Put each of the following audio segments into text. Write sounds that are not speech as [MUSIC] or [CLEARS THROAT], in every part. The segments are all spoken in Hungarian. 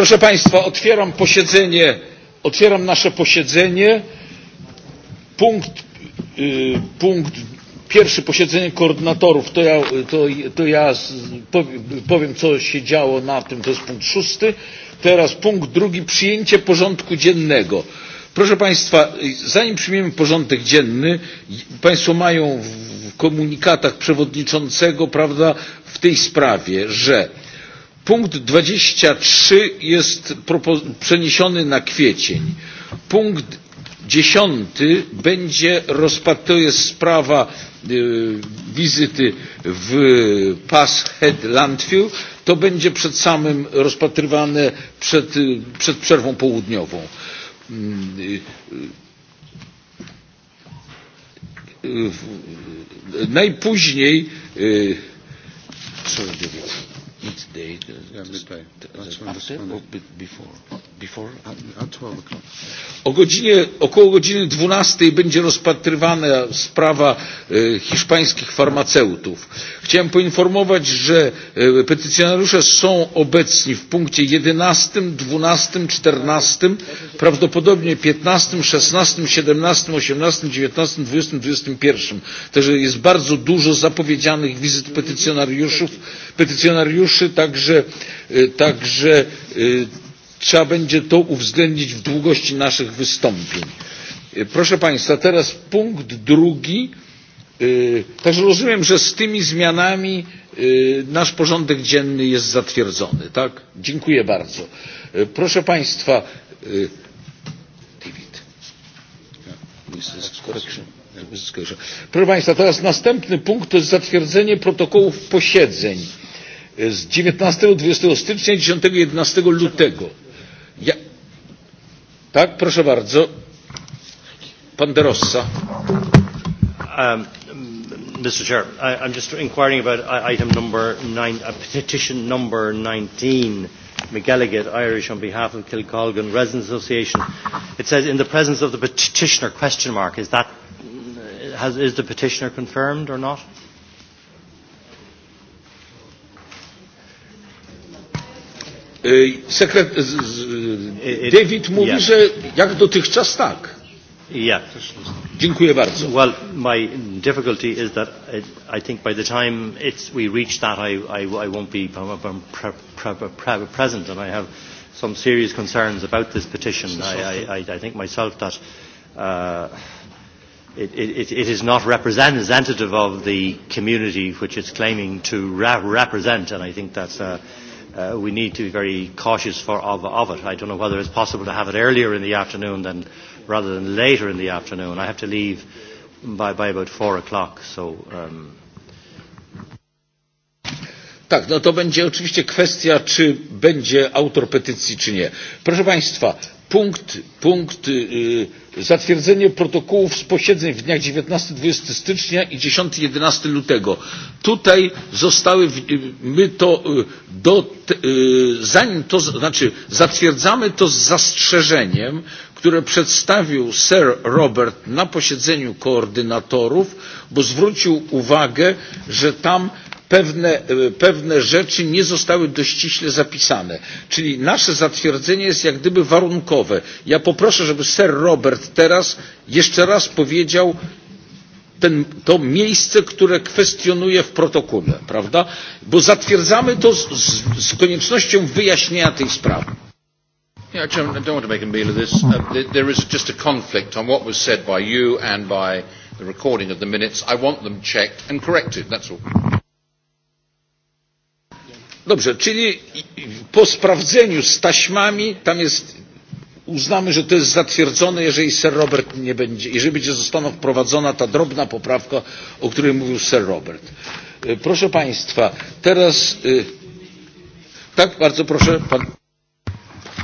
Proszę Państwa, otwieram posiedzenie, otwieram nasze posiedzenie. Punkt, y, punkt pierwszy posiedzenie koordynatorów, to ja, to, to ja powiem, co się działo na tym, to jest punkt szósty. Teraz punkt drugi, przyjęcie porządku dziennego. Proszę Państwa, zanim przyjmiemy porządek dzienny, Państwo mają w komunikatach przewodniczącego, prawda, w tej sprawie, że Punkt 23 jest przeniesiony na kwiecień. Punkt 10 będzie rozpatruje sprawa y, wizyty w Pass Head Landfill. To będzie przed samym rozpatrywane przed, przed przerwą południową. Mm, y, y, najpóźniej each day. Uh, yeah, midday. After or before? Before? At 12 o'clock. O godzinie, około godziny 12 będzie rozpatrywana sprawa e, hiszpańskich farmaceutów Chciałem poinformować, że e, petycjonariusze są obecni w punkcie 11, 12, 14, prawdopodobnie 15, 16, 17, 18, 19, 20, 21. Także jest bardzo dużo zapowiedzianych wizyt petycjonariuszów, petycjonariuszy, także, e, także e, trzeba będzie to uwzględnić w długości naszych wystąpień. Proszę Państwa, teraz punkt drugi E, także rozumiem, że z tymi zmianami e, nasz porządek dzienny jest zatwierdzony, tak? Dziękuję bardzo. E, proszę Państwa, Proszę Państwa, teraz następny punkt to jest zatwierdzenie protokołów posiedzeń z 19-20 stycznia i 10-11 lutego. Ja... Tak, proszę bardzo. Pan De Rossa. Um Mr. Chair, I, I'm just inquiring about item number nine, uh, petition number 19, McGallagher, Irish, on behalf of Kilcolgan Residents Association. It says, in the presence of the petitioner, question mark, is that, has, is the petitioner confirmed or not? E, sekret... E, e, David mówi, że jak dotychczas tak. Yeah. Dziękuję bardzo. Well, my difficulty is that I, I think by the time it's, we reach that, I, I, I won't be pre, pre, pre, present, and I have some serious concerns about this petition. I, I, I think myself that uh, it, it, it is not representative of the community which it's claiming to ra- represent, and I think that's. Uh, uh, we need to be very cautious for, of, of it. I don't know whether it's possible to have it earlier in the afternoon than rather than later in the afternoon. I have to leave by, by about four o'clock, so... Um... Tak, no to będzie oczywiście kwestia, czy będzie autor petycji, czy nie. Proszę Państwa, punkt, punkt yy, zatwierdzenie protokołów z posiedzeń w dniach 19-20 stycznia i 10-11 lutego. Tutaj zostały, my to, yy, do, yy, zanim to, znaczy zatwierdzamy to z zastrzeżeniem, które przedstawił sir robert na posiedzeniu koordynatorów bo zwrócił uwagę że tam pewne, e, pewne rzeczy nie zostały dość ściśle zapisane czyli nasze zatwierdzenie jest jak gdyby warunkowe. ja poproszę żeby sir robert teraz jeszcze raz powiedział ten, to miejsce, które kwestionuje w protokole, prawda? Bo zatwierdzamy to z, z, z koniecznością wyjaśnienia tej sprawy. Yeah, Chairman, I don't want to make a meal of this. Uh, there is just a conflict on what was said by you and by the recording of the minutes. I want them checked and corrected, that's all. Dobrze, czyli po sprawdzeniu z taśmami tam jest, uznamy, że to jest zatwierdzone, jeżeli Sir Robert nie będzie, jeżeli będzie zostaną wprowadzona ta drobna poprawka, o której mówił Sir Robert. Proszę Państwa, teraz, tak, bardzo proszę, Pan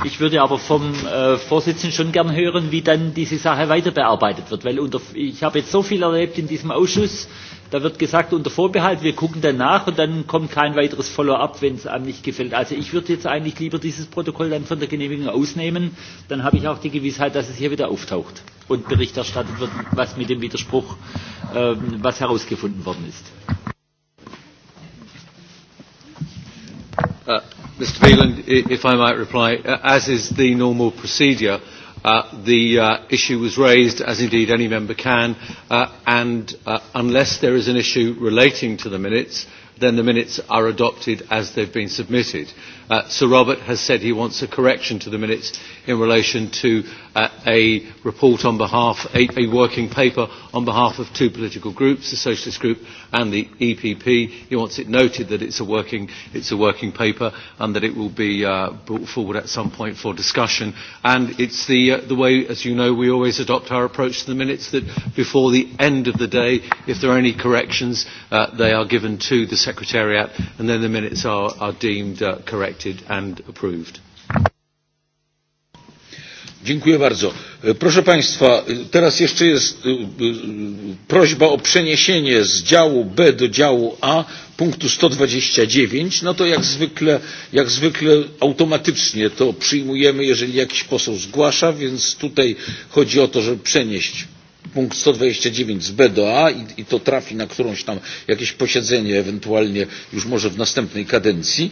Ich würde aber vom äh, Vorsitzenden schon gern hören, wie dann diese Sache weiter bearbeitet wird. Weil unter, ich habe jetzt so viel erlebt in diesem Ausschuss, da wird gesagt, unter Vorbehalt, wir gucken danach und dann kommt kein weiteres Follow-up, wenn es einem nicht gefällt. Also ich würde jetzt eigentlich lieber dieses Protokoll dann von der Genehmigung ausnehmen. Dann habe ich auch die Gewissheit, dass es hier wieder auftaucht und Bericht erstattet wird, was mit dem Widerspruch, ähm, was herausgefunden worden ist. Äh. Mr. Beeland, if I might reply, uh, as is the normal procedure, uh, the uh, issue was raised, as indeed any member can, uh, and uh, unless there is an issue relating to the minutes, then the minutes are adopted as they've been submitted. Uh, Sir Robert has said he wants a correction to the minutes in relation to uh, a report on behalf, a, a working paper on behalf of two political groups, the Socialist Group and the EPP. He wants it noted that it's a working, it's a working paper and that it will be uh, brought forward at some point for discussion. And it's the, uh, the way, as you know, we always adopt our approach to the minutes that before the end of the day, if there are any corrections, uh, they are given to the Secretariat and then the minutes are, are deemed uh, correct rejected and approved. Dziękuję bardzo. E, proszę Państwa, e, teraz jeszcze jest e, prośba o przeniesienie z działu B do działu A punktu 129. No to jak zwykle, jak zwykle automatycznie to przyjmujemy, jeżeli jakiś poseł zgłasza, więc tutaj chodzi o to, żeby przenieść punkt 129 z B do A i, i to trafi na którąś tam jakieś posiedzenie, ewentualnie już może w następnej kadencji.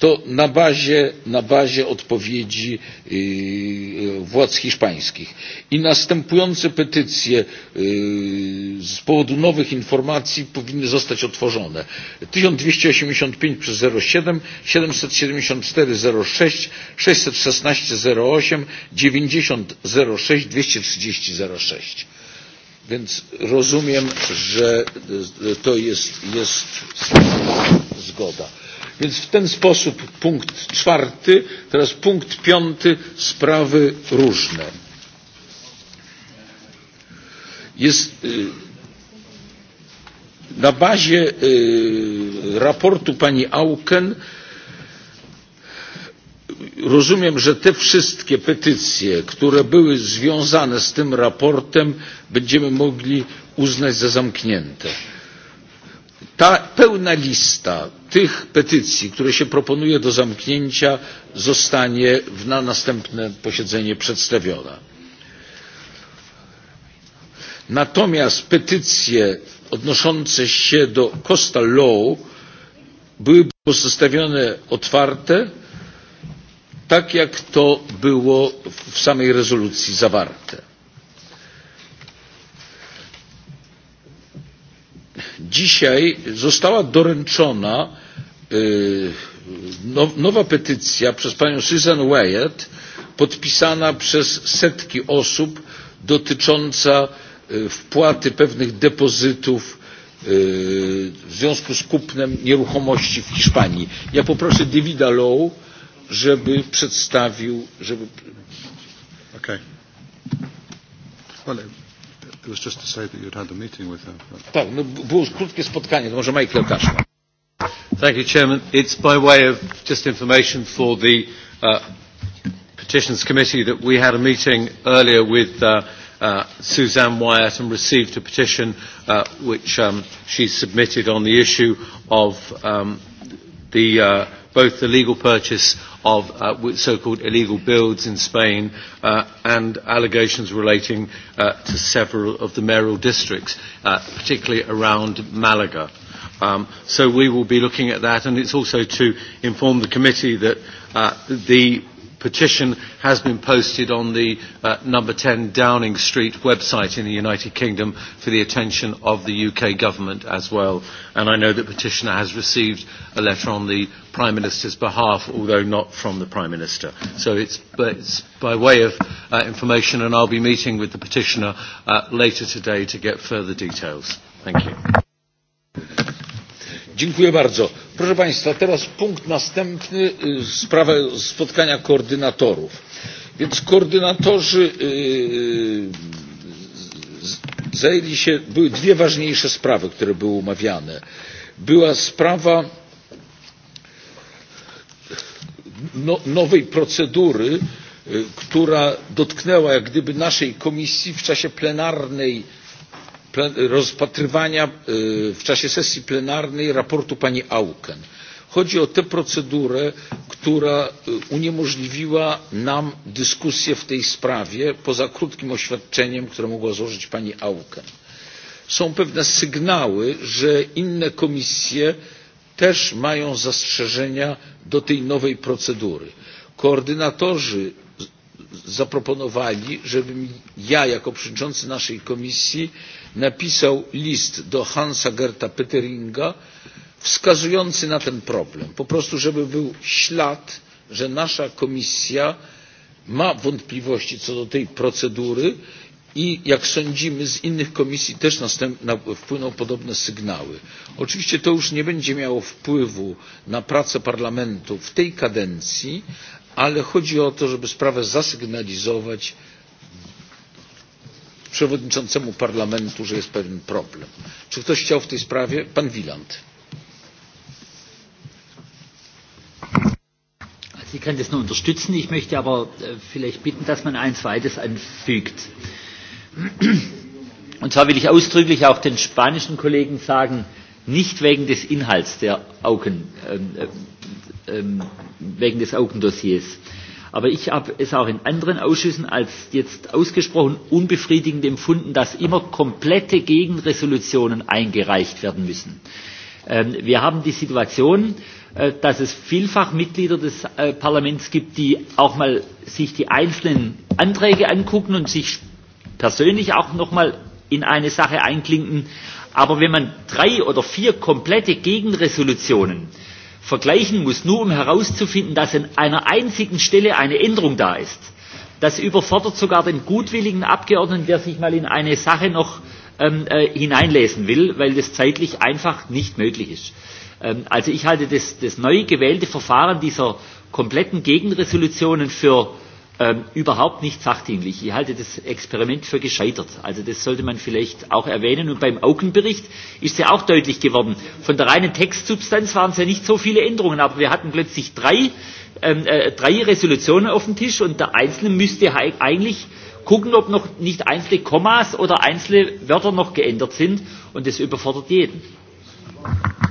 to na bazie, na bazie odpowiedzi władz hiszpańskich. I następujące petycje z powodu nowych informacji powinny zostać otworzone. 1285 przez 07, 774 06, 616 08, 90 06, 230 06. Więc rozumiem, że to jest, jest zgoda. Więc w ten sposób punkt czwarty, teraz punkt piąty, sprawy różne. Jest, na bazie raportu pani Auken rozumiem, że te wszystkie petycje, które były związane z tym raportem, będziemy mogli uznać za zamknięte. Ta pełna lista tych petycji, które się proponuje do zamknięcia, zostanie na następne posiedzenie przedstawiona. Natomiast petycje odnoszące się do Costa Law były pozostawione otwarte, tak jak to było w samej rezolucji zawarte dzisiaj została doręczona nowa petycja przez panią Susan Wyatt podpisana przez setki osób dotycząca wpłaty pewnych depozytów w związku z kupnem nieruchomości w Hiszpanii. Ja poproszę Davida Lowe, żeby przedstawił, żeby... Okay. Well, was just to say that you'd had a meeting with her. Tak, no, było krótkie spotkanie, to może Michael Kaszma. Thank you, Chairman. It's by way of just information for the uh, Petitions Committee that we had a meeting earlier with uh, uh, Suzanne Wyatt and received a petition uh, which um, she submitted on the issue of um, the, uh, both the legal purchase of uh, so-called illegal builds in Spain uh, and allegations relating uh, to several of the mayoral districts, uh, particularly around Malaga. Um, so we will be looking at that, and it's also to inform the committee that uh, the petition has been posted on the uh, number 10 Downing Street website in the United Kingdom for the attention of the UK government as well. And I know that petitioner has received a letter on the Prime Minister's behalf, although not from the Prime Minister. So it's, it's by way of uh, information, and I'll be meeting with the petitioner uh, later today to get further details. Thank you. Dziękuję bardzo. Proszę Państwa, teraz punkt następny, sprawa spotkania koordynatorów. Więc koordynatorzy zajęli się, były dwie ważniejsze sprawy, które były omawiane. Była sprawa no, nowej procedury, która dotknęła jak gdyby naszej komisji w czasie plenarnej rozpatrywania w czasie sesji plenarnej raportu pani Auken. Chodzi o tę procedurę, która uniemożliwiła nam dyskusję w tej sprawie poza krótkim oświadczeniem, które mogła złożyć pani Auken. Są pewne sygnały, że inne komisje też mają zastrzeżenia do tej nowej procedury. Koordynatorzy zaproponowali, żebym ja jako przewodniczący naszej komisji napisał list do Hansa Gerta Peteringa wskazujący na ten problem. Po prostu, żeby był ślad, że nasza komisja ma wątpliwości co do tej procedury i jak sądzimy z innych komisji też wpłyną podobne sygnały. Oczywiście to już nie będzie miało wpływu na pracę parlamentu w tej kadencji, ale chodzi o to, żeby sprawę zasygnalizować przewodniczącemu parlamentu, że jest pewien problem. Czy ktoś chciał w tej sprawie? Pan Wiland. Sie können das nur unterstützen. Ich möchte aber äh, vielleicht bitten, dass man ein zweites anfügt. Und zwar will ich ausdrücklich auch den spanischen Kollegen sagen, nicht wegen des Inhalts der Augen, ähm, ähm, ähm wegen des Augendossiers. Aber ich habe es auch in anderen Ausschüssen als jetzt ausgesprochen unbefriedigend empfunden, dass immer komplette Gegenresolutionen eingereicht werden müssen. Ähm, wir haben die Situation, äh, dass es vielfach Mitglieder des äh, Parlaments gibt, die auch mal sich die einzelnen Anträge angucken und sich persönlich auch noch mal in eine Sache einklinken. Aber wenn man drei oder vier komplette Gegenresolutionen äh, vergleichen muss, nur um herauszufinden, dass an einer einzigen Stelle eine Änderung da ist. Das überfordert sogar den gutwilligen Abgeordneten, der sich mal in eine Sache noch ähm, äh, hineinlesen will, weil das zeitlich einfach nicht möglich ist. Ähm, also ich halte das, das neu gewählte Verfahren dieser kompletten Gegenresolutionen für äh, Ähm, überhaupt nicht sachdienlich. Ich halte das Experiment für gescheitert. Also das sollte man vielleicht auch erwähnen. Und beim Augenbericht ist ja auch deutlich geworden. Von der reinen Textsubstanz waren es ja nicht so viele Änderungen, aber wir hatten plötzlich drei, ähm, äh, drei Resolutionen auf dem Tisch und der Einzelne müsste eigentlich gucken, ob noch nicht einzelne Kommas oder einzelne Wörter noch geändert sind. Und das überfordert jeden. Thank you.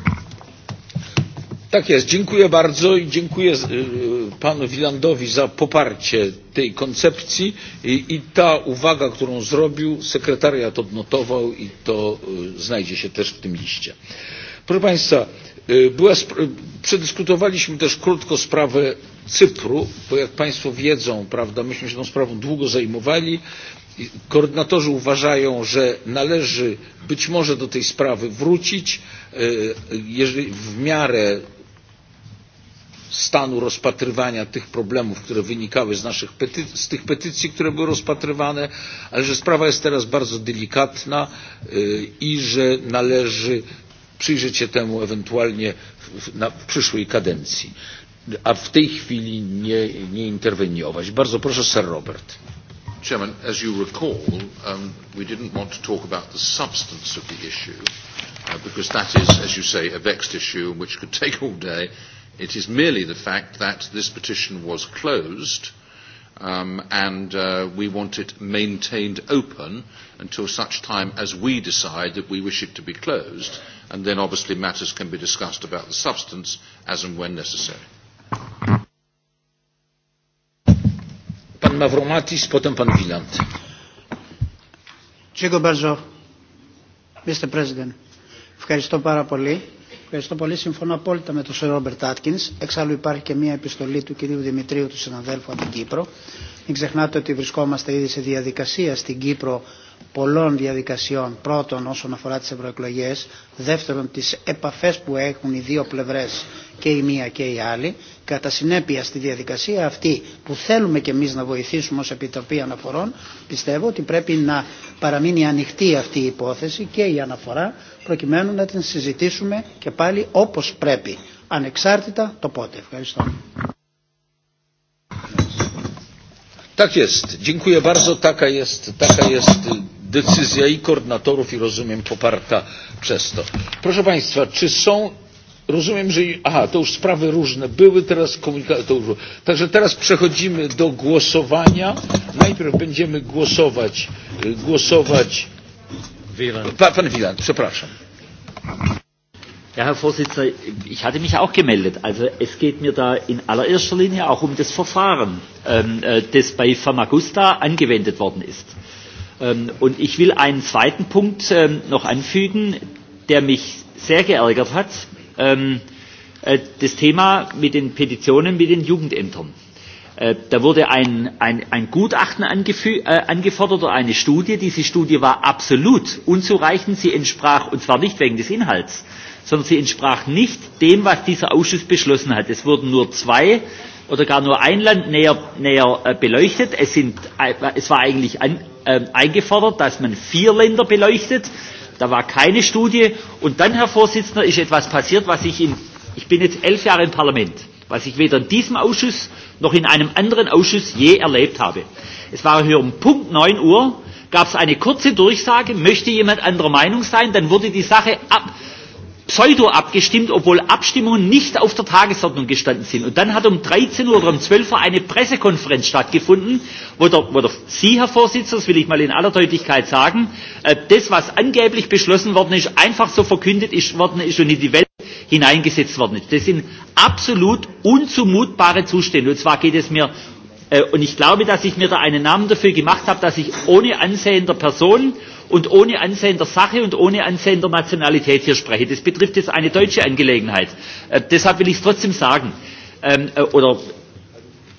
Tak jest. Dziękuję bardzo i dziękuję panu Wilandowi za poparcie tej koncepcji i, i ta uwaga, którą zrobił, sekretariat odnotował i to znajdzie się też w tym liście. Proszę państwa, była, przedyskutowaliśmy też krótko sprawę Cypru, bo jak państwo wiedzą, prawda, myśmy się tą sprawą długo zajmowali. Koordynatorzy uważają, że należy być może do tej sprawy wrócić w miarę stanu rozpatrywania tych problemów, które wynikały z, naszych pety z tych petycji, które były rozpatrywane, ale że sprawa jest teraz bardzo delikatna i że należy przyjrzeć się temu ewentualnie w, na, w przyszłej kadencji, a w tej chwili nie, nie interweniować. Bardzo proszę, Sir Robert. Chairman, as you recall, um, we didn't want to talk about the substance of the issue, uh, because that is, as you say, a vexed issue which could take all day It is merely the fact that this petition was closed um, and uh, we want it maintained open until such time as we decide that we wish it to be closed and then obviously matters can be discussed about the substance as and when necessary. Pan Mavromatis, potem pan Wiland. Dziękuję bardzo, Mr. President. Ευχαριστώ πάρα πολύ. Ευχαριστώ πολύ. Συμφωνώ απόλυτα με τον Σερ Ρόμπερτ Άτκιν. Εξάλλου υπάρχει και μια επιστολή του κυρίου Δημητρίου, του συναδέλφου από την Κύπρο. Μην ξεχνάτε ότι βρισκόμαστε ήδη σε διαδικασία στην Κύπρο πολλών διαδικασιών. Πρώτον, όσον αφορά τις ευρωεκλογέ, δεύτερον, τις επαφές που έχουν οι δύο πλευρές και η μία και η άλλη. Κατά συνέπεια, στη διαδικασία αυτή που θέλουμε και εμείς να βοηθήσουμε ως Επιτροπή Αναφορών, πιστεύω ότι πρέπει να παραμείνει ανοιχτή αυτή η υπόθεση και η αναφορά, προκειμένου να την συζητήσουμε και πάλι όπως πρέπει, ανεξάρτητα το πότε. Ευχαριστώ. Tak jest. Dziękuję bardzo. Taka jest, taka jest decyzja i koordynatorów i rozumiem poparta przez to. Proszę Państwa, czy są rozumiem, że aha, to już sprawy różne były, teraz komunikatorów. Także teraz przechodzimy do głosowania. Najpierw będziemy głosować głosować Wieland. Pa, pan Wieland, przepraszam. Ja, Herr Vorsitzender, ich hatte mich auch gemeldet. Also es geht mir da in allererster Linie auch um das Verfahren, ähm, äh, das bei Famagusta angewendet worden ist. Ähm, und ich will einen zweiten Punkt ähm, noch anfügen, der mich sehr geärgert hat. Ähm, äh, das Thema mit den Petitionen mit den Jugendämtern. Äh, da wurde ein, ein, ein Gutachten äh, angefordert oder eine Studie. Diese Studie war absolut unzureichend. Sie entsprach, und zwar nicht wegen des Inhalts, sondern sie entsprach nicht dem, was dieser Ausschuss beschlossen hat. Es wurden nur zwei oder gar nur ein Land näher, näher äh, beleuchtet. Es, sind, es war eigentlich äh, eingefordert, dass man vier Länder beleuchtet. Da war keine Studie. Und dann, Herr Vorsitzender, ist etwas passiert, was ich in, ich bin jetzt elf Jahre im Parlament, was ich weder in diesem Ausschuss noch in einem anderen Ausschuss je erlebt habe. Es war hier um Punkt 9 Uhr, gab es eine kurze Durchsage, möchte jemand anderer Meinung sein, dann wurde die Sache ab, pseudo abgestimmt, obwohl Abstimmungen nicht auf der Tagesordnung gestanden sind. Und dann hat um 13 Uhr oder um 12 Uhr eine Pressekonferenz stattgefunden, wo, der, wo der Sie, Herr Vorsitzender, das will ich mal in aller Deutlichkeit sagen, äh, das, was angeblich beschlossen worden ist, einfach so verkündet ist, worden ist und in die Welt hineingesetzt worden ist. Das sind absolut unzumutbare Zustände. Und zwar geht es mir äh, und ich glaube, dass ich mir da einen Namen dafür gemacht habe, dass ich ohne Ansehen der Person und ohne Ansehen der Sache und ohne Ansehen der Nationalität hier spreche. Das betrifft jetzt eine deutsche Angelegenheit. Äh, deshalb will ich es trotzdem sagen. Ähm, äh, oder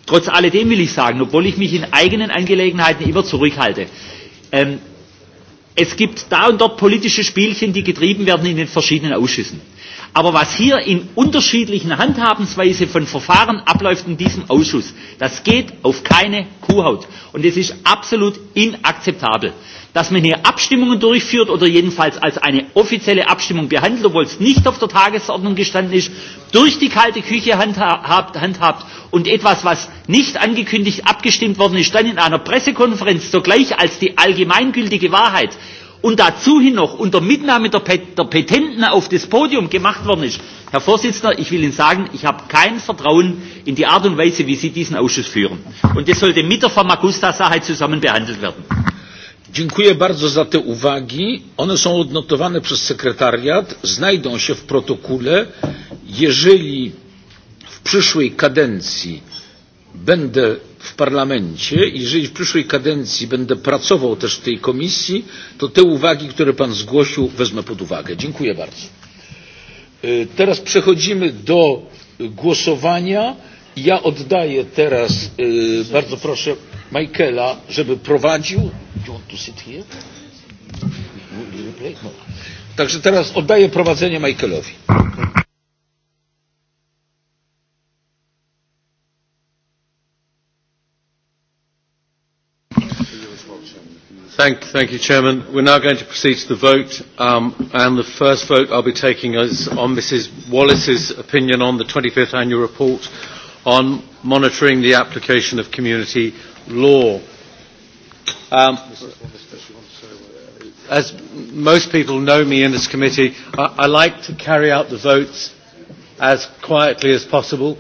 trotz alledem will ich sagen, obwohl ich mich in eigenen Angelegenheiten immer zurückhalte. Ähm, es gibt da und dort politische Spielchen, die getrieben werden in den verschiedenen Ausschüssen. Aber was hier in unterschiedlichen Handhabensweise von Verfahren abläuft in diesem Ausschuss, das geht auf keine Kuhhaut. Und es ist absolut inakzeptabel, dass man hier Abstimmungen durchführt oder jedenfalls als eine offizielle Abstimmung behandelt, obwohl es nicht auf der Tagesordnung gestanden ist, durch die kalte Küche handhabt, handhabt und etwas, was nicht angekündigt abgestimmt worden ist, dann in einer Pressekonferenz sogleich als die allgemeingültige Wahrheit und dazu hin noch unter Mitnahme der, Pet der Petenten auf das Podium gemacht worden ist. Herr Vorsitzender, ich will Ihnen sagen, ich habe kein Vertrauen in die Art und Weise, wie Sie diesen Ausschuss führen. Und das sollte mit der Famagusta-Sache zusammen behandelt werden. Dziękuję bardzo za te uwagi. One są odnotowane przez sekretariat, znajdą się w protokole. Jeżeli w przyszłej kadencji będę w parlamencie i jeżeli w przyszłej kadencji będę pracował też w tej komisji, to te uwagi, które Pan zgłosił, wezmę pod uwagę. Dziękuję bardzo. Teraz przechodzimy do głosowania. Ja oddaję teraz, bardzo proszę, Michaela, żeby prowadził. Także teraz oddaję prowadzenie Michaelowi. Thank, thank you, Chairman. We're now going to proceed to the vote, um, and the first vote I'll be taking is on Mrs Wallace's opinion on the 25th annual report on monitoring the application of community law. Um, as most people know me in this committee, I, I like to carry out the votes as quietly as possible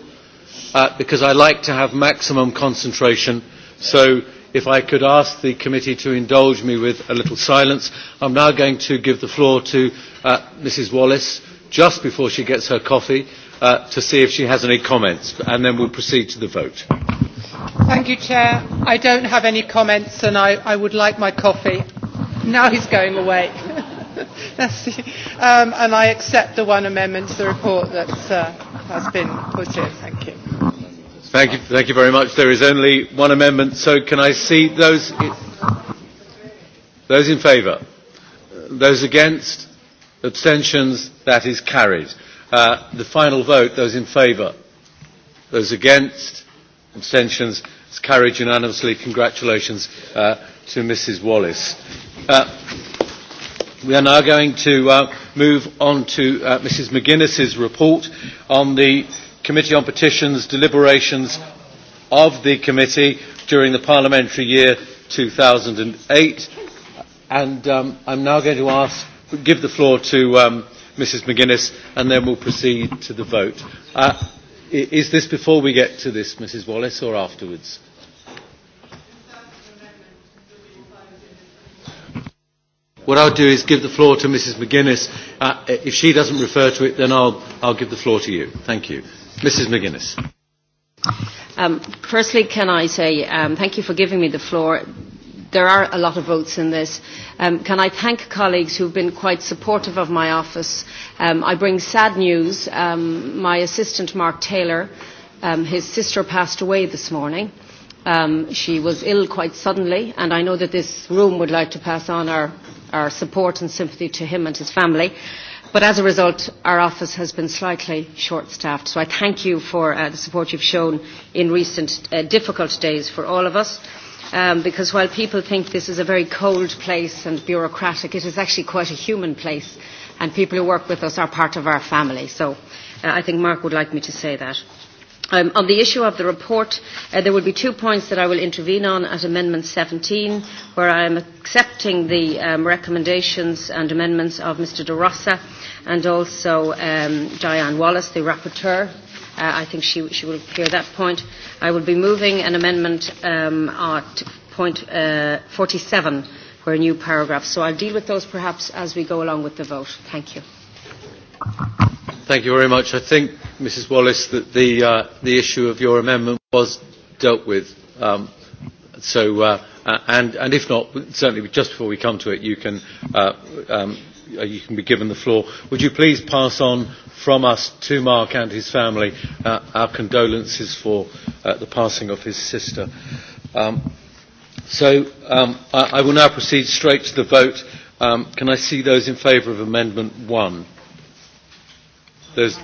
uh, because I like to have maximum concentration. So if I could ask the committee to indulge me with a little silence. I'm now going to give the floor to uh, Mrs Wallace just before she gets her coffee uh, to see if she has any comments and then we'll proceed to the vote. Thank you, Chair. I don't have any comments and I, I would like my coffee. Now he's going away. [LAUGHS] um, and I accept the one amendment to the report that uh, has been put in. Thank you. Thank you, thank you very much. There is only one amendment, so can I see those, those in favour? Those against? Abstentions? That is carried. Uh, the final vote, those in favour? Those against? Abstentions? It's carried unanimously. Congratulations uh, to Mrs. Wallace. Uh, we are now going to uh, move on to uh, Mrs. McGuinness's report on the Committee on Petitions deliberations of the committee during the parliamentary year 2008. And um, I'm now going to ask, give the floor to um, Mrs McGuinness and then we'll proceed to the vote. Uh, is this before we get to this, Mrs Wallace, or afterwards? What I'll do is give the floor to Mrs McGuinness. Uh, if she doesn't refer to it, then I'll, I'll give the floor to you. Thank you. Mrs. McGuinness. Um, firstly, can I say um, thank you for giving me the floor. There are a lot of votes in this. Um, can I thank colleagues who have been quite supportive of my office? Um, I bring sad news. Um, my assistant, Mark Taylor, um, his sister passed away this morning. Um, she was ill quite suddenly, and I know that this room would like to pass on our, our support and sympathy to him and his family. But as a result, our office has been slightly short-staffed. So I thank you for uh, the support you've shown in recent uh, difficult days for all of us. Um, because while people think this is a very cold place and bureaucratic, it is actually quite a human place. And people who work with us are part of our family. So uh, I think Mark would like me to say that. Um, on the issue of the report, uh, there will be two points that I will intervene on at Amendment 17, where I am accepting the um, recommendations and amendments of Mr De Rossa and also um, Diane Wallace, the rapporteur. Uh, I think she, she will hear that point. I will be moving an amendment um, at point uh, 47, for a new paragraph. So I'll deal with those perhaps as we go along with the vote. Thank you. Thank you very much. I think Mrs. Wallace, that the, uh, the issue of your amendment was dealt with. Um, so, uh, and, and if not, certainly just before we come to it, you can, uh, um, uh, you can be given the floor. Would you please pass on from us to Mark and his family uh, our condolences for uh, the passing of his sister? Um, so um, I, I will now proceed straight to the vote. Um, can I see those in favour of Amendment 1? Those,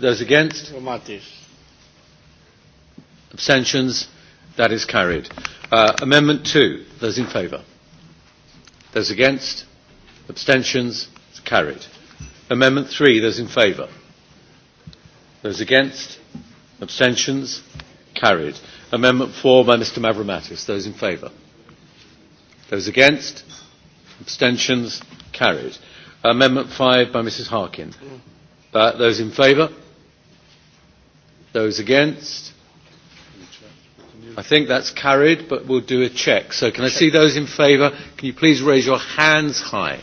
Those against? Abstentions? That is carried. Uh, amendment 2. Those in favour? Those against? Abstentions? It's carried. Amendment 3. Those in favour? Those against? Abstentions? Carried. Amendment 4 by Mr Mavromatis. Those in favour? Those against? Abstentions? Carried. Amendment 5 by Mrs Harkin. Mm. Uh, those in favour? Those against? I think that's carried, but we'll do a check. So can I see those in favour? Can you please raise your hands high?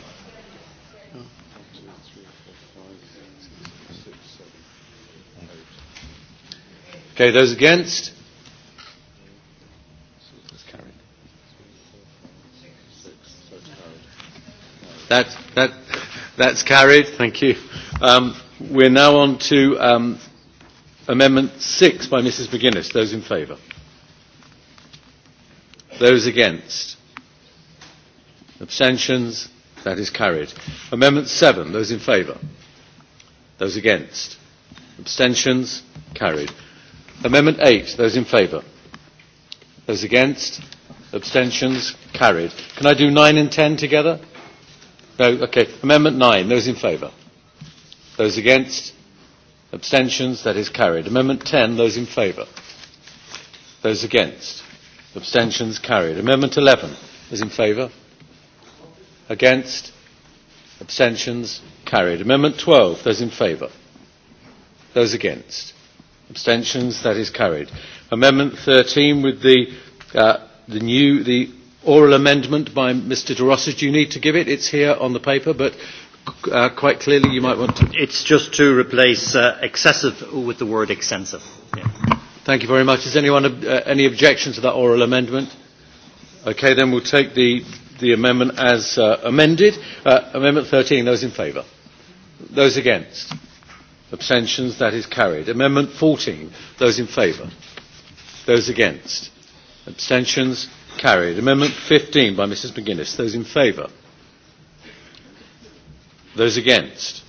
Okay, those against? That, that, that's carried. Thank you. Um, we're now on to um, Amendment 6 by Mrs McGuinness. Those in favour? Those against? Abstentions? That is carried. Amendment 7. Those in favour? Those against? Abstentions? Carried. Amendment 8. Those in favour? Those against? Abstentions? Carried. Can I do 9 and 10 together? No? Okay. Amendment 9. Those in favour? Those against? abstentions that is carried amendment 10 those in favour those against abstentions carried amendment 11 those in favour against abstentions carried amendment 12 those in favour those against abstentions that is carried amendment 13 with the uh, the new the oral amendment by mr de Rossi. do you need to give it it's here on the paper but uh, quite clearly, you might want to. It's just to replace uh, excessive with the word extensive. Yeah. Thank you very much. Is anyone uh, any objection to that oral amendment? Okay, then we'll take the, the amendment as uh, amended. Uh, amendment 13, those in favour? Those against? Abstentions, that is carried. Amendment 14, those in favour? Those against? Abstentions, carried. Amendment 15 by Mrs McGuinness, those in favour? Those against?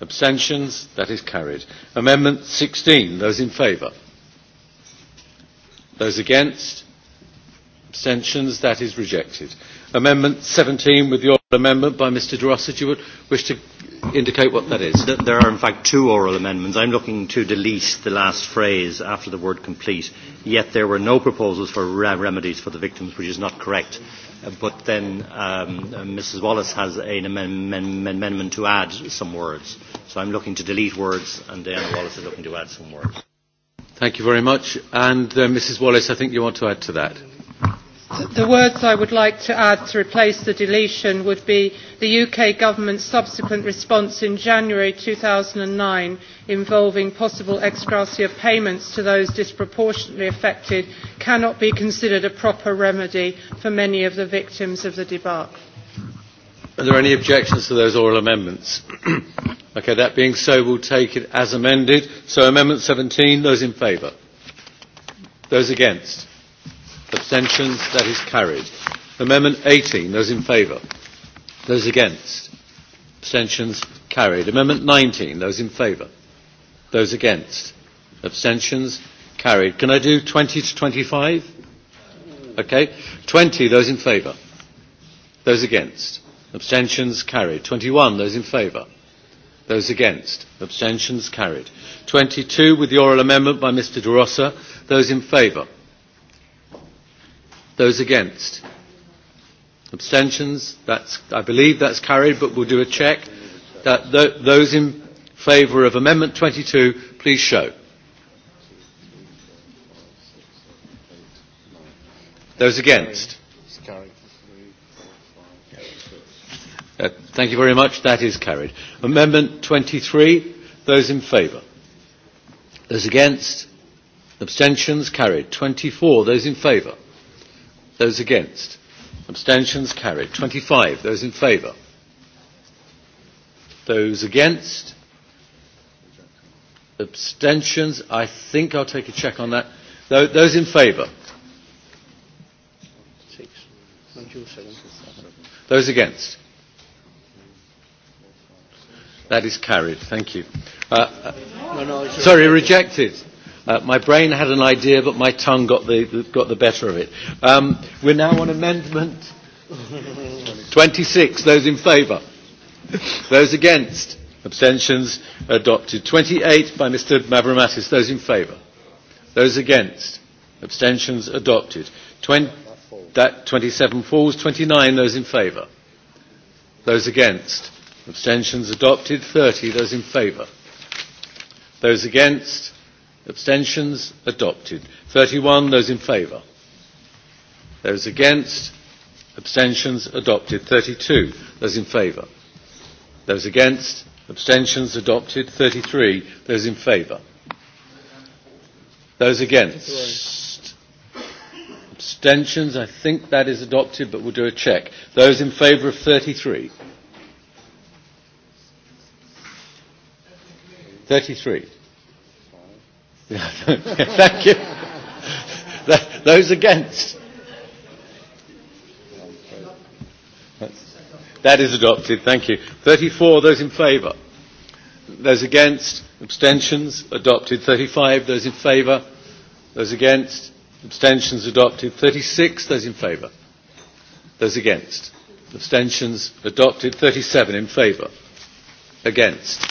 Abstentions? That is carried. Amendment 16. Those in favour? Those against? Abstentions? That is rejected. Amendment 17 with the oral amendment by Mr De Rossa. Do you wish to indicate what that is? There are in fact two oral amendments. I'm looking to delete the last phrase after the word complete. Yet there were no proposals for remedies for the victims, which is not correct but then um, uh, Mrs. Wallace has an amendment to add some words. So I'm looking to delete words, and Diana Wallace is looking to add some words. Thank you very much. And uh, Mrs. Wallace, I think you want to add to that the words I would like to add to replace the deletion would be the UK government's subsequent response in January 2009 involving possible ex gratia payments to those disproportionately affected cannot be considered a proper remedy for many of the victims of the debacle. Are there any objections to those oral amendments? [CLEARS THROAT] okay, that being so, we'll take it as amended. So amendment 17, those in favour? Those against? Abstentions? That is carried. Amendment 18. Those in favour? Those against? Abstentions? Carried. Amendment 19. Those in favour? Those against? Abstentions? Carried. Can I do 20 to 25? Okay. 20. Those in favour? Those against? Abstentions? Carried. 21. Those in favour? Those against? Abstentions? Carried. 22. With the oral amendment by Mr De Rossa. Those in favour? Those against? Abstentions? That's, I believe that's carried, but we'll do a check. That, th those in favour of Amendment 22, please show. Those against? Uh, thank you very much. That is carried. Amendment 23. Those in favour? Those against? Abstentions carried. 24. Those in favour? Those against? Abstentions carried. 25. Those in favour? Those against? Abstentions? I think I'll take a check on that. Those in favour? Those against? That is carried. Thank you. Uh, uh, sorry, rejected. Uh, my brain had an idea, but my tongue got the, got the better of it. Um, we're now on amendment 26. Those in favour? Those against? Abstentions adopted. 28 by Mr Mavromatis. Those in favour? Those against? Abstentions adopted. 20, that 27 falls. 29. Those in favour? Those against? Abstentions adopted. 30. Those in favour? Those against? Abstentions? Adopted. 31. Those in favour? Those against? Abstentions? Adopted. 32. Those in favour? Those against? Abstentions? Adopted. 33. Those in favour? Those against? Abstentions? I think that is adopted, but we'll do a check. Those in favour of 33? 33. [LAUGHS] Thank you. Those against? That is adopted. Thank you. 34, those in favour. Those against? Abstentions? Adopted. 35, those in favour. Those against? Abstentions? Adopted. 36, those in favour. Those against? Abstentions? Adopted. 37, in favour. Against?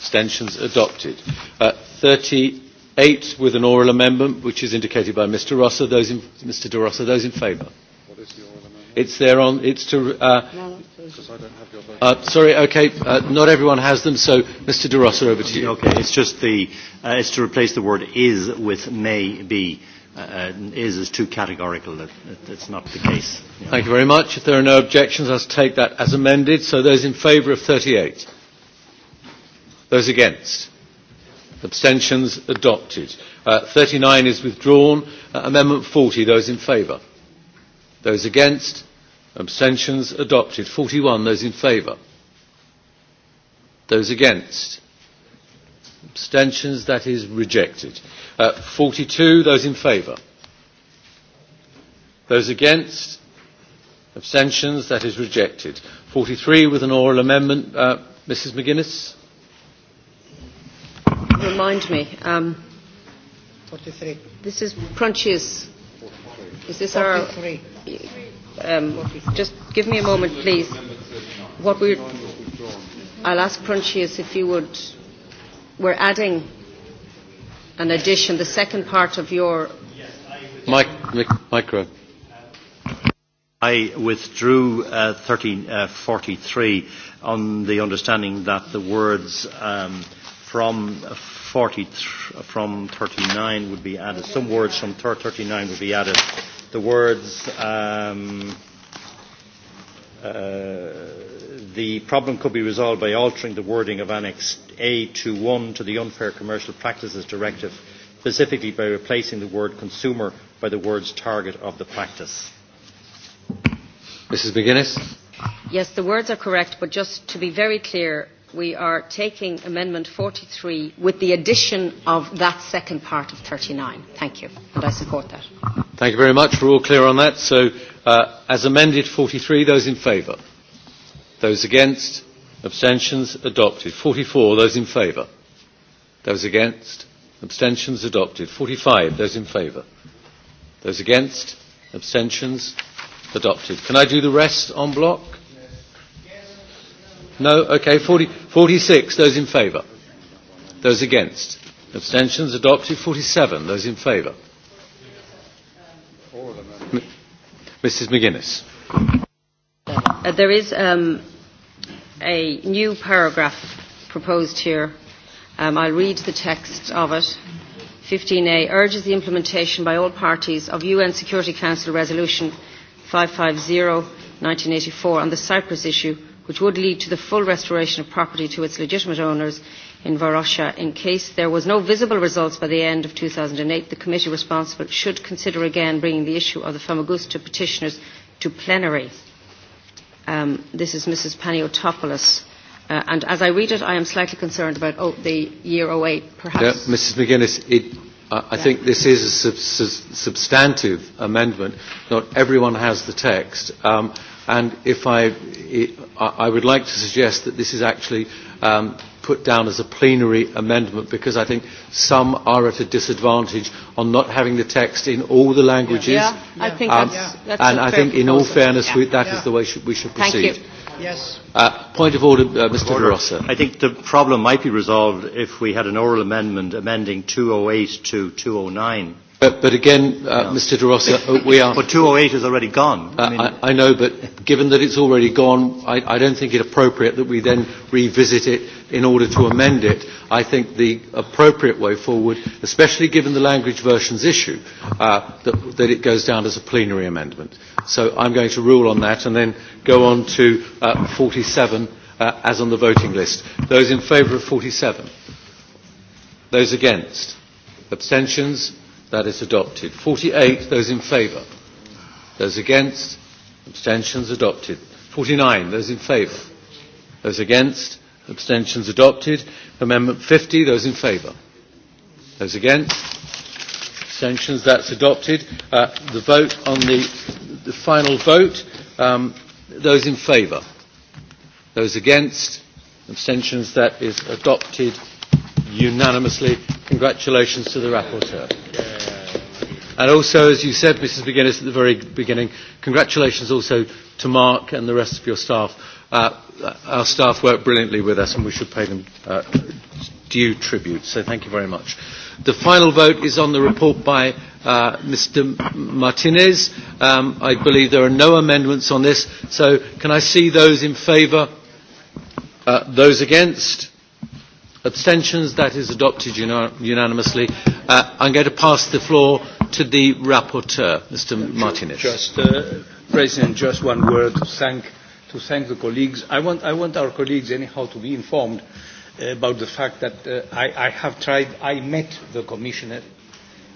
Abstentions? Adopted. Uh, 38, 8. with an oral amendment, which is indicated by Mr. Rossa. Those in, Mr. De Rossa, those in favour? What is the oral amendment? It's there on. It's to. Uh, no, I don't have your vote. Uh, sorry. Okay. Uh, not everyone has them. So, Mr. De Rossa, over to you. Okay. It's just the. Uh, it's to replace the word "is" with "may be." Uh, uh is is too categorical. That, that, that's not the case. Yeah. Thank you very much. If there are no objections, I'll take that as amended. So, those in favour of 38. Those against abstentions adopted uh, 39 is withdrawn uh, amendment 40 those in favour those against abstentions adopted 41 those in favour those against abstentions that is rejected uh, 42 those in favour those against abstentions that is rejected 43 with an oral amendment uh, mrs mcguinness remind me. Um, 43. This is Prunchi's. Is this 43. our? Um, 43. Just give me a moment, please. What we. I'll ask Prunchius if you would. We're adding an addition, the second part of your. Mic, mic, micro. I withdrew uh, 1343 uh, on the understanding that the words. Um, from from 39 would be added. Some words from 39 would be added. The words. Um, uh, the problem could be resolved by altering the wording of Annex A to 1 to the Unfair Commercial Practices Directive, specifically by replacing the word consumer by the words target of the practice. Mrs. McGuinness? Yes, the words are correct, but just to be very clear, we are taking Amendment 43 with the addition of that second part of 39. Thank you. And I support that. Thank you very much. We're all clear on that. So uh, as amended 43, those in favour. Those against. Abstentions adopted. 44, those in favour. Those against. Abstentions adopted. 45, those in favour. Those against. Abstentions adopted. Can I do the rest on block? No? Okay, 40, 46. Those in favour? Those against? Abstentions adopted. 47. Those in favour? Mrs McGuinness. Uh, there is um, a new paragraph proposed here. Um, I'll read the text of it. 15A urges the implementation by all parties of UN Security Council Resolution 550 1984 on the Cyprus issue which would lead to the full restoration of property to its legitimate owners in Varosha. In case there was no visible results by the end of 2008, the committee responsible should consider again bringing the issue of the Famagusta petitioners to plenary. Um, this is Mrs. Paniotopoulos. Uh, and as I read it, I am slightly concerned about oh, the year 08, perhaps. Yeah, Mrs. McGuinness, it, uh, I yeah. think this is a sub- sub- substantive amendment. Not everyone has the text. Um, And if I, I would like to suggest that this is actually um, put down as a plenary amendment because I think some are at a disadvantage on not having the text in all the languages. Yeah, yeah. I think um, that's, that's And I think in all fairness, yeah. we, that yeah. is the way should, we should proceed. Thank you. Yes. Uh, point of order, uh, Mr. Order. Rossa. I think the problem might be resolved if we had an oral amendment amending 208 to 209 But, but again, uh, no. Mr. De Rossa, uh, we are. Well, 208 is already gone. Uh, I, mean, I, I know, but given that it's already gone, I, I don't think it appropriate that we then revisit it in order to amend it. I think the appropriate way forward, especially given the language versions issue, uh, that, that it goes down as a plenary amendment. So I'm going to rule on that and then go on to uh, 47 uh, as on the voting list. Those in favour of 47? Those against? Abstentions? That is adopted. 48, those in favour. Those against, abstentions adopted. 49, those in favour. Those against, abstentions adopted. Amendment 50, those in favour. Those against, abstentions, that's adopted. Uh, the vote on the, the final vote, um, those in favour. Those against, abstentions, that is adopted unanimously. Congratulations to the rapporteur. Yeah. And also, as you said, Mrs. McGuinness, at the very beginning, congratulations also to Mark and the rest of your staff. Uh, our staff work brilliantly with us, and we should pay them uh, due tribute. So thank you very much. The final vote is on the report by uh, Mr. Martinez. Um, I believe there are no amendments on this. So can I see those in favour? Uh, those against? Abstentions? That is adopted unanimously. Uh, I'm going to pass the floor to the rapporteur, Mr. Martinez. Just, uh, President, just one word to thank, to thank the colleagues. I want, I want our colleagues, anyhow, to be informed uh, about the fact that uh, I, I have tried, I met the Commissioner.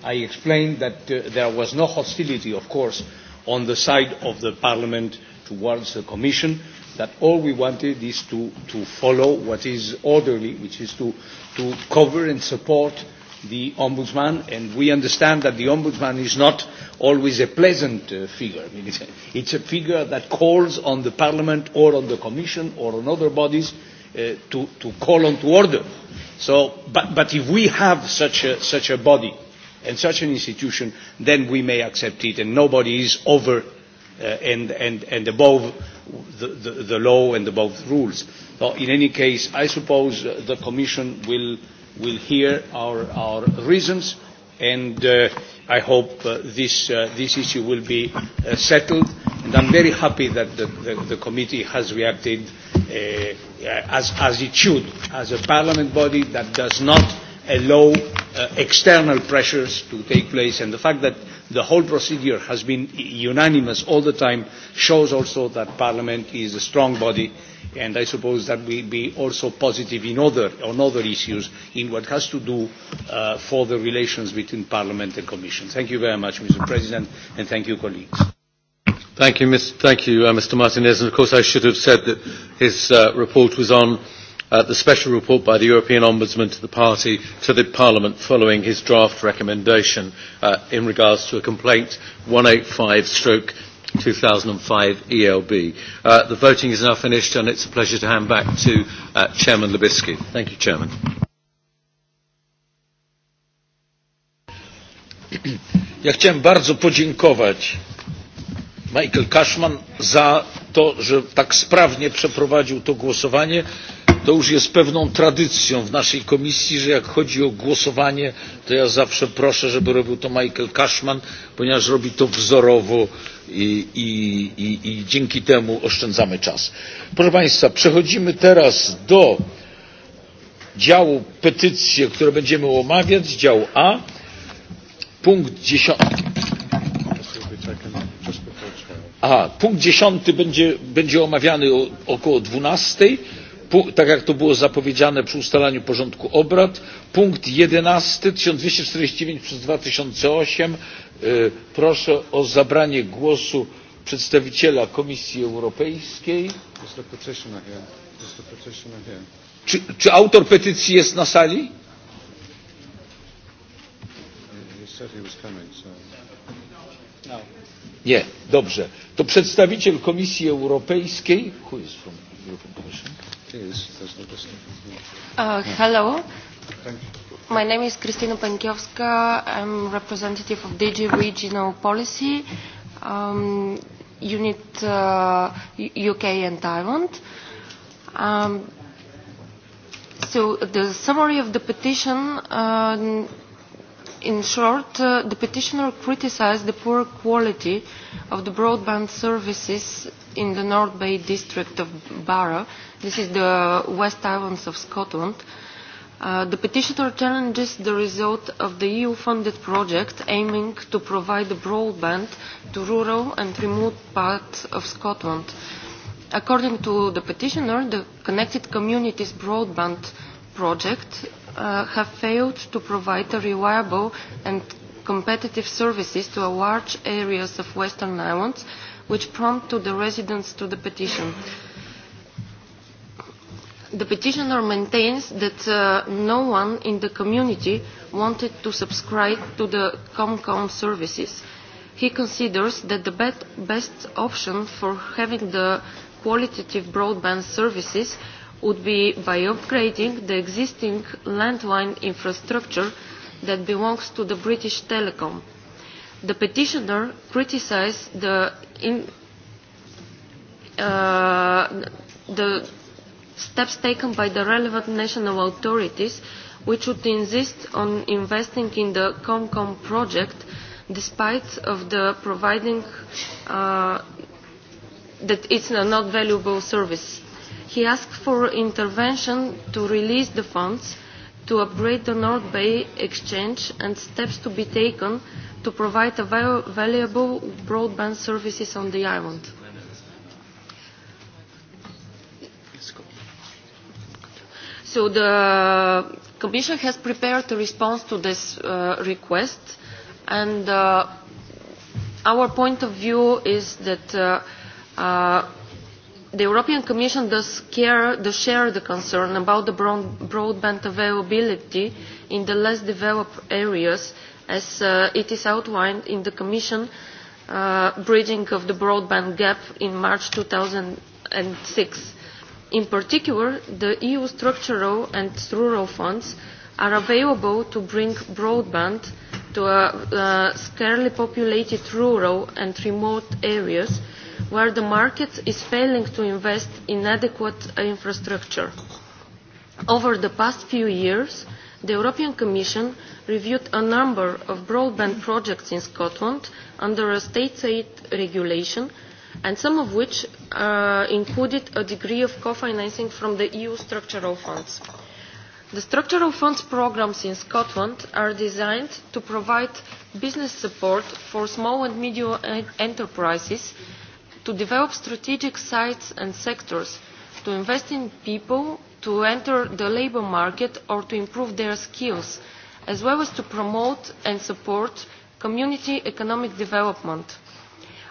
I explained that uh, there was no hostility, of course, on the side of the Parliament towards the Commission that all we wanted is to, to follow what is orderly, which is to, to cover and support the ombudsman, and we understand that the ombudsman is not always a pleasant uh, figure. I mean, it's, a, it's a figure that calls on the parliament or on the commission or on other bodies uh, to, to call on to order. So, but, but if we have such a, such a body and such an institution, then we may accept it, and nobody is over uh, and, and, and above the, the, the law and the both rules. So in any case, I suppose uh, the Commission will, will hear our, our reasons and uh, I hope uh, this, uh, this issue will be uh, settled. And I'm very happy that the, the, the committee has reacted uh, as, as it should, as a parliament body that does not allow uh, external pressures to take place. And the fact that the whole procedure has been unanimous all the time shows also that Parliament is a strong body and I suppose that will be also positive in other, on other issues in what has to do uh, for the relations between Parliament and Commission. Thank you very much, Mr. President, and thank you, colleagues. Thank you, Mr. Thank you, uh, Mr. Martinez. And of course, I should have said that his uh, report was on uh, the special report by the European Ombudsman to the party to the Parliament following his draft recommendation uh, in regards to a complaint 185 stroke 2005 ELB. Uh, the voting is now finished and it's a pleasure to hand back to uh, Chairman Libisky. Thank you, Chairman. [CLEARS THROAT] Ja chciałem bardzo podziękować Michael Cashman za to, że tak sprawnie przeprowadził to głosowanie to już jest pewną tradycją w naszej komisji, że jak chodzi o głosowanie, to ja zawsze proszę, żeby robił to Michael Cashman, ponieważ robi to wzorowo i, i, i, i dzięki temu oszczędzamy czas. Proszę Państwa, przechodzimy teraz do działu petycje, które będziemy omawiać, dział A, punkt 10. A punkt 10 będzie, będzie omawiany o, około 12 tak jak to było zapowiedziane przy ustalaniu porządku obrad punkt jedenaście tysiąc dwieście czterdzieści dziewięć przez dwa tysiące osiem proszę o zabranie głosu przedstawiciela komisji europejskiej czy, czy autor petycji jest na sali? Nie, dobrze. To przedstawiciel Komisji Europejskiej. Who is from European Commission? Uh, hello. My name is Kristina Pankiewska. I'm representative of DG Regional Policy, um, Unit uh, UK and Taiwan. Um, so the summary of the petition, uh, in short, uh, the petitioner criticized the poor quality of the broadband services in the North Bay district of Barra, This is the West Islands of Scotland. Uh, the petitioner challenges the result of the EU-funded project aiming to provide broadband to rural and remote parts of Scotland. According to the petitioner, the Connected Communities broadband project uh, have failed to provide a reliable and competitive services to a large areas of Western Islands, which prompted the residents to the petition the petitioner maintains that uh, no one in the community wanted to subscribe to the Comcom services. He considers that the bet best option for having the qualitative broadband services would be by upgrading the existing landline infrastructure that belongs to the British Telecom. The petitioner criticized the, in, uh, the steps taken by the relevant national authorities which should insist on investing in the COMCOM project despite of the providing uh, that it's a not valuable service. He asked for intervention to release the funds to upgrade the North Bay exchange and steps to be taken to provide a valuable broadband services on the island. So the Commission has prepared a response to this uh, request, and uh, our point of view is that uh, uh, the European Commission does care, does share the concern about the broad, broadband availability in the less developed areas, as uh, it is outlined in the Commission uh, Bridging of the Broadband Gap in March 2006 In particular, the EU structural and rural funds are available to bring broadband to uh, uh, sparsely scarcely populated rural and remote areas where the market is failing to invest in adequate infrastructure. Over the past few years, the European Commission reviewed a number of broadband projects in Scotland under a state aid regulation and some of which uh, included a degree of co-financing from the EU structural funds. The structural funds programs in Scotland are designed to provide business support for small and medium enterprises to develop strategic sites and sectors, to invest in people, to enter the labour market or to improve their skills, as well as to promote and support community economic development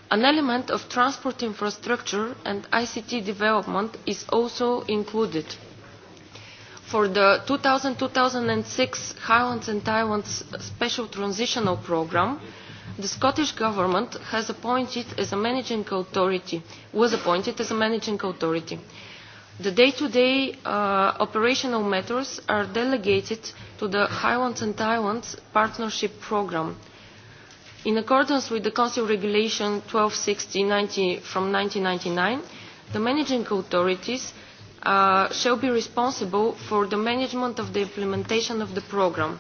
an element of transport infrastructure and ict development is also included. for the 2000 2006 highlands and islands special transitional programme the scottish government has appointed as a managing authority was appointed as a managing authority. the day to day uh, operational matters are delegated to the highlands and islands partnership programme In accordance with the Council Regulation 1260 from 1999, the managing authorities uh, shall be responsible for the management of the implementation of the programme.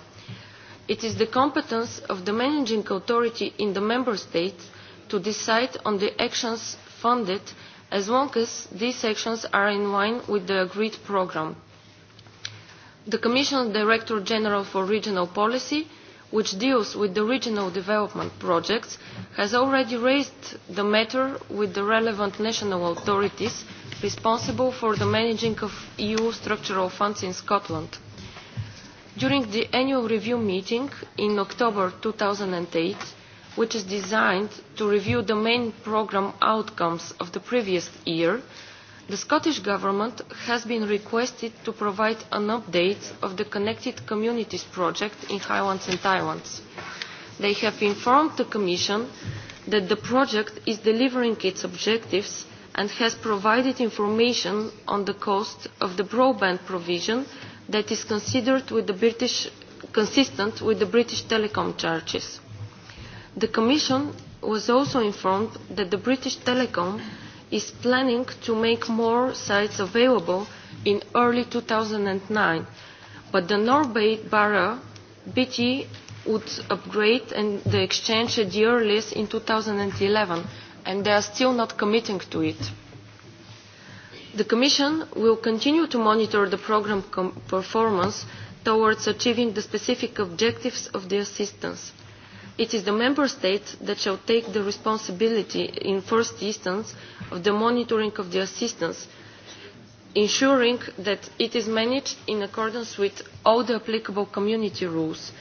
It is the competence of the managing authority in the Member State to decide on the actions funded as long as these actions are in line with the agreed programme. The Commission Director General for Regional Policy which deals with the regional development projects, has already raised the matter with the relevant national authorities responsible for the managing of EU structural funds in Scotland. During the annual review meeting in October 2008, which is designed to review the main programme outcomes of the previous year, the scottish government has been requested to provide an update of the connected communities project in highlands and islands. they have informed the commission that the project is delivering its objectives and has provided information on the cost of the broadband provision that is considered with the british, consistent with the british telecom charges. the commission was also informed that the british telecom is planning to make more sites available in early 2009, but the Norbay Barra BT would upgrade and the exchange at the earliest in 2011, and they are still not committing to it. The Commission will continue to monitor the program performance towards achieving the specific objectives of the assistance it is the member states that shall take the responsibility in first instance of the monitoring of the assistance ensuring that it is managed in accordance with all the applicable community rules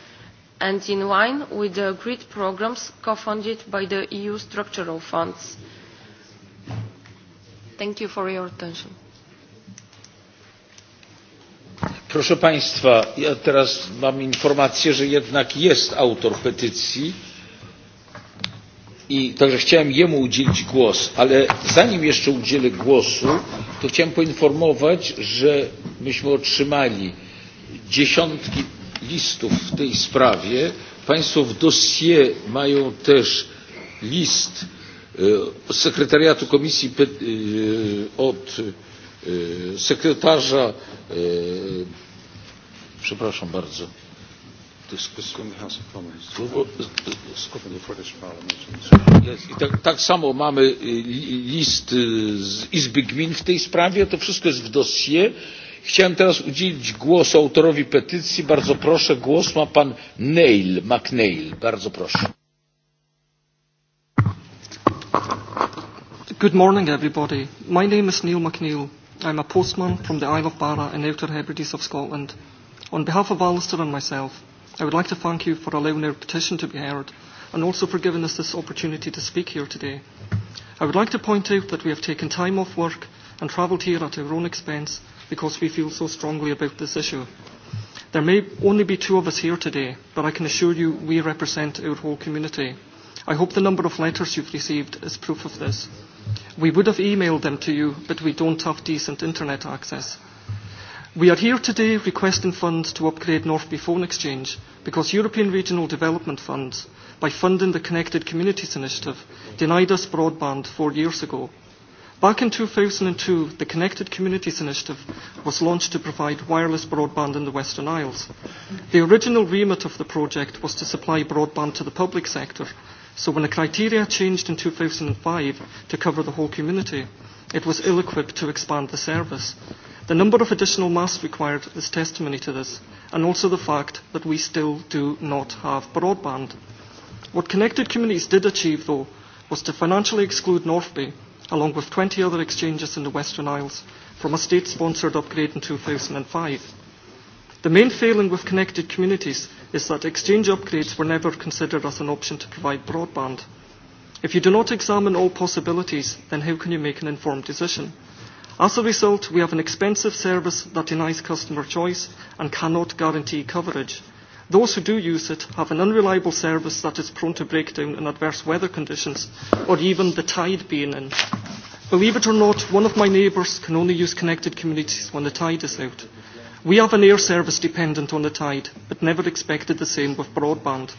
and in line with the agreed programmes co-funded by the eu structural funds. Thank you for your attention. Proszę Państwa, ja teraz mam informację, że jednak jest autor petycji i także chciałem jemu udzielić głos, ale zanim jeszcze udzielę głosu, to chciałem poinformować, że myśmy otrzymali dziesiątki listów w tej sprawie. Państwo w dossier mają też list e, sekretariatu komisji e, od e, sekretarza E, przepraszam bardzo. i Tak, tak samo mamy list z Izby Gmin w tej sprawie. To wszystko jest w dosie. Chciałem teraz udzielić głosu autorowi petycji. Bardzo proszę, głos ma pan Neil McNeil. Bardzo proszę. Good morning everybody. My name is Neil McNeil. I'm a postman from the Isle of Barra in the Outer Hebrides of Scotland. On behalf of Alistair and myself, I would like to thank you for allowing our petition to be heard and also for giving us this opportunity to speak here today. I would like to point out that we have taken time off work and travelled here at our own expense because we feel so strongly about this issue. There may only be two of us here today, but I can assure you we represent our whole community. I hope the number of letters you've received is proof of this. We would have emailed them to you, but we don't have decent internet access. We are here today requesting funds to upgrade Northby Phone Exchange because European Regional Development Funds, by funding the Connected Communities Initiative, denied us broadband four years ago. Back in 2002, the Connected Communities Initiative was launched to provide wireless broadband in the Western Isles. The original remit of the project was to supply broadband to the public sector So when the criteria changed in 2005 to cover the whole community, it was ill-equipped to expand the service. The number of additional masks required is testimony to this, and also the fact that we still do not have broadband. What Connected Communities did achieve, though, was to financially exclude North Bay, along with 20 other exchanges in the Western Isles, from a state-sponsored upgrade in 2005. The main failing with connected communities is that exchange upgrades were never considered as an option to provide broadband. If you do not examine all possibilities, then how can you make an informed decision? As a result, we have an expensive service that denies customer choice and cannot guarantee coverage. Those who do use it have an unreliable service that is prone to breakdown in adverse weather conditions or even the tide being in. Believe it or not, one of my neighbours can only use connected communities when the tide is out. We have an air service dependent on the tide, but never expected the same with broadband.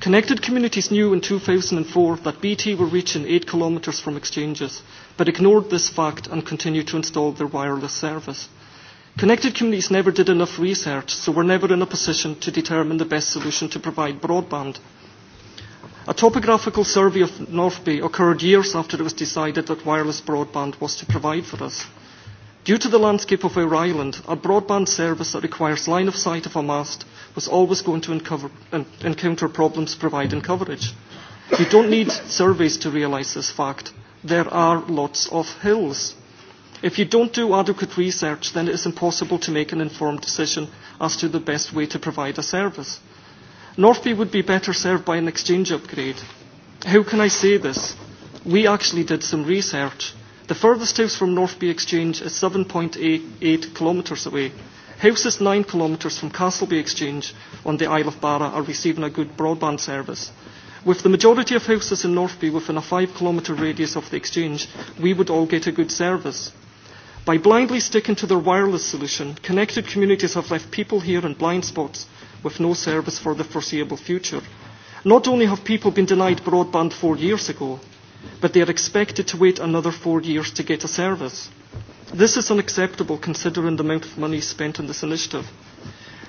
Connected Communities knew in 2004 that BT were reaching 8 kilometres from exchanges, but ignored this fact and continued to install their wireless service. Connected Communities never did enough research, so were never in a position to determine the best solution to provide broadband. A topographical survey of North Bay occurred years after it was decided that wireless broadband was to provide for us. Due to the landscape of our island, a broadband service that requires line of sight of a mast was always going to uncover, un, encounter problems providing coverage. You don't need surveys to realise this fact. There are lots of hills. If you don't do adequate research, then it is impossible to make an informed decision as to the best way to provide a service. Northby would be better served by an exchange upgrade. How can I say this? We actually did some research The furthest house from North Bay Exchange is 7.88 kilometres away. Houses 9 kilometres from Castleby Exchange on the Isle of Barra are receiving a good broadband service. With the majority of houses in Northby within a 5 kilometre radius of the exchange, we would all get a good service. By blindly sticking to their wireless solution, connected communities have left people here in blind spots with no service for the foreseeable future. Not only have people been denied broadband four years ago, but they are expected to wait another four years to get a service. This is unacceptable considering the amount of money spent on this initiative.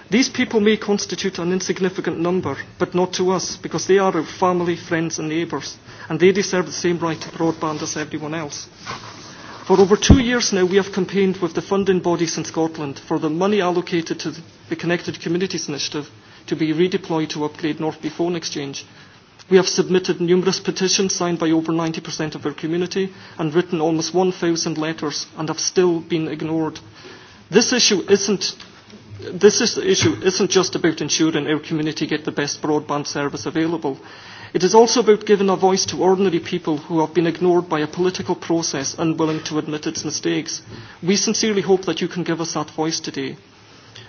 These people may constitute an insignificant number, but not to us, because they are our family, friends and neighbours, and they deserve the same right to broadband as everyone else. For over two years now, we have campaigned with the funding bodies in Scotland for the money allocated to the Connected Communities Initiative to be redeployed to upgrade Northby Phone Exchange We have submitted numerous petitions signed by over 90% of our community and written almost 1,000 letters and have still been ignored. This issue isn't this is, issue isn't just about ensuring our community get the best broadband service available. It is also about giving a voice to ordinary people who have been ignored by a political process unwilling to admit its mistakes. We sincerely hope that you can give us that voice today.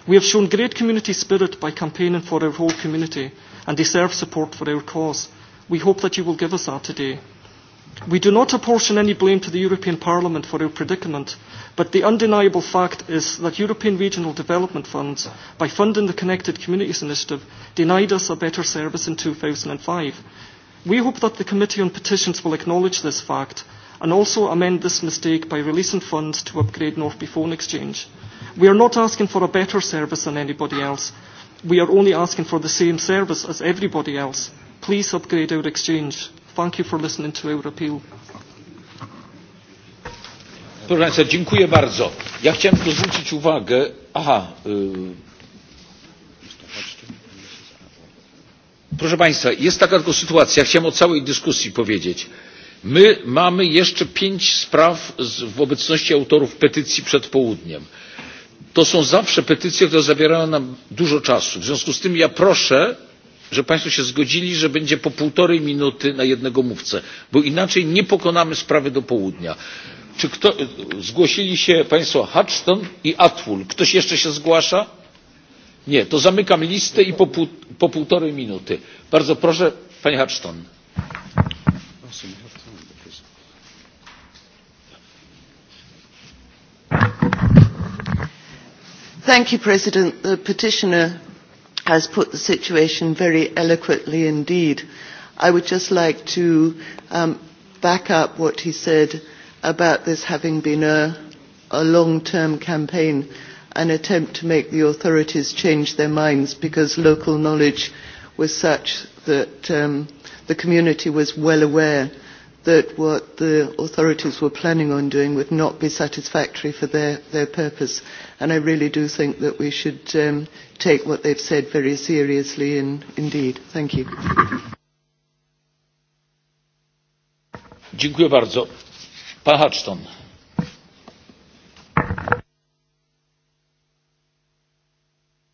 We have shown great community spirit by campaigning for our whole community and deserve support for our cause. We hope that you will give us that today. We do not apportion any blame to the European Parliament for our predicament, but the undeniable fact is that European Regional Development Funds, by funding the Connected Communities Initiative, denied us a better service in 2005. We hope that the Committee on Petitions will acknowledge this fact and also amend this mistake by releasing funds to upgrade North Before Exchange. We are not asking for a better service than anybody else, we are only asking for the same service as everybody else. Please upgrade our exchange. Thank you for listening to our appeal. Proszę Państwa, dziękuję bardzo. Ja chciałem tylko zwrócić uwagę. Aha. Yy. Proszę Państwa, jest taka tylko sytuacja. Chciałem o całej dyskusji powiedzieć. My mamy jeszcze pięć spraw z, w obecności autorów petycji przed południem to są zawsze petycje, które zabierają nam dużo czasu. W związku z tym ja proszę, że Państwo się zgodzili, że będzie po półtorej minuty na jednego mówcę, bo inaczej nie pokonamy sprawy do południa. Czy kto, zgłosili się Państwo Hudson i Atwul. Ktoś jeszcze się zgłasza? Nie, to zamykam listę i po, pół, po półtorej minuty. Bardzo proszę, Panie Hudson. Thank you, president the petitioner has put the situation very eloquently indeed. i would just like to um, back up what he said about this having been a, a long term campaign an attempt to make the authorities change their minds because local knowledge was such that um, the community was well aware that what the authorities were planning on doing would not be satisfactory for their, their purpose. And I really do think that we should um, take what they've said very seriously in, indeed. Thank you. Dziękuję bardzo. Pan Hudson.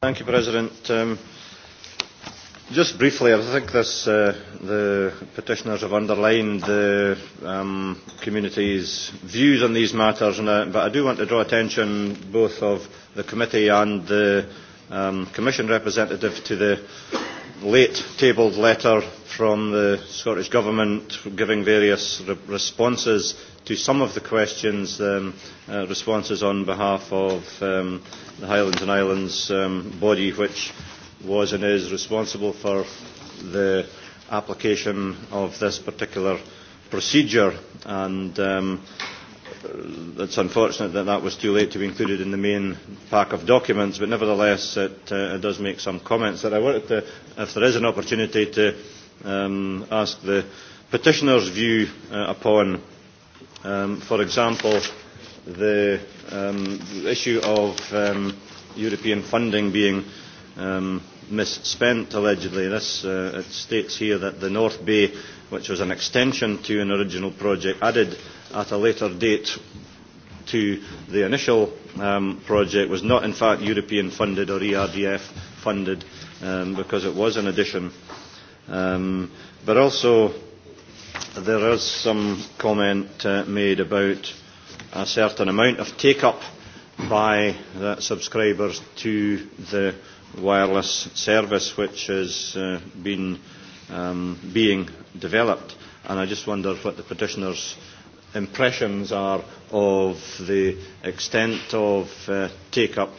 Thank you, President. Um, Just briefly, I think this, uh, the petitioners have underlined the um, community's views on these matters, and, uh, but I do want to draw attention both of the committee and the um, Commission representative to the late tabled letter from the Scottish Government giving various re responses to some of the questions, um, uh, responses on behalf of um, the Highlands and Islands um, body, which was and is responsible for the application of this particular procedure and um, it's unfortunate that that was too late to be included in the main pack of documents, but nevertheless it, uh, it does make some comments that I wanted to, if there is an opportunity to um, ask the petitioner's view uh, upon, um, for example, the um, issue of um, European funding being um, misspent, allegedly. This, uh, it states here that the North Bay, which was an extension to an original project, added at a later date to the initial um, project, was not in fact European funded or ERDF funded um, because it was an addition. Um, but also there is some comment uh, made about a certain amount of take-up by the subscribers to the wireless service which has uh, been um, being developed. And I just wonder what the petitioner's impressions are of the extent of uh, take-up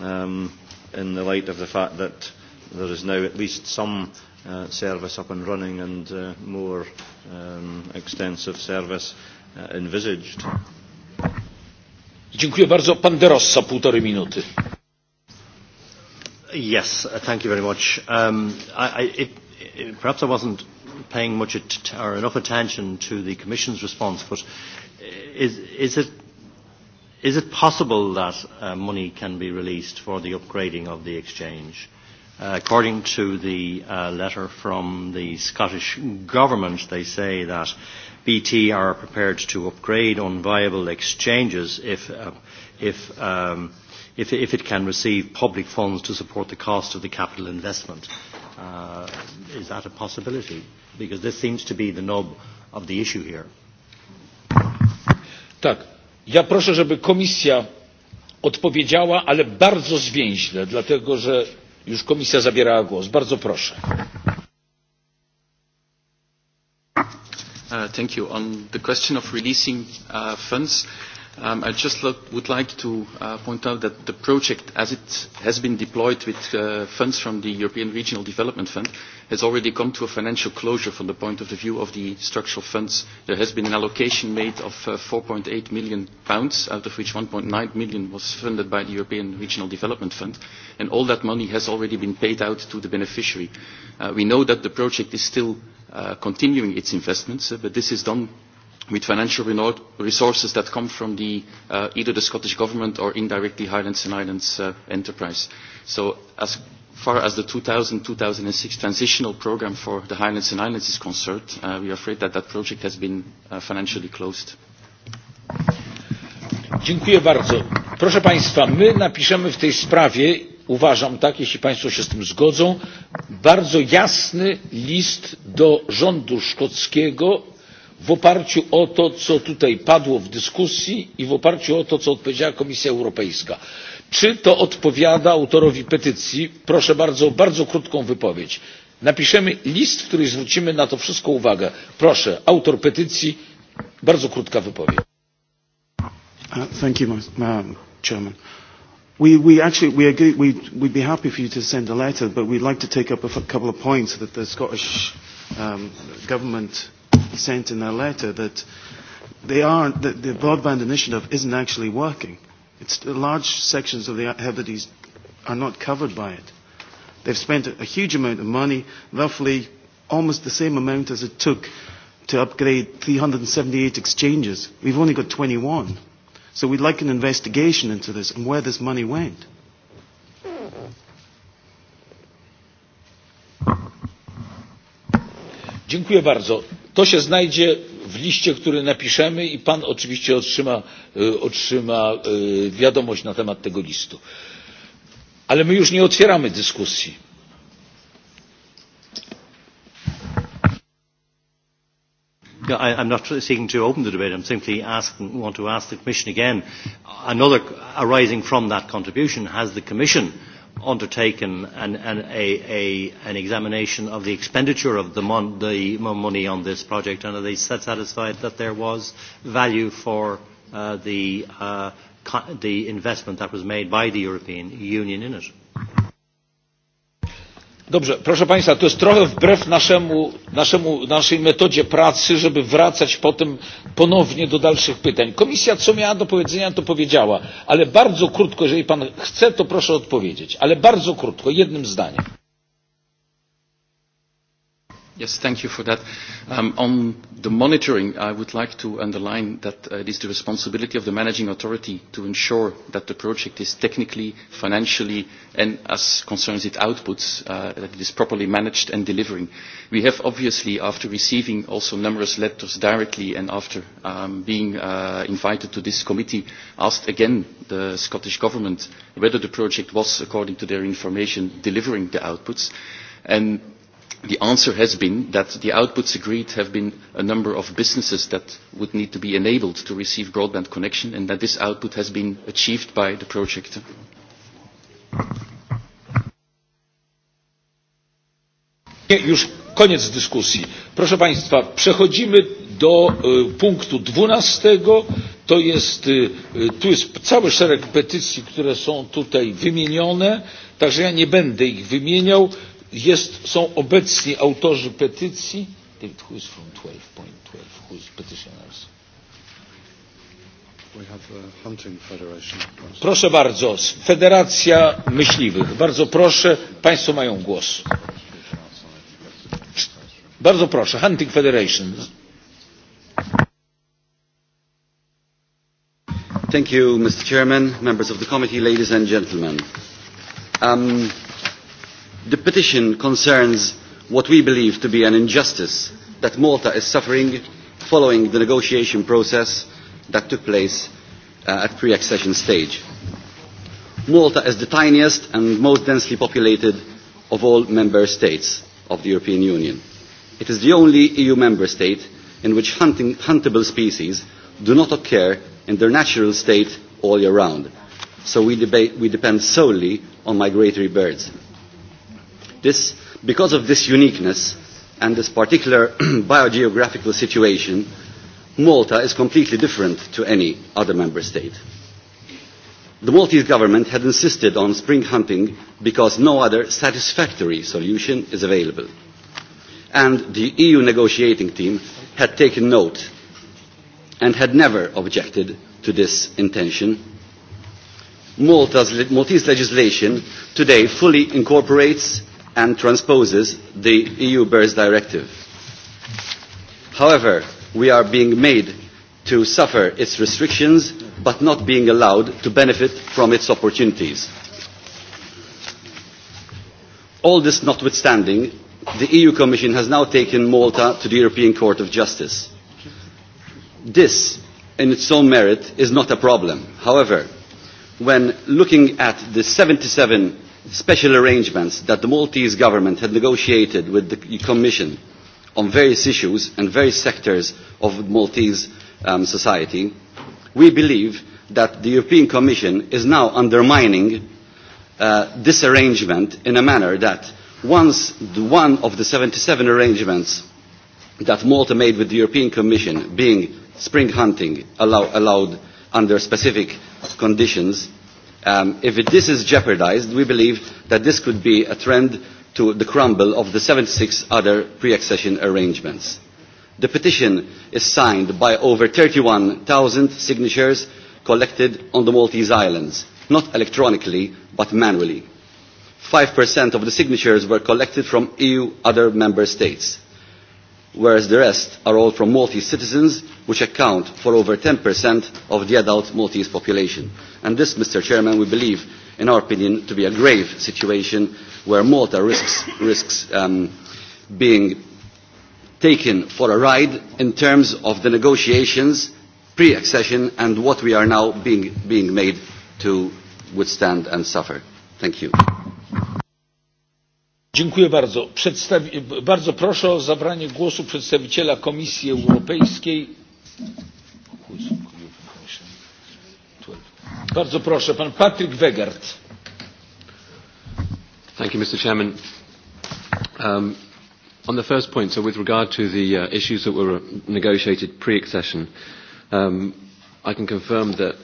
um, in the light of the fact that there is now at least some uh, service up and running and uh, more um, extensive service uh, envisaged. Dziękuję bardzo. Pan De Rossa, półtorej minuty. Yes, uh, thank you very much. Um, I, I, it, it, perhaps I wasn't paying much at, or enough attention to the Commission's response, but is, is, it, is it possible that uh, money can be released for the upgrading of the exchange? Uh, according to the uh, letter from the Scottish Government, they say that BT are prepared to upgrade unviable exchanges if, uh, if um, if, if it can receive public funds to support the cost of the capital investment. Uh, is that a possibility? Because this seems to be the nub of the issue here. Tak. Ja proszę, żeby komisja odpowiedziała, ale bardzo zwięźle, dlatego że już komisja zabierała głos. Bardzo proszę. Uh, thank you. On the question of releasing uh, funds, Um, I just look, would like to uh, point out that the project, as it has been deployed with uh, funds from the European Regional Development Fund, has already come to a financial closure from the point of the view of the structural funds. There has been an allocation made of uh, 4.8 million pounds, out of which 1.9 million was funded by the European Regional Development Fund, and all that money has already been paid out to the beneficiary. Uh, we know that the project is still uh, continuing its investments, uh, but this is done with financial resources that come from the, uh, either the Scottish Government or indirectly Highlands and Islands uh, Enterprise. So as far as the 2000-2006 transitional program for the Highlands and Islands is concerned, uh, we are afraid that that project has been uh, financially closed. Dziękuję bardzo. Proszę Państwa, my napiszemy w tej sprawie, uważam tak, jeśli Państwo się z tym zgodzą, bardzo jasny list do rządu szkockiego w oparciu o to co tutaj padło w dyskusji i w oparciu o to co odpowiedziała komisja europejska. czy to odpowiada autorowi petycji? proszę bardzo o bardzo krótką wypowiedź. napiszemy list w którym zwrócimy na to wszystko uwagę. proszę autor petycji bardzo krótka wypowiedź. Uh, thank you, Madam Chairman. We, we actually we agree, we'd, we'd be happy for you to send a letter, but we'd like to take up a couple of points that the Scottish um, government sent in their letter that they aren't, that the broadband initiative isn't actually working. It's, large sections of the Hebrides are not covered by it. They've spent a, a huge amount of money, roughly almost the same amount as it took to upgrade 378 exchanges. We've only got 21. So we'd like an investigation into this and where this money went. Dziękuję bardzo. To się znajdzie w liście, który napiszemy i pan oczywiście otrzyma, e, otrzyma e, wiadomość na temat tego listu. Ale my już nie otwieramy dyskusji. No, I, I'm not seeking to open the debate. I'm simply asking, want to ask the Commission again, another arising from that contribution, has the Commission uh, undertaken an, an, a, a, an examination of the expenditure of the, mon the money on this project, and are they satisfied that there was value for uh, the, uh, the investment that was made by the European Union in it? Dobrze, proszę Państwa, to jest trochę wbrew naszemu, naszemu, naszej metodzie pracy, żeby wracać potem ponownie do dalszych pytań. Komisja co miała do powiedzenia, to powiedziała, ale bardzo krótko, jeżeli Pan chce, to proszę odpowiedzieć, ale bardzo krótko, jednym zdaniem. Yes, thank you for that. Um, on the monitoring, I would like to underline that uh, it is the responsibility of the managing authority to ensure that the project is technically, financially, and as concerns its outputs, uh, that it is properly managed and delivering. We have obviously, after receiving also numerous letters directly and after um, being uh, invited to this committee, asked again the Scottish Government whether the project was, according to their information, delivering the outputs and the answer has been that the outputs agreed have been a number of businesses that would need to be enabled to receive broadband connection and that this output has been achieved by the project. Już koniec dyskusji. Proszę Państwa, przechodzimy do y, punktu 12. To jest, y, tu jest cały szereg petycji, które są tutaj wymienione, także ja nie będę ich wymieniał jest, są obecni autorzy petycji. David, who is from 12.12? Who is petitioners? We have a hunting federation. Proszę bardzo, Federacja Myśliwych. Bardzo proszę, Państwo mają głos. Bardzo proszę, Hunting Federation. Thank you, Mr. Chairman, members of the committee, ladies and gentlemen. Um, The petition concerns what we believe to be an injustice that Malta is suffering following the negotiation process that took place uh, at pre-accession stage. Malta is the tiniest and most densely populated of all member states of the European Union. It is the only EU member state in which hunting, huntable species do not occur in their natural state all year round. So we, debate, we depend solely on migratory birds. This, because of this uniqueness and this particular [CLEARS THROAT] biogeographical situation, Malta is completely different to any other member state. The Maltese government had insisted on spring hunting because no other satisfactory solution is available. And the EU negotiating team had taken note and had never objected to this intention. Malta's, Maltese legislation today fully incorporates and transposes the EU Birds Directive. However, we are being made to suffer its restrictions but not being allowed to benefit from its opportunities. All this notwithstanding, the EU Commission has now taken Malta to the European Court of Justice. This, in its own merit, is not a problem. However, when looking at the 77 special arrangements that the Maltese government had negotiated with the Commission on various issues and various sectors of Maltese um, society, we believe that the European Commission is now undermining uh, this arrangement in a manner that once the one of the 77 arrangements that Malta made with the European Commission, being spring hunting, allow, allowed under specific conditions, Um, if it, this is jeopardized, we believe that this could be a trend to the crumble of the 76 other pre-accession arrangements. The petition is signed by over 31,000 signatures collected on the Maltese Islands, not electronically, but manually. 5% of the signatures were collected from EU other member states, whereas the rest are all from Maltese citizens which account for over 10% of the adult Maltese population. And this, Mr. Chairman, we believe, in our opinion, to be a grave situation where Malta risks, risks um, being taken for a ride in terms of the negotiations pre-accession and what we are now being, being made to withstand and suffer. Thank you. Dziękuję bardzo. Przedstawi bardzo proszę o zabranie głosu przedstawiciela Komisji Europejskiej Bardzo proszę, pan Patrick Wegert. Thank you, Mr. Chairman. Um, on the first point, so with regard to the uh, issues that were negotiated pre-accession, um, I can confirm that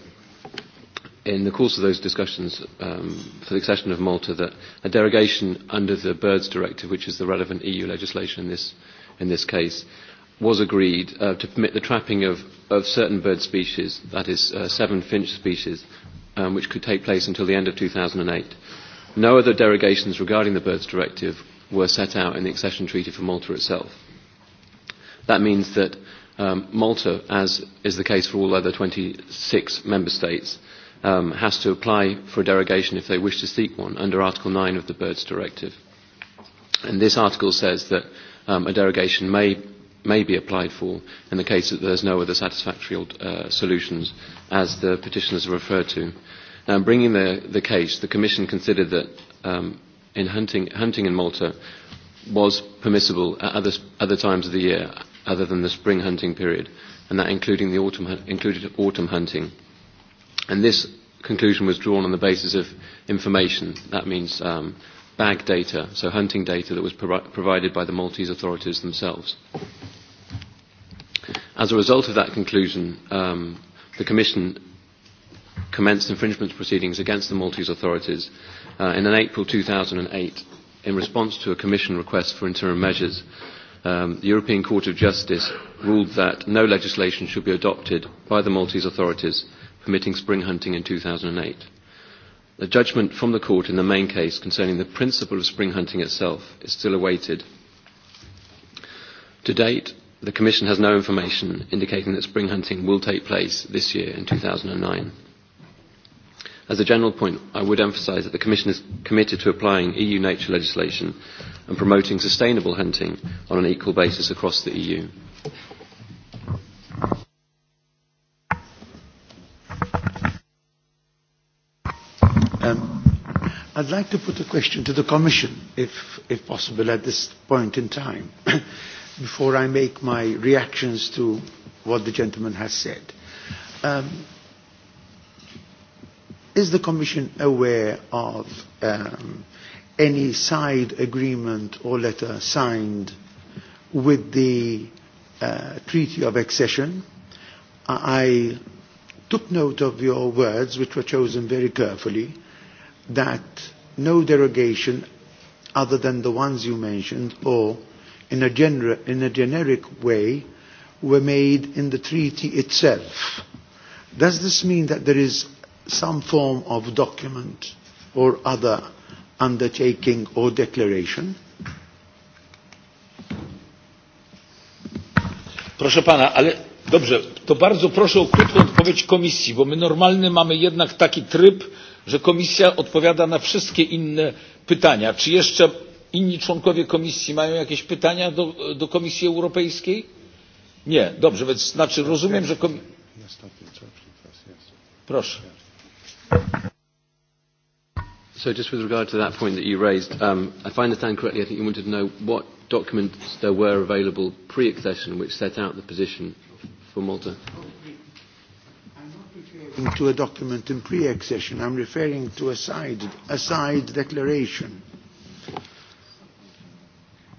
in the course of those discussions um, for the accession of Malta that a derogation under the Birds Directive, which is the relevant EU legislation in this, in this case, was agreed uh, to permit the trapping of, of certain bird species, that is, uh, seven finch species, um, which could take place until the end of 2008. No other derogations regarding the Birds Directive were set out in the accession treaty for Malta itself. That means that um, Malta, as is the case for all other 26 member states, um, has to apply for a derogation if they wish to seek one under Article 9 of the Birds Directive. And this article says that um, a derogation may may be applied for in the case that there's no other satisfactory uh, solutions, as the petitioners have referred to. Now, bringing the, the case, the Commission considered that um, in hunting, hunting in Malta was permissible at other, other times of the year other than the spring hunting period, and that including the autumn, included autumn hunting. And this conclusion was drawn on the basis of information. That means um, bag data, so hunting data that was pro provided by the Maltese authorities themselves. As a result of that conclusion, um, the Commission commenced infringement proceedings against the Maltese authorities uh, in an April 2008 in response to a Commission request for interim measures. Um, the European Court of Justice ruled that no legislation should be adopted by the Maltese authorities permitting spring hunting in 2008. The judgment from the court in the main case concerning the principle of spring hunting itself is still awaited. To date, the Commission has no information indicating that spring hunting will take place this year in 2009. As a general point, I would emphasise that the Commission is committed to applying EU nature legislation and promoting sustainable hunting on an equal basis across the EU. Um, I'd like to put a question to the Commission, if, if possible, at this point in time, [COUGHS] before I make my reactions to what the gentleman has said. Um, is the Commission aware of um, any side agreement or letter signed with the uh, Treaty of Accession? I took note of your words, which were chosen very carefully that no derogation other than the ones you mentioned or in a, gener in a generic way were made in the treaty itself. Does this mean that there is some form of document or other undertaking or declaration? Proszę pana, ale dobrze, to bardzo proszę o krótką odpowiedź komisji, bo my normalnie mamy jednak taki tryb, że komisja odpowiada na wszystkie inne pytania. czy jeszcze inni członkowie komisji mają jakieś pytania do, do komisji europejskiej? nie. dobrze więc znaczy rozumiem że proszę. So just with regard to that point that you raised, um, if I understand correctly, I think you wanted to know what documents there were available pre-accession which set out the position for Malta. Oh, to a document in pre-accession. I'm referring to a side, a side declaration.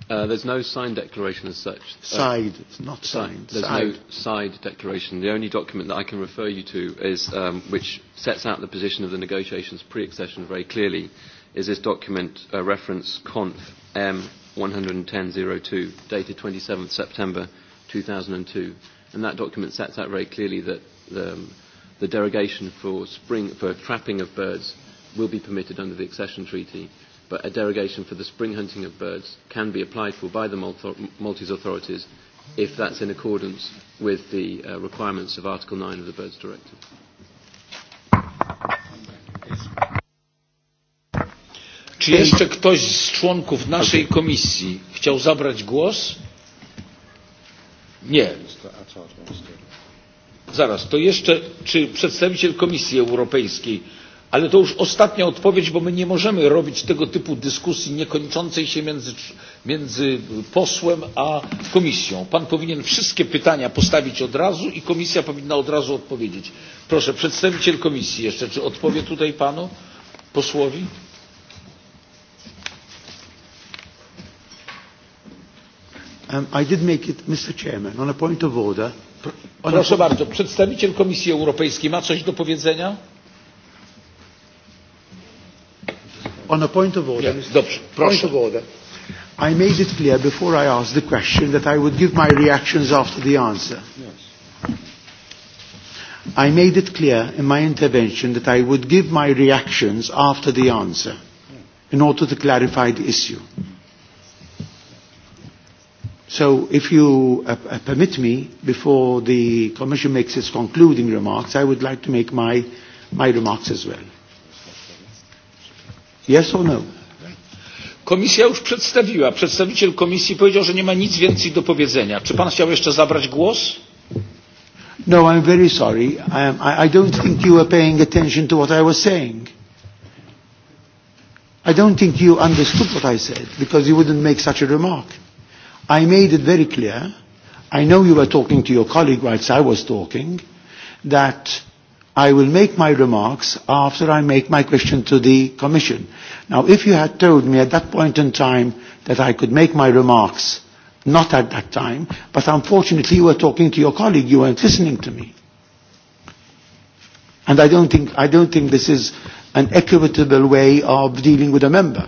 Uh, there's no signed declaration as such. Uh, side, uh, not signed. There's side. no side declaration. The only document that I can refer you to is, um, which sets out the position of the negotiations pre-accession very clearly, is this document uh, reference conf M 11002, dated 27th September 2002, and that document sets out very clearly that the um, the derogation for, spring, for trapping of birds will be permitted under the accession treaty, but a derogation for the spring hunting of birds can be applied for by the Maltese authorities if that's in accordance with the uh, requirements of Article 9 of the Birds Directive. Czy jeszcze ktoś z członków naszej komisji chciał zabrać głos? Nie. Zaraz, to jeszcze, czy przedstawiciel Komisji Europejskiej, ale to już ostatnia odpowiedź, bo my nie możemy robić tego typu dyskusji niekończącej się między, między posłem a komisją. Pan powinien wszystkie pytania postawić od razu i komisja powinna od razu odpowiedzieć. Proszę, przedstawiciel komisji jeszcze, czy odpowie tutaj panu posłowi? Um, I did make it, Mr. Chairman, on a point of order. Proszę bardzo, przedstawiciel Komisji Europejskiej ma coś do powiedzenia? On a point of order, Yes. dobrze, proszę. Point of order. I made it clear before I asked the question that I would give my reactions after the answer. Yes. I made it clear in my intervention that I would give my reactions after the answer in order to clarify the issue. So if you uh, uh, permit me, before the Commission makes its concluding remarks, I would like to make my, my remarks as well. Yes or no? Komisja już przedstawiła. Przedstawiciel komisji powiedział, że nie ma nic więcej do powiedzenia. Czy pan chciał jeszcze zabrać głos? No, I'm very sorry. I, am, I, I don't think you were paying attention to what I was saying. I don't think you understood what I said because you wouldn't make such a remark. I made it very clear, I know you were talking to your colleague whilst I was talking, that I will make my remarks after I make my question to the Commission. Now, if you had told me at that point in time that I could make my remarks, not at that time, but unfortunately you were talking to your colleague, you weren't listening to me. And I don't think, I don't think this is an equitable way of dealing with a member.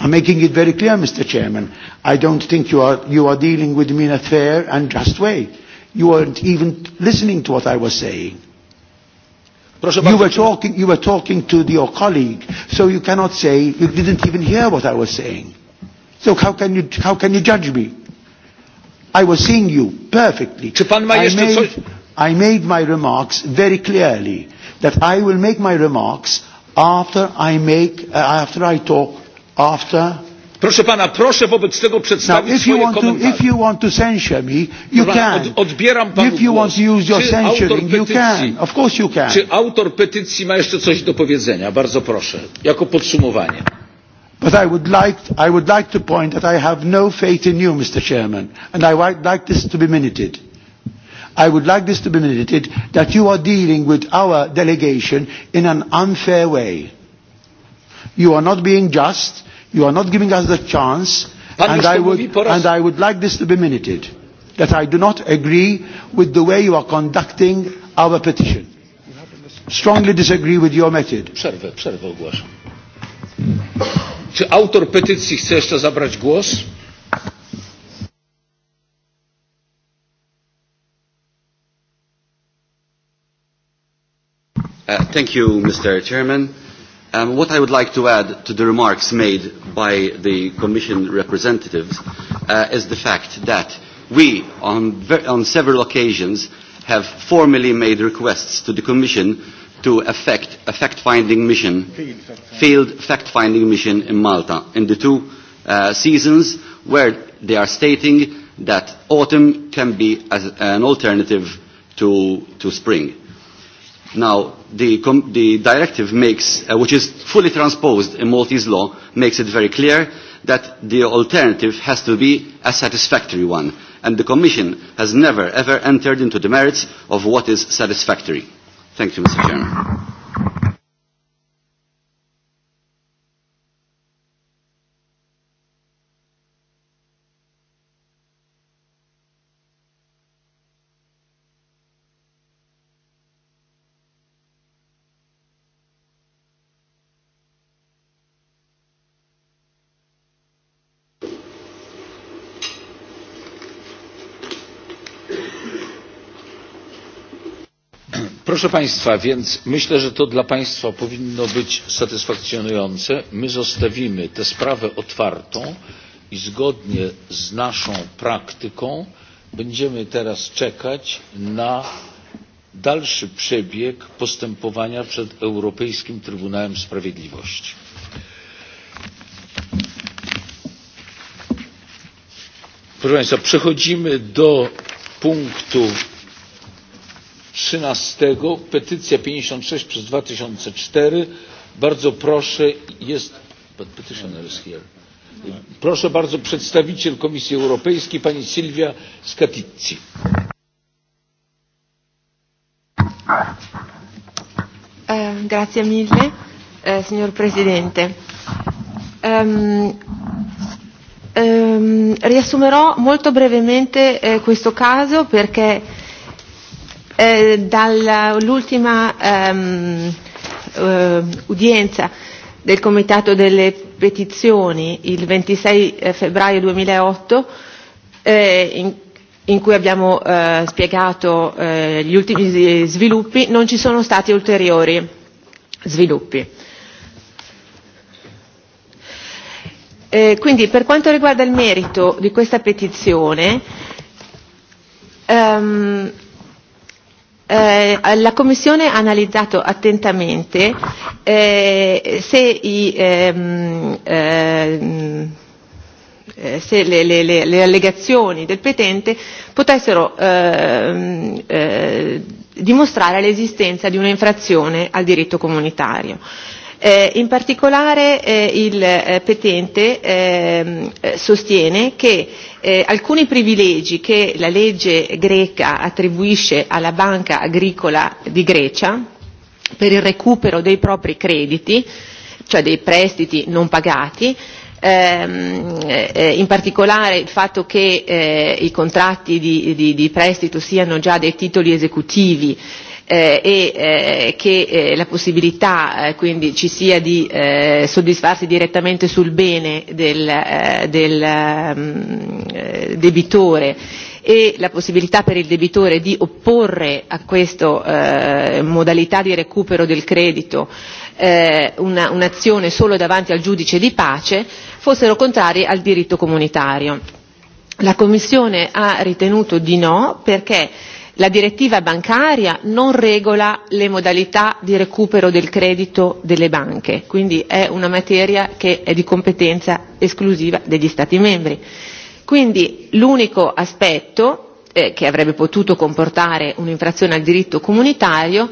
I'm making it very clear, Mr. Chairman. I don't think you are, you are dealing with me in a fair and just way. You weren't even listening to what I was saying. Proszę you were, talking, you were talking to your colleague, so you cannot say you didn't even hear what I was saying. So how can you, how can you judge me? I was seeing you perfectly. I, made, I made my remarks very clearly that I will make my remarks after I, make, uh, after I talk after Proszę pana, proszę wobec tego przedstawić Now, swoje komentarze. To, if you want to censure me, you can. Od, odbieram panu if you głos. want to use your czy autor petycji, you can. Of course you can. Czy autor petycji ma jeszcze coś do powiedzenia? Bardzo proszę, jako podsumowanie. But I would like, I would like to point that I have no faith in you, Mr. Chairman, and I would like this to be minuted. I would like this to be minuted that you are dealing with our delegation in an unfair way. You are not being just You are not giving us the chance, and I, would, and I would like this to be minuted, that I do not agree with the way you are conducting our petition. Strongly disagree with your method. Przerwę, przerwę ogłaszam. Czy autor petycji chce jeszcze zabrać głos? Uh, thank you, Mr. Chairman. Um, what I would like to add to the remarks made by the Commission representatives uh, is the fact that we, on, on several occasions, have formally made requests to the Commission to effect a fact-finding mission, field fact-finding mission in Malta in the two uh, seasons where they are stating that autumn can be as an alternative to, to spring. Now, the, com the directive makes, uh, which is fully transposed in Maltese law, makes it very clear that the alternative has to be a satisfactory one. And the Commission has never, ever entered into the merits of what is satisfactory. Thank you, Mr. Chairman. Proszę Państwa, więc myślę, że to dla Państwa powinno być satysfakcjonujące. My zostawimy tę sprawę otwartą i zgodnie z naszą praktyką będziemy teraz czekać na dalszy przebieg postępowania przed Europejskim Trybunałem Sprawiedliwości. Proszę Państwa, przechodzimy do punktu 13 petycja 56 przez 2004. Bardzo proszę, jest... Petitioner is here. Proszę bardzo przedstawiciel Komisji Europejskiej pani Sylwia Skatici. Eh, grazie mille, eh, signor Presidente. Um, um, riassumerò molto brevemente eh, questo caso perché Eh, dall'ultima um, uh, udienza del Comitato delle Petizioni il 26 eh, febbraio 2008, eh, in, in cui abbiamo eh, spiegato eh, gli ultimi sviluppi, non ci sono stati ulteriori sviluppi. Eh, quindi per quanto riguarda il merito di questa petizione, ehm, Eh, la Commissione ha analizzato attentamente eh, se, i, ehm, ehm, se le, le, le, le allegazioni del petente potessero ehm, eh, dimostrare l'esistenza di un'infrazione al diritto comunitario. Eh, Eh, in particolare eh, il eh, petente eh, sostiene che eh, alcuni privilegi che la legge greca attribuisce alla Banca Agricola di Grecia per il recupero dei propri crediti, cioè dei prestiti non pagati, ehm, eh, in particolare il fatto che eh, i contratti di prestito siano già dei titoli esecutivi Eh, e eh, che eh, la possibilità quindi ci sia di soddisfarsi direttamente sul bene del, ehm, debitore e la possibilità per il debitore di opporre a questa modalità di recupero del credito un'azione solo davanti al giudice di pace fossero contrari al diritto comunitario. La Commissione ha ritenuto di no perché la direttiva bancaria non regola le modalità di recupero del credito delle banche quindi è una materia che è di competenza esclusiva degli stati membri quindi l'unico aspetto eh, che avrebbe potuto comportare un'infrazione al diritto comunitario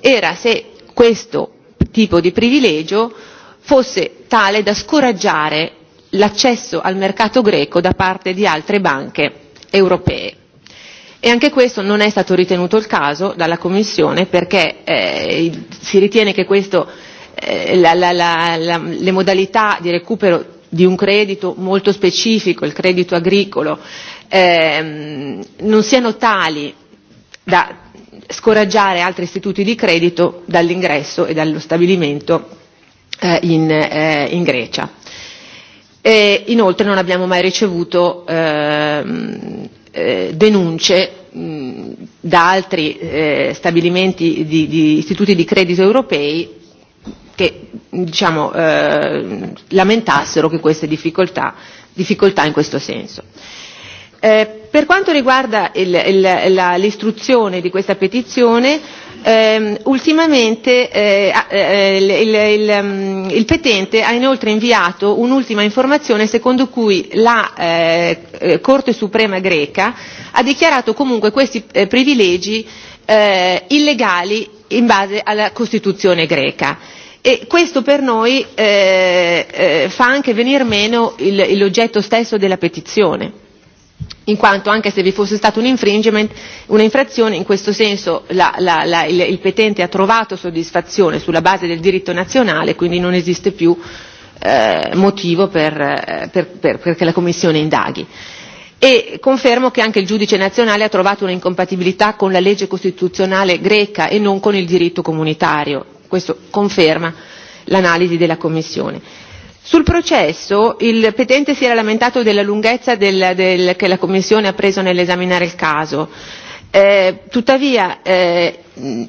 era se questo tipo di privilegio fosse tale da scoraggiare l'accesso al mercato greco da parte di altre banche europee. E anche questo non è stato ritenuto il caso dalla Commissione perché eh, si ritiene che questo, eh, la, la, la, la, le modalità di recupero di un credito molto specifico, il credito agricolo, ehm, non siano tali da scoraggiare altri istituti di credito dall'ingresso e dallo stabilimento eh, in, eh, in Grecia. E inoltre non abbiamo mai ricevuto ehm, eh, denunce mh, mm, da altri eh, stabilimenti di, di istituti di credito europei che diciamo, eh, lamentassero che queste difficoltà, difficoltà in questo senso. Eh, per quanto riguarda l'istruzione di questa petizione, Eh, ultimamente eh, eh, il, il, il mm, il petente ha inoltre inviato un'ultima informazione secondo cui la eh, eh, corte suprema greca ha dichiarato comunque questi eh, privilegi eh, illegali in base alla costituzione greca e questo per noi eh, eh, fa anche venir meno l'oggetto stesso della petizione in quanto anche se vi fosse stato un infringement, un'infrazione, in questo senso la, la, la, il, il petente ha trovato soddisfazione sulla base del diritto nazionale, quindi non esiste più eh, motivo per, eh, per, per, perché la Commissione indaghi. E confermo che anche il giudice nazionale ha trovato un'incompatibilità con la legge costituzionale greca e non con il diritto comunitario. Questo conferma l'analisi della Commissione sul processo il petente si era lamentato della lunghezza del, del, che la commissione ha preso nell'esaminare il caso eh, tuttavia eh,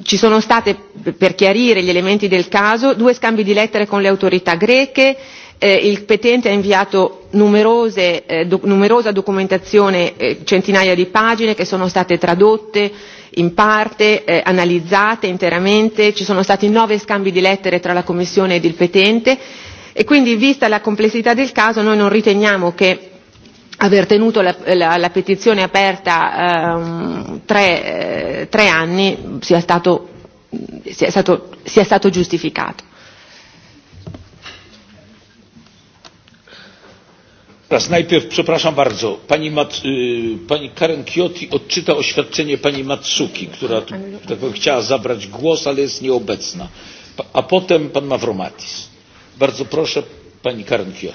ci sono state per chiarire gli elementi del caso due scambi di lettere con le autorità greche eh, il petente ha inviato numerose, eh, do, numerosa documentazione eh, centinaia di pagine che sono state tradotte in parte eh, analizzate interamente ci sono stati nove scambi di lettere tra la commissione ed il petente e quindi vista la complessità del caso noi non riteniamo che aver tenuto la, la, la petizione aperta ehm, tre, eh, tre anni sia stato, sia stato, sia stato giustificato. Teraz najpierw, przepraszam bardzo, pani, Mat, y, pani Karen Kioti odczyta oświadczenie pani Matsuki, która tak powiem, chciała zabrać głos, ale jest nieobecna, a potem pan Mavromatis. Bardzo proszę, pani Karen Kiot.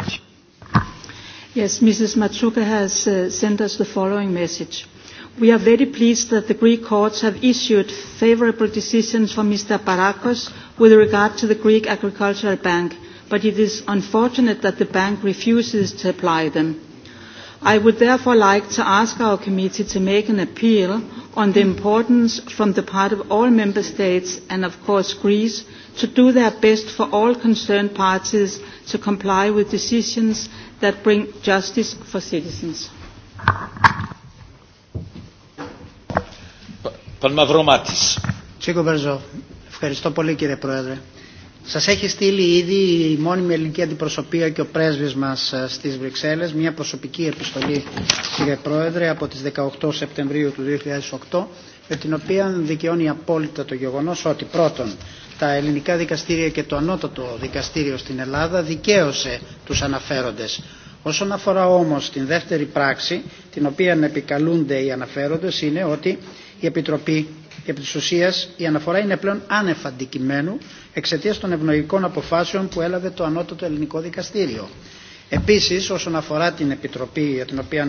Yes, Mrs. Matsuka has uh, sent us the following message. We are very pleased that the Greek courts have issued favorable decisions for Mr. Parakos with regard to the Greek Agricultural Bank, but it is unfortunate that the bank refuses to apply them. I would therefore like to ask our committee to make an appeal on the importance from the part of all member states and of course Greece to do their best for all concerned parties to comply with decisions that bring justice for citizens. Pan Μαυρομάτης. Ευχαριστώ πολύ κύριε Πρόεδρε. Σας έχει στείλει ήδη η μόνιμη ελληνική αντιπροσωπεία και ο πρέσβης μας στις Βρυξέλλες μια προσωπική επιστολή κύριε Πρόεδρε από τις 18 Σεπτεμβρίου του 2008 με την οποία δικαιώνει απόλυτα το γεγονός ότι πρώτον τα ελληνικά δικαστήρια και το ανώτατο δικαστήριο στην Ελλάδα δικαίωσε τους αναφέροντες. Όσον αφορά όμως την δεύτερη πράξη, την οποία επικαλούνται οι αναφέροντες, είναι ότι η Επιτροπή επί της ουσίας η αναφορά είναι πλέον άνευ αντικειμένου εξαιτίας των ευνοϊκών αποφάσεων που έλαβε το ανώτατο ελληνικό δικαστήριο. Επίσης, όσον αφορά την Επιτροπή για την οποία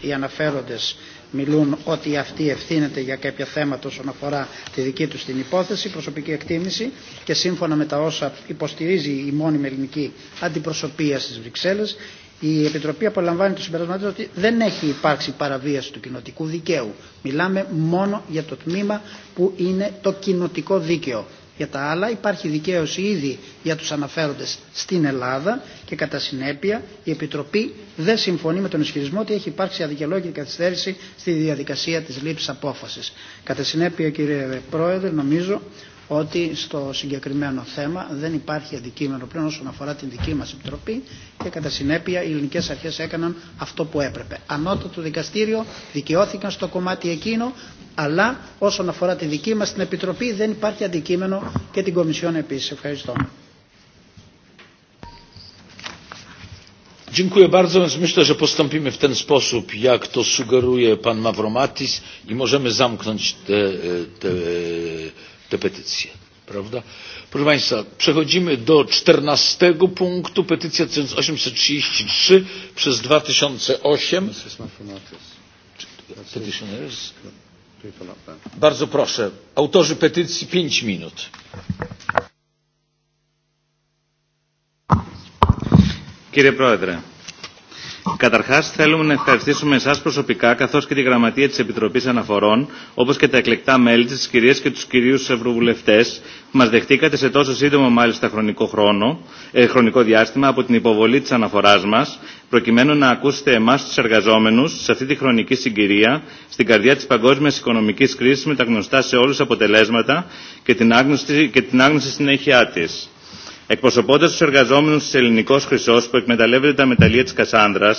οι αναφέροντες μιλούν ότι αυτή ευθύνεται για κάποια θέματα όσον αφορά τη δική του την υπόθεση, προσωπική εκτίμηση και σύμφωνα με τα όσα υποστηρίζει η μόνιμη ελληνική αντιπροσωπεία στι Βρυξέλλε, η Επιτροπή απολαμβάνει το συμπεράσμα ότι δεν έχει υπάρξει παραβίαση του κοινοτικού δικαίου. Μιλάμε μόνο για το τμήμα που είναι το κοινοτικό δίκαιο. Για τα άλλα υπάρχει δικαίωση ήδη για τους αναφέροντες στην Ελλάδα και κατά συνέπεια η Επιτροπή δεν συμφωνεί με τον ισχυρισμό ότι έχει υπάρξει αδικαιολόγητη καθυστέρηση στη διαδικασία της λήψης απόφασης. Κατά συνέπεια κύριε Πρόεδρε νομίζω ότι στο συγκεκριμένο θέμα δεν υπάρχει αντικείμενο πλέον όσον αφορά την δική μας επιτροπή και κατά συνέπεια οι ελληνικές αρχές έκαναν αυτό που έπρεπε. Ανώτατο δικαστήριο δικαιώθηκαν στο κομμάτι εκείνο αλλά όσον αφορά τη δική μας την επιτροπή δεν υπάρχει αντικείμενο και την Κομισιόν επίσης. Ευχαριστώ. Dziękuję bardzo. Więc myślę, że postąpimy w ten sposób, jak to sugeruje pan Mavromatis i możemy zamknąć te, te, te te petycje. Prawda? Proszę Państwa, przechodzimy do czternastego punktu, petycja 1833 przez 2008. Bardzo proszę, autorzy petycji 5 minut. Κύριε Πρόεδρε, Καταρχά, θέλουμε να ευχαριστήσουμε εσά προσωπικά, καθώ και τη Γραμματεία τη Επιτροπή Αναφορών, όπω και τα εκλεκτά μέλη τη, τι κυρίε και του κυρίου Ευρωβουλευτέ, που μα δεχτήκατε σε τόσο σύντομο μάλιστα χρονικό, χρόνο, ε, χρονικό διάστημα από την υποβολή τη αναφορά μα, προκειμένου να ακούσετε εμά του εργαζόμενου σε αυτή τη χρονική συγκυρία, στην καρδιά τη παγκόσμια οικονομική κρίση με τα γνωστά σε όλου αποτελέσματα και την άγνωση, και την άγνωση συνέχεια τη. Εκπροσωπώντα του εργαζόμενου τη Ελληνικό Χρυσό που εκμεταλλεύεται τα μεταλλεία τη Κασάνδρα,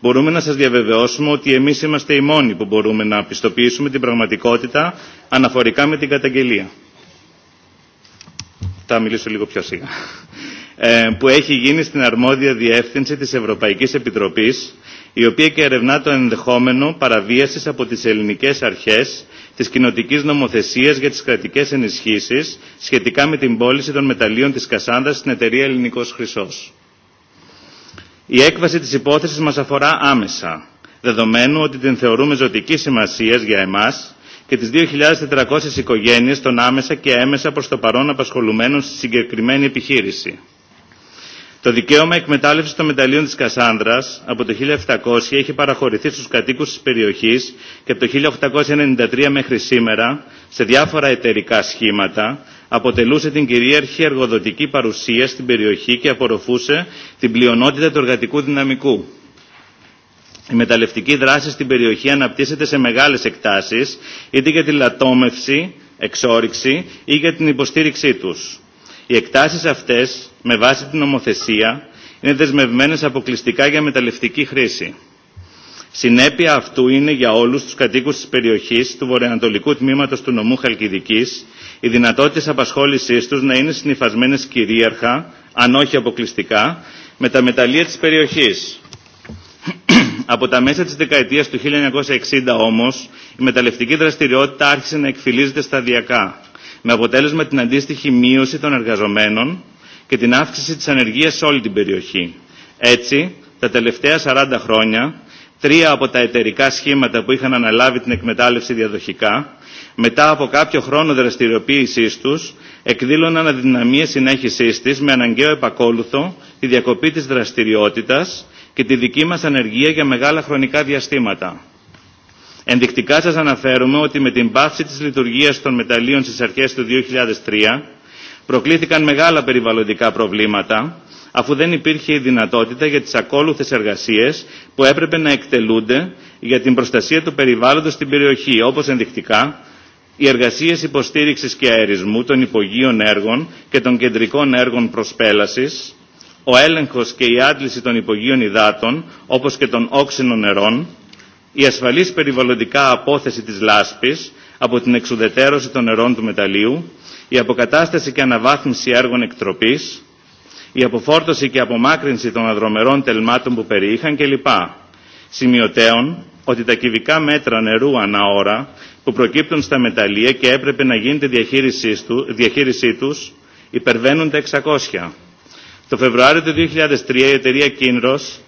μπορούμε να σα διαβεβαιώσουμε ότι εμεί είμαστε οι μόνοι που μπορούμε να πιστοποιήσουμε την πραγματικότητα αναφορικά με την καταγγελία. Θα μιλήσω λίγο πιο σιγά. Ε, που έχει γίνει στην αρμόδια διεύθυνση τη Ευρωπαϊκή Επιτροπή, η οποία και ερευνά το ενδεχόμενο παραβίαση από τι ελληνικέ αρχέ της κοινοτικής νομοθεσίας για τις κρατικές ενισχύσεις σχετικά με την πώληση των μεταλλίων της Κασάνδας στην εταιρεία Ελληνικός Χρυσός. Η έκβαση της υπόθεσης μας αφορά άμεσα, δεδομένου ότι την θεωρούμε ζωτική σημασία για εμάς και τις 2.400 οικογένειες των άμεσα και έμεσα προς το παρόν απασχολουμένων στη συγκεκριμένη επιχείρηση. Το δικαίωμα εκμετάλλευση των μεταλλίων τη Κασάνδρα από το 1700 έχει παραχωρηθεί στου κατοίκου τη περιοχή και από το 1893 μέχρι σήμερα σε διάφορα εταιρικά σχήματα αποτελούσε την κυρίαρχη εργοδοτική παρουσία στην περιοχή και απορροφούσε την πλειονότητα του εργατικού δυναμικού. Η μεταλλευτική δράση στην περιοχή αναπτύσσεται σε μεγάλες εκτάσεις, είτε για τη λατόμευση, εξόριξη ή για την υποστήριξή τους. Οι εκτάσει αυτέ, με βάση την νομοθεσία, είναι δεσμευμένε αποκλειστικά για μεταλλευτική χρήση. Συνέπεια αυτού είναι για όλου του κατοίκου τη περιοχή του βορειοανατολικού τμήματο του νομού Χαλκιδική οι δυνατότητε απασχόλησή του να είναι συνυφασμένε κυρίαρχα, αν όχι αποκλειστικά, με τα μεταλλεία τη περιοχή. Από τα μέσα τη δεκαετία του 1960 όμω, η μεταλλευτική δραστηριότητα άρχισε να εκφυλίζεται σταδιακά με αποτέλεσμα την αντίστοιχη μείωση των εργαζομένων και την αύξηση της ανεργίας σε όλη την περιοχή. Έτσι, τα τελευταία 40 χρόνια, τρία από τα εταιρικά σχήματα που είχαν αναλάβει την εκμετάλλευση διαδοχικά, μετά από κάποιο χρόνο δραστηριοποίησή του, εκδήλωναν αδυναμίες συνέχισής τη με αναγκαίο επακόλουθο τη διακοπή τη δραστηριότητα και τη δική μα ανεργία για μεγάλα χρονικά διαστήματα. Ενδεικτικά σας αναφέρουμε ότι με την πάυση της λειτουργίας των μεταλλίων στις αρχές του 2003 προκλήθηκαν μεγάλα περιβαλλοντικά προβλήματα αφού δεν υπήρχε η δυνατότητα για τις ακόλουθες εργασίες που έπρεπε να εκτελούνται για την προστασία του περιβάλλοντος στην περιοχή, όπως ενδεικτικά οι εργασίες υποστήριξης και αερισμού των υπογείων έργων και των κεντρικών έργων προσπέλασης, ο έλεγχος και η άντληση των υπογείων υδάτων, όπως και των όξινων νερών, η ασφαλής περιβαλλοντικά απόθεση της λάσπης από την εξουδετερώση των νερών του μεταλλίου, η αποκατάσταση και αναβάθμιση έργων εκτροπής, η αποφόρτωση και απομάκρυνση των αδρομερών τελμάτων που περιείχαν κλπ. Σημειωτέων ότι τα κυβικά μέτρα νερού ανά ώρα που προκύπτουν στα μεταλλεία και έπρεπε να γίνεται διαχείρισή, του, διαχείρισή τους υπερβαίνουν τα 600. Το Φεβρουάριο του 2003 η εταιρεία Κίνρος,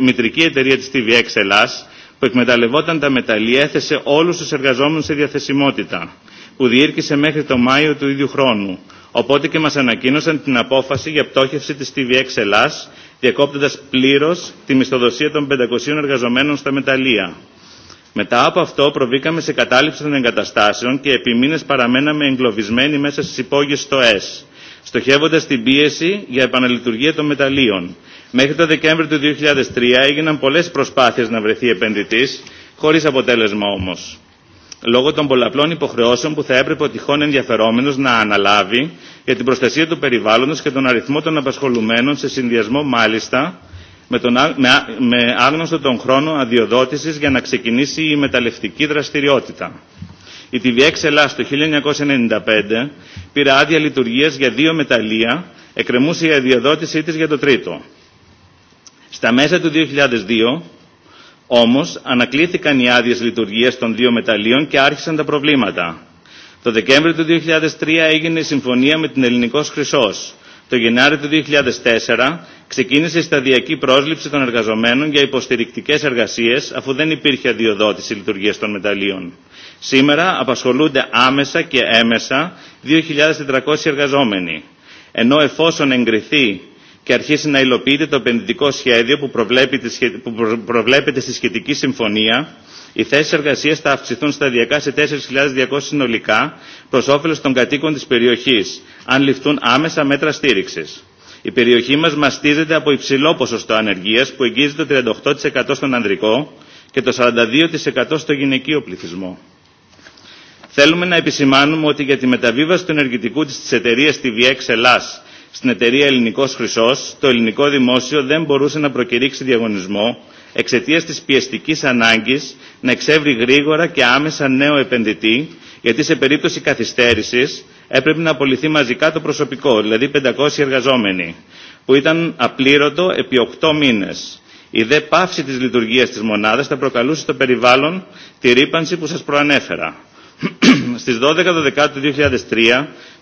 μητρική εταιρεία της TVX Ελλάς, που εκμεταλλευόταν τα μεταλλεία έθεσε όλους τους εργαζόμενους σε διαθεσιμότητα, που διήρκησε μέχρι το Μάιο του ίδιου χρόνου. Οπότε και μας ανακοίνωσαν την απόφαση για πτώχευση της TVX Ελλάς, διακόπτοντας πλήρως τη μισθοδοσία των 500 εργαζομένων στα μεταλλεία. Μετά από αυτό προβήκαμε σε κατάληψη των εγκαταστάσεων και επί μήνες παραμέναμε εγκλωβισμένοι μέσα στις υπόγειες στο ΕΣ, στοχεύοντας την πίεση για επαναλειτουργία των μεταλλείων. Μέχρι το Δεκέμβριο του 2003 έγιναν πολλές προσπάθειες να βρεθεί επενδυτής, χωρίς αποτέλεσμα όμως. Λόγω των πολλαπλών υποχρεώσεων που θα έπρεπε ο τυχόν ενδιαφερόμενος να αναλάβει για την προστασία του περιβάλλοντος και τον αριθμό των απασχολουμένων σε συνδυασμό μάλιστα με, τον, με, με άγνωστο τον χρόνο αδειοδότησης για να ξεκινήσει η μεταλλευτική δραστηριότητα. Η TVX Ελλάς το 1995 πήρε άδεια λειτουργίας για δύο μεταλλεία, εκκρεμούσε η αδειοδότησή της για το τρίτο. Στα μέσα του 2002 όμως ανακλήθηκαν οι άδειε λειτουργίας των δύο μεταλλίων και άρχισαν τα προβλήματα. Το Δεκέμβριο του 2003 έγινε η συμφωνία με την Ελληνικός Χρυσός. Το Γενάριο του 2004 ξεκίνησε η σταδιακή πρόσληψη των εργαζομένων για υποστηρικτικές εργασίες αφού δεν υπήρχε αδειοδότηση λειτουργίας των μεταλλίων. Σήμερα απασχολούνται άμεσα και έμεσα 2.400 εργαζόμενοι. Ενώ εφόσον εγκριθεί και αρχίσει να υλοποιείται το επενδυτικό σχέδιο που, προβλέπεται, που προβλέπεται στη σχετική συμφωνία, οι θέσει εργασία θα αυξηθούν σταδιακά σε 4.200 συνολικά προ όφελο των κατοίκων τη περιοχή, αν ληφθούν άμεσα μέτρα στήριξη. Η περιοχή μα μαστίζεται από υψηλό ποσοστό ανεργία που εγγίζει το 38% στον ανδρικό και το 42% στο γυναικείο πληθυσμό. Θέλουμε να επισημάνουμε ότι για τη μεταβίβαση του ενεργητικού της εταιρείας TVX Ελλάς στην εταιρεία Ελληνικό Χρυσό, το ελληνικό δημόσιο δεν μπορούσε να προκηρύξει διαγωνισμό εξαιτία τη πιεστική ανάγκη να εξεύρει γρήγορα και άμεσα νέο επενδυτή, γιατί σε περίπτωση καθυστέρηση έπρεπε να απολυθεί μαζικά το προσωπικό, δηλαδή 500 εργαζόμενοι, που ήταν απλήρωτο επί 8 μήνε. Η δε πάυση τη λειτουργία τη μονάδα θα προκαλούσε στο περιβάλλον τη ρήπανση που σα προανέφερα. Στι 12 Δεκάτου 2003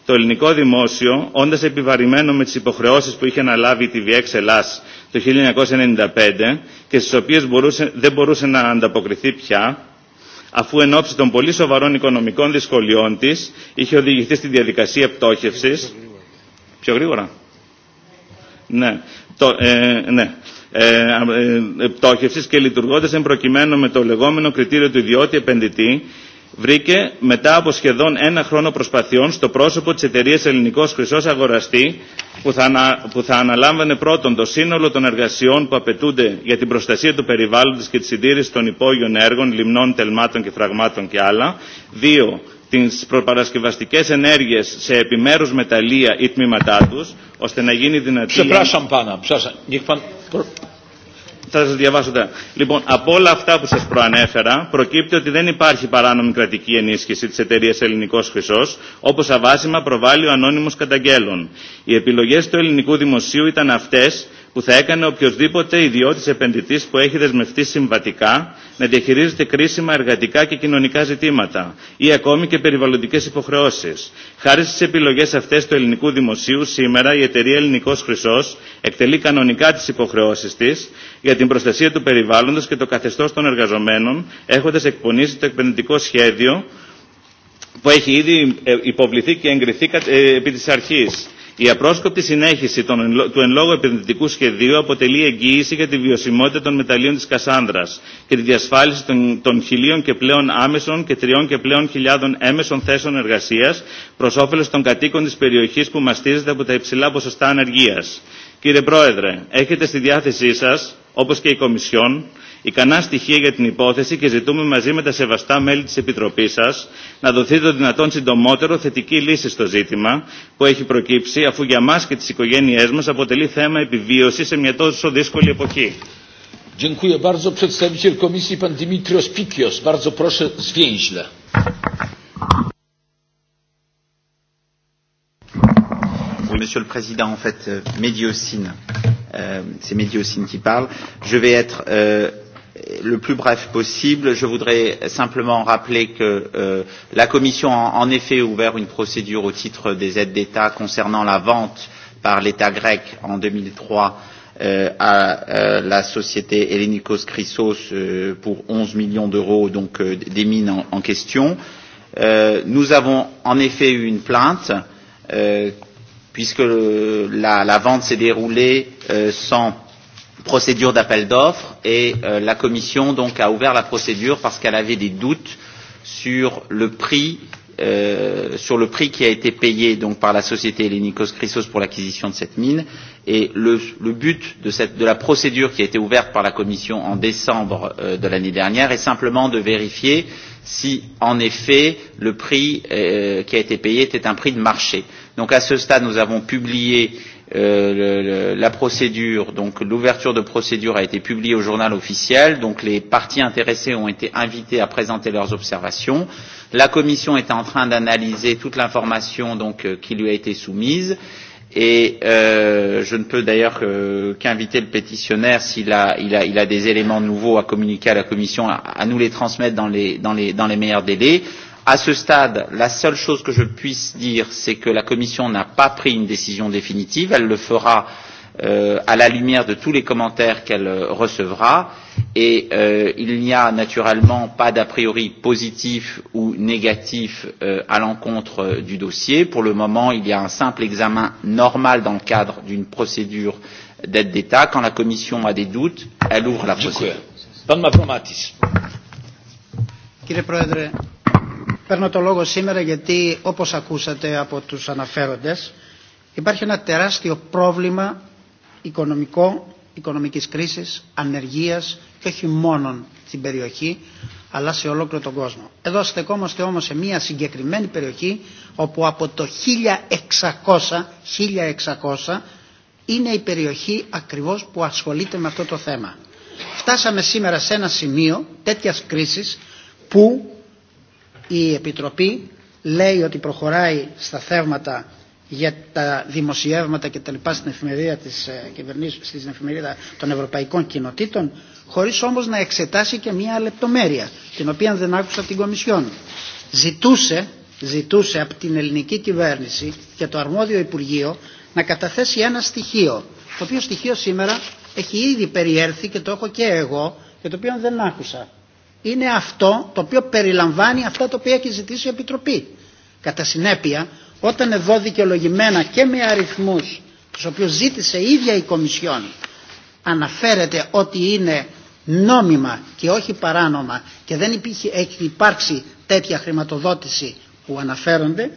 το ελληνικό δημόσιο, όντα επιβαρημένο με τι υποχρεώσει που είχε αναλάβει η TVX Ελλάς το 1995 και στι οποίε δεν μπορούσε να ανταποκριθεί πια, αφού εν ώψη των πολύ σοβαρών οικονομικών δυσκολιών τη είχε οδηγηθεί στη διαδικασία πτώχευση. Πιο γρήγορα. Ναι. Το, ε, ναι. Ε, ε, πτώχευσης και λειτουργώντας εν προκειμένου με το λεγόμενο κριτήριο του ιδιώτη επενδυτή βρήκε μετά από σχεδόν ένα χρόνο προσπαθειών στο πρόσωπο της εταιρείας Ελληνικός Χρυσός Αγοραστή που θα, ανα, που θα αναλάμβανε πρώτον το σύνολο των εργασιών που απαιτούνται για την προστασία του περιβάλλοντος και τη συντήρηση των υπόγειων έργων, λιμνών, τελμάτων και φραγμάτων και άλλα. Δύο, τις προπαρασκευαστικές ενέργειες σε επιμέρους μεταλλεία ή τμήματά τους, ώστε να γίνει δυνατή... Przepraszam pana, przepraszam, Θα σα διαβάσω τα. Λοιπόν, από όλα αυτά που σα προανέφερα, προκύπτει ότι δεν υπάρχει παράνομη κρατική ενίσχυση τη εταιρεία Ελληνικό Χρυσό, όπω αβάσιμα προβάλλει ο ανώνυμο καταγγέλων. Οι επιλογέ του ελληνικού δημοσίου ήταν αυτέ, που θα έκανε οποιοδήποτε ιδιώτη επενδυτή που έχει δεσμευτεί συμβατικά να διαχειρίζεται κρίσιμα εργατικά και κοινωνικά ζητήματα ή ακόμη και περιβαλλοντικέ υποχρεώσει. Χάρη στι επιλογέ αυτέ του ελληνικού δημοσίου σήμερα η εταιρεία Ελληνικό Χρυσό εκτελεί κανονικά τι υποχρεώσει τη για την προστασία του περιβάλλοντο και το καθεστώ των εργαζομένων έχοντα εκπονήσει το επενδυτικό σχέδιο που έχει ήδη υποβληθεί και εγκριθεί επί της αρχής. Η απρόσκοπτη συνέχιση των, του εν λόγω επενδυτικού σχεδίου αποτελεί εγγύηση για τη βιωσιμότητα των μεταλλίων της Κασάνδρας και τη διασφάλιση των, των χιλίων και πλέον άμεσων και τριών και πλέον χιλιάδων έμεσων θέσεων εργασίας προς όφελος των κατοίκων της περιοχής που μαστίζεται από τα υψηλά ποσοστά ανεργίας. Κύριε Πρόεδρε, έχετε στη διάθεσή σας, όπως και η Κομισιόν, ικανά στοιχεία για την υπόθεση και ζητούμε μαζί με τα σεβαστά μέλη της Επιτροπής σας να δοθεί το δυνατόν συντομότερο θετική λύση στο ζήτημα που έχει προκύψει αφού για μας και τις οικογένειές μας αποτελεί θέμα επιβίωσης σε μια τόσο δύσκολη εποχή. Dziękuję bardzo. Przedstawiciel Komisji, pan Dimitrios Pikios. Bardzo proszę, zwięźle. Monsieur le Président, en fait, Médiocine, euh, c'est Médiocine qui parle. Je vais être euh, le plus bref possible. Je voudrais simplement rappeler que euh, la Commission a en effet ouvert une procédure au titre des aides d'État concernant la vente par l'État grec en 2003 euh, à euh, la société Hellenikos Chrysos euh, pour 11 millions d'euros, donc euh, des mines en, en question. Euh, nous avons en effet eu une plainte euh, puisque le, la, la vente s'est déroulée euh, sans procédure d'appel d'offres et euh, la Commission donc a ouvert la procédure parce qu'elle avait des doutes sur le prix euh, sur le prix qui a été payé donc par la société Hellenikos Chrysos pour l'acquisition de cette mine et le, le but de, cette, de la procédure qui a été ouverte par la Commission en décembre euh, de l'année dernière est simplement de vérifier si en effet le prix euh, qui a été payé était un prix de marché. Donc à ce stade nous avons publié euh, Euh, le, la procédure, donc l'ouverture de procédure a été publiée au journal officiel, donc les parties intéressées ont été invitées à présenter leurs observations. La Commission est en train d'analyser toute l'information donc euh, qui lui a été soumise. Et euh, je ne peux d'ailleurs euh, qu'inviter le pétitionnaire s'il a, il a, il a des éléments nouveaux à communiquer à la Commission, à, à nous les transmettre dans les, dans les, dans les meilleurs délais. À ce stade, la seule chose que je puisse dire, c'est que la Commission n'a pas pris une décision définitive. Elle le fera euh, à la lumière de tous les commentaires qu'elle euh, recevra. Et euh, il n'y a naturellement pas d'a priori positif ou négatif euh, à l'encontre euh, du dossier. Pour le moment, il y a un simple examen normal dans le cadre d'une procédure d'aide d'État. Quand la Commission a des doutes, elle ouvre la procédure. Dziękuję. Pan Mavromatis. Κύριε Πρόεδρε, Παίρνω το λόγο σήμερα γιατί όπως ακούσατε από τους αναφέροντες υπάρχει ένα τεράστιο πρόβλημα οικονομικό, οικονομικής κρίσης, ανεργίας και όχι μόνο στην περιοχή αλλά σε ολόκληρο τον κόσμο. Εδώ στεκόμαστε όμως σε μια συγκεκριμένη περιοχή όπου από το 1600, 1600 είναι η περιοχή ακριβώς που ασχολείται με αυτό το θέμα. Φτάσαμε σήμερα σε ένα σημείο τέτοιας κρίσης που η Επιτροπή λέει ότι προχωράει στα θέματα για τα δημοσιεύματα και τα λοιπά στην εφημερίδα, της, στην εφημερίδα των Ευρωπαϊκών Κοινοτήτων χωρίς όμως να εξετάσει και μία λεπτομέρεια την οποία δεν άκουσα την Κομισιόν. Ζητούσε, ζητούσε από την ελληνική κυβέρνηση και το αρμόδιο Υπουργείο να καταθέσει ένα στοιχείο το οποίο στοιχείο σήμερα έχει ήδη περιέρθει και το έχω και εγώ και το οποίο δεν άκουσα είναι αυτό το οποίο περιλαμβάνει αυτά τα οποία έχει ζητήσει η Επιτροπή. Κατά συνέπεια, όταν εδώ δικαιολογημένα και με αριθμούς τους οποίους ζήτησε η ίδια η Κομισιόν αναφέρεται ότι είναι νόμιμα και όχι παράνομα και δεν υπήρχε, έχει υπάρξει τέτοια χρηματοδότηση που αναφέρονται,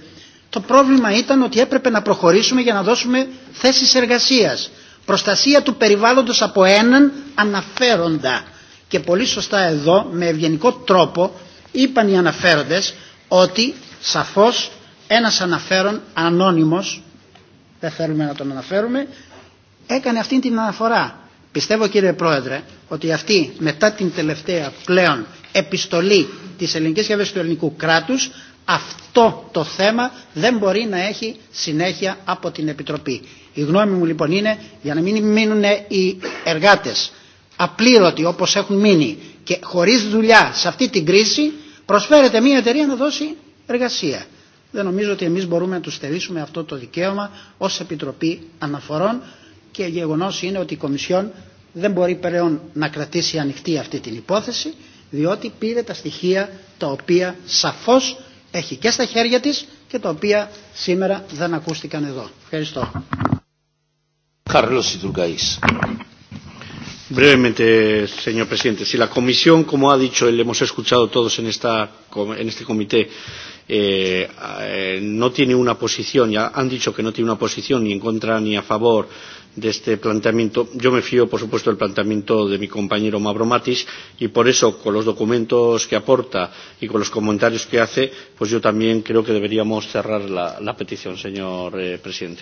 το πρόβλημα ήταν ότι έπρεπε να προχωρήσουμε για να δώσουμε θέσεις εργασίας. Προστασία του περιβάλλοντος από έναν αναφέροντα και πολύ σωστά εδώ με ευγενικό τρόπο είπαν οι αναφέροντες ότι σαφώς ένας αναφέρον ανώνυμος, δεν θέλουμε να τον αναφέρουμε, έκανε αυτή την αναφορά. Πιστεύω κύριε Πρόεδρε ότι αυτή μετά την τελευταία πλέον επιστολή της ελληνικής κυβέρνησης του ελληνικού κράτους αυτό το θέμα δεν μπορεί να έχει συνέχεια από την Επιτροπή. Η γνώμη μου λοιπόν είναι για να μην μείνουν οι εργάτες απλήρωτοι όπως έχουν μείνει και χωρίς δουλειά σε αυτή την κρίση προσφέρεται μια εταιρεία να δώσει εργασία. Δεν νομίζω ότι εμείς μπορούμε να του στερήσουμε αυτό το δικαίωμα ως Επιτροπή Αναφορών και γεγονός είναι ότι η Κομισιόν δεν μπορεί πλέον να κρατήσει ανοιχτή αυτή την υπόθεση διότι πήρε τα στοιχεία τα οποία σαφώς έχει και στα χέρια της και τα οποία σήμερα δεν ακούστηκαν εδώ. Ευχαριστώ. Carlos Iturgaiz. Brevemente, señor presidente. Si la comisión, como ha dicho, le hemos escuchado todos en, esta, en este comité, eh, eh, no tiene una posición, ya han dicho que no tiene una posición ni en contra ni a favor de este planteamiento. Yo me fío, por supuesto, del planteamiento de mi compañero Mavromatis y por eso, con los documentos que aporta y con los comentarios que hace, pues yo también creo que deberíamos cerrar la, la petición, señor eh, presidente.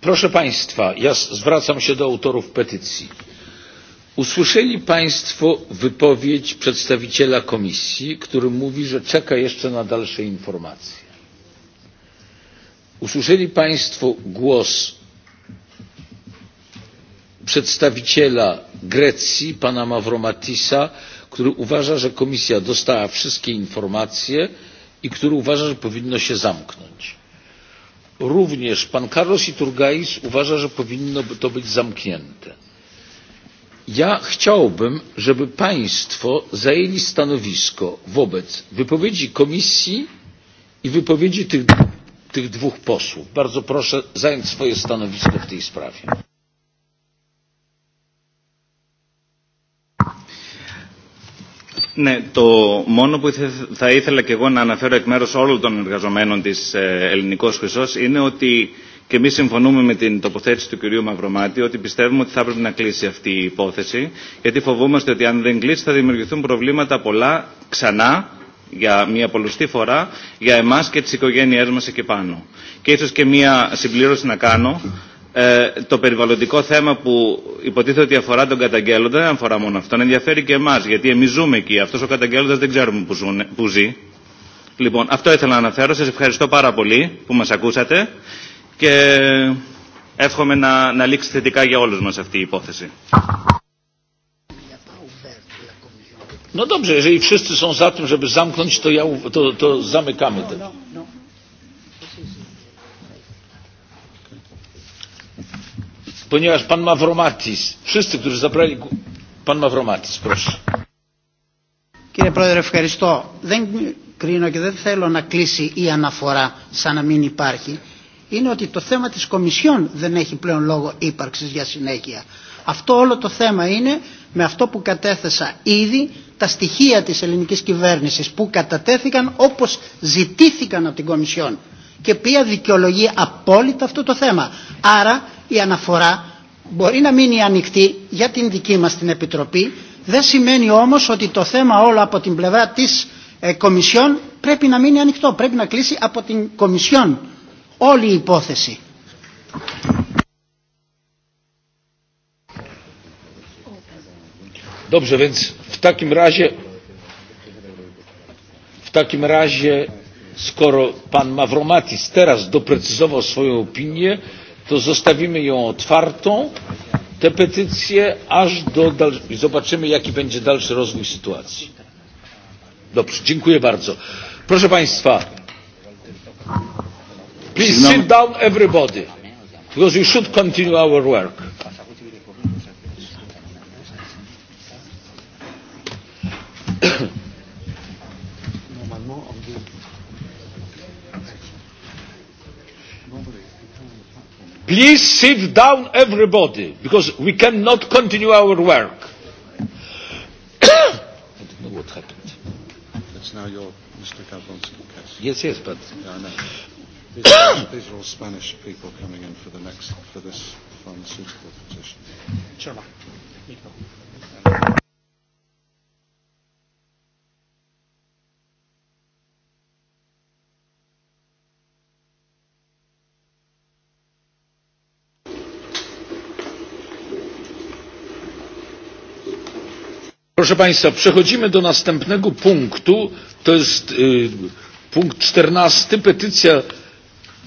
Proszę Państwa, ja zwracam się do autorów petycji. Usłyszeli Państwo wypowiedź przedstawiciela komisji, który mówi, że czeka jeszcze na dalsze informacje. Usłyszeli Państwo głos przedstawiciela Grecji, pana Mavromatisa, który uważa, że komisja dostała wszystkie informacje i który uważa, że powinno się zamknąć. Również pan Carlos Iturgaiz uważa, że powinno to być zamknięte. Ja chciałbym, żeby państwo zajęli stanowisko wobec wypowiedzi komisji i wypowiedzi tych, tych dwóch posłów. Bardzo proszę zająć swoje stanowisko w tej sprawie. Ναι, το μόνο που θα ήθελα και εγώ να αναφέρω εκ μέρους όλων των εργαζομένων της Ελληνικός Χρυσός είναι ότι και εμείς συμφωνούμε με την τοποθέτηση του κυρίου Μαυρομάτη ότι πιστεύουμε ότι θα έπρεπε να κλείσει αυτή η υπόθεση γιατί φοβούμαστε ότι αν δεν κλείσει θα δημιουργηθούν προβλήματα πολλά ξανά για μια πολλωστή φορά για εμάς και τις οικογένειές μας εκεί πάνω. Και ίσως και μια συμπλήρωση να κάνω ε, το περιβαλλοντικό θέμα που υποτίθεται ότι αφορά τον καταγγέλλοντα δεν αφορά μόνο αυτόν, ενδιαφέρει και εμά γιατί εμεί ζούμε εκεί. Αυτό ο καταγγέλλοντα δεν ξέρουμε που, ζουν, που ζει. Λοιπόν, αυτό ήθελα να αναφέρω. Σα ευχαριστώ πάρα πολύ που μα ακούσατε και εύχομαι να, να λήξει θετικά για όλου μα αυτή η υπόθεση. No dobrze, jeżeli wszyscy są za tym, żeby zamknąć, to, ja, to, to zamykamy ten. No, no, no. ponieważ pan Mavromatis, wszyscy, którzy zabrali... Pan Mavromatis, proszę. Κύριε Πρόεδρε, ευχαριστώ. Δεν κρίνω και δεν θέλω να κλείσει η αναφορά σαν να μην υπάρχει. Είναι ότι το θέμα της Κομισιόν δεν έχει πλέον λόγο ύπαρξης για συνέχεια. Αυτό όλο το θέμα είναι με αυτό που κατέθεσα ήδη τα στοιχεία της ελληνικής κυβέρνησης που κατατέθηκαν όπως ζητήθηκαν από την Κομισιόν και ποια δικαιολογεί απόλυτα αυτό το θέμα. Άρα η αναφορά μπορεί να μείνει ανοιχτή για την δική μας την Επιτροπή, δεν σημαίνει όμως ότι το θέμα όλο από την πλευρά της ε, Κομισιόν πρέπει να μείνει ανοιχτό, πρέπει να κλείσει από την Κομισιόν όλη η υπόθεση. Dobrze, więc w takim razie w takim razie skoro pan Mavromatis teraz doprecyzował swoją opinię, to zostawimy ją otwartą, tę petycję, aż do i zobaczymy, jaki będzie dalszy rozwój sytuacji. Dobrze, dziękuję bardzo. Proszę Państwa, please sit down everybody, because we should continue our work. Thank you. Please sit down everybody because we cannot continue our work. I don't know what happened. It's now your Mr. Galvon's case. Yes, yes, but... Yeah, I know. These, [COUGHS] these are all Spanish people coming in for the next, for this pharmaceutical petition. Chairman. Proszę Państwa, przechodzimy do następnego punktu. To jest y, punkt 14, petycja,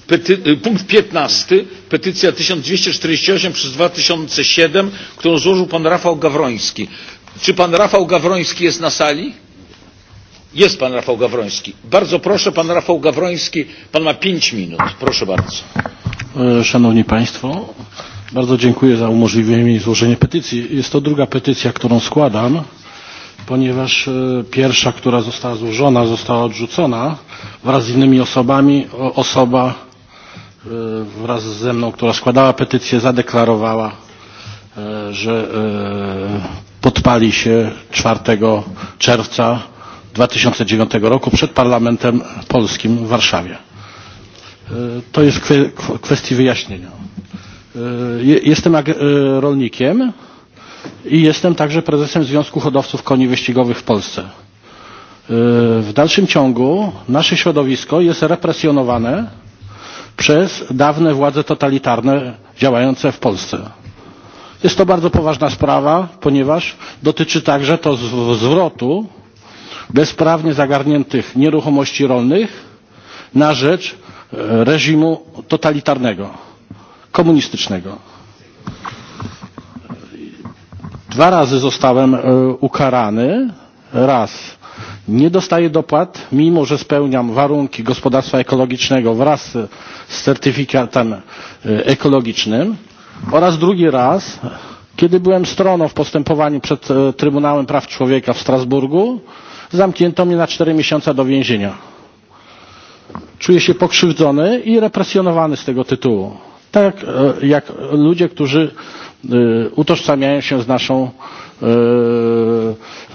pety, y, punkt 15, petycja 1248 przez 2007, którą złożył Pan Rafał Gawroński. Czy Pan Rafał Gawroński jest na sali? Jest Pan Rafał Gawroński. Bardzo proszę, Pan Rafał Gawroński, Pan ma 5 minut. Proszę bardzo. E, szanowni Państwo, bardzo dziękuję za umożliwienie mi złożenie petycji. Jest to druga petycja, którą składam ponieważ e, pierwsza, która została złożona, została odrzucona wraz z innymi osobami. Osoba e, wraz ze mną, która składała petycję, zadeklarowała, e, że podpali się 4 czerwca 2009 roku przed Parlamentem Polskim w Warszawie. To jest kwestii wyjaśnienia. Jestem rolnikiem i jestem także prezesem Związku Hodowców Koni Wyścigowych w Polsce. E, w dalszym ciągu nasze środowisko jest represjonowane przez dawne władze totalitarne działające w Polsce. Jest to bardzo poważna sprawa, ponieważ dotyczy także to zwrotu bezprawnie zagarniętych nieruchomości rolnych na rzecz e, reżimu totalitarnego, komunistycznego Dwa razy zostałem e, ukarany. Raz nie dostaję dopłat, mimo że spełniam warunki gospodarstwa ekologicznego wraz z certyfikatem e, ekologicznym. Oraz drugi raz, kiedy byłem stroną w postępowaniu przed e, Trybunałem Praw Człowieka w Strasburgu, zamknięto mnie na cztery miesiące do więzienia. Czuję się pokrzywdzony i represjonowany z tego tytułu. Tak jak ludzie, którzy E, utożsamiają się z naszą e,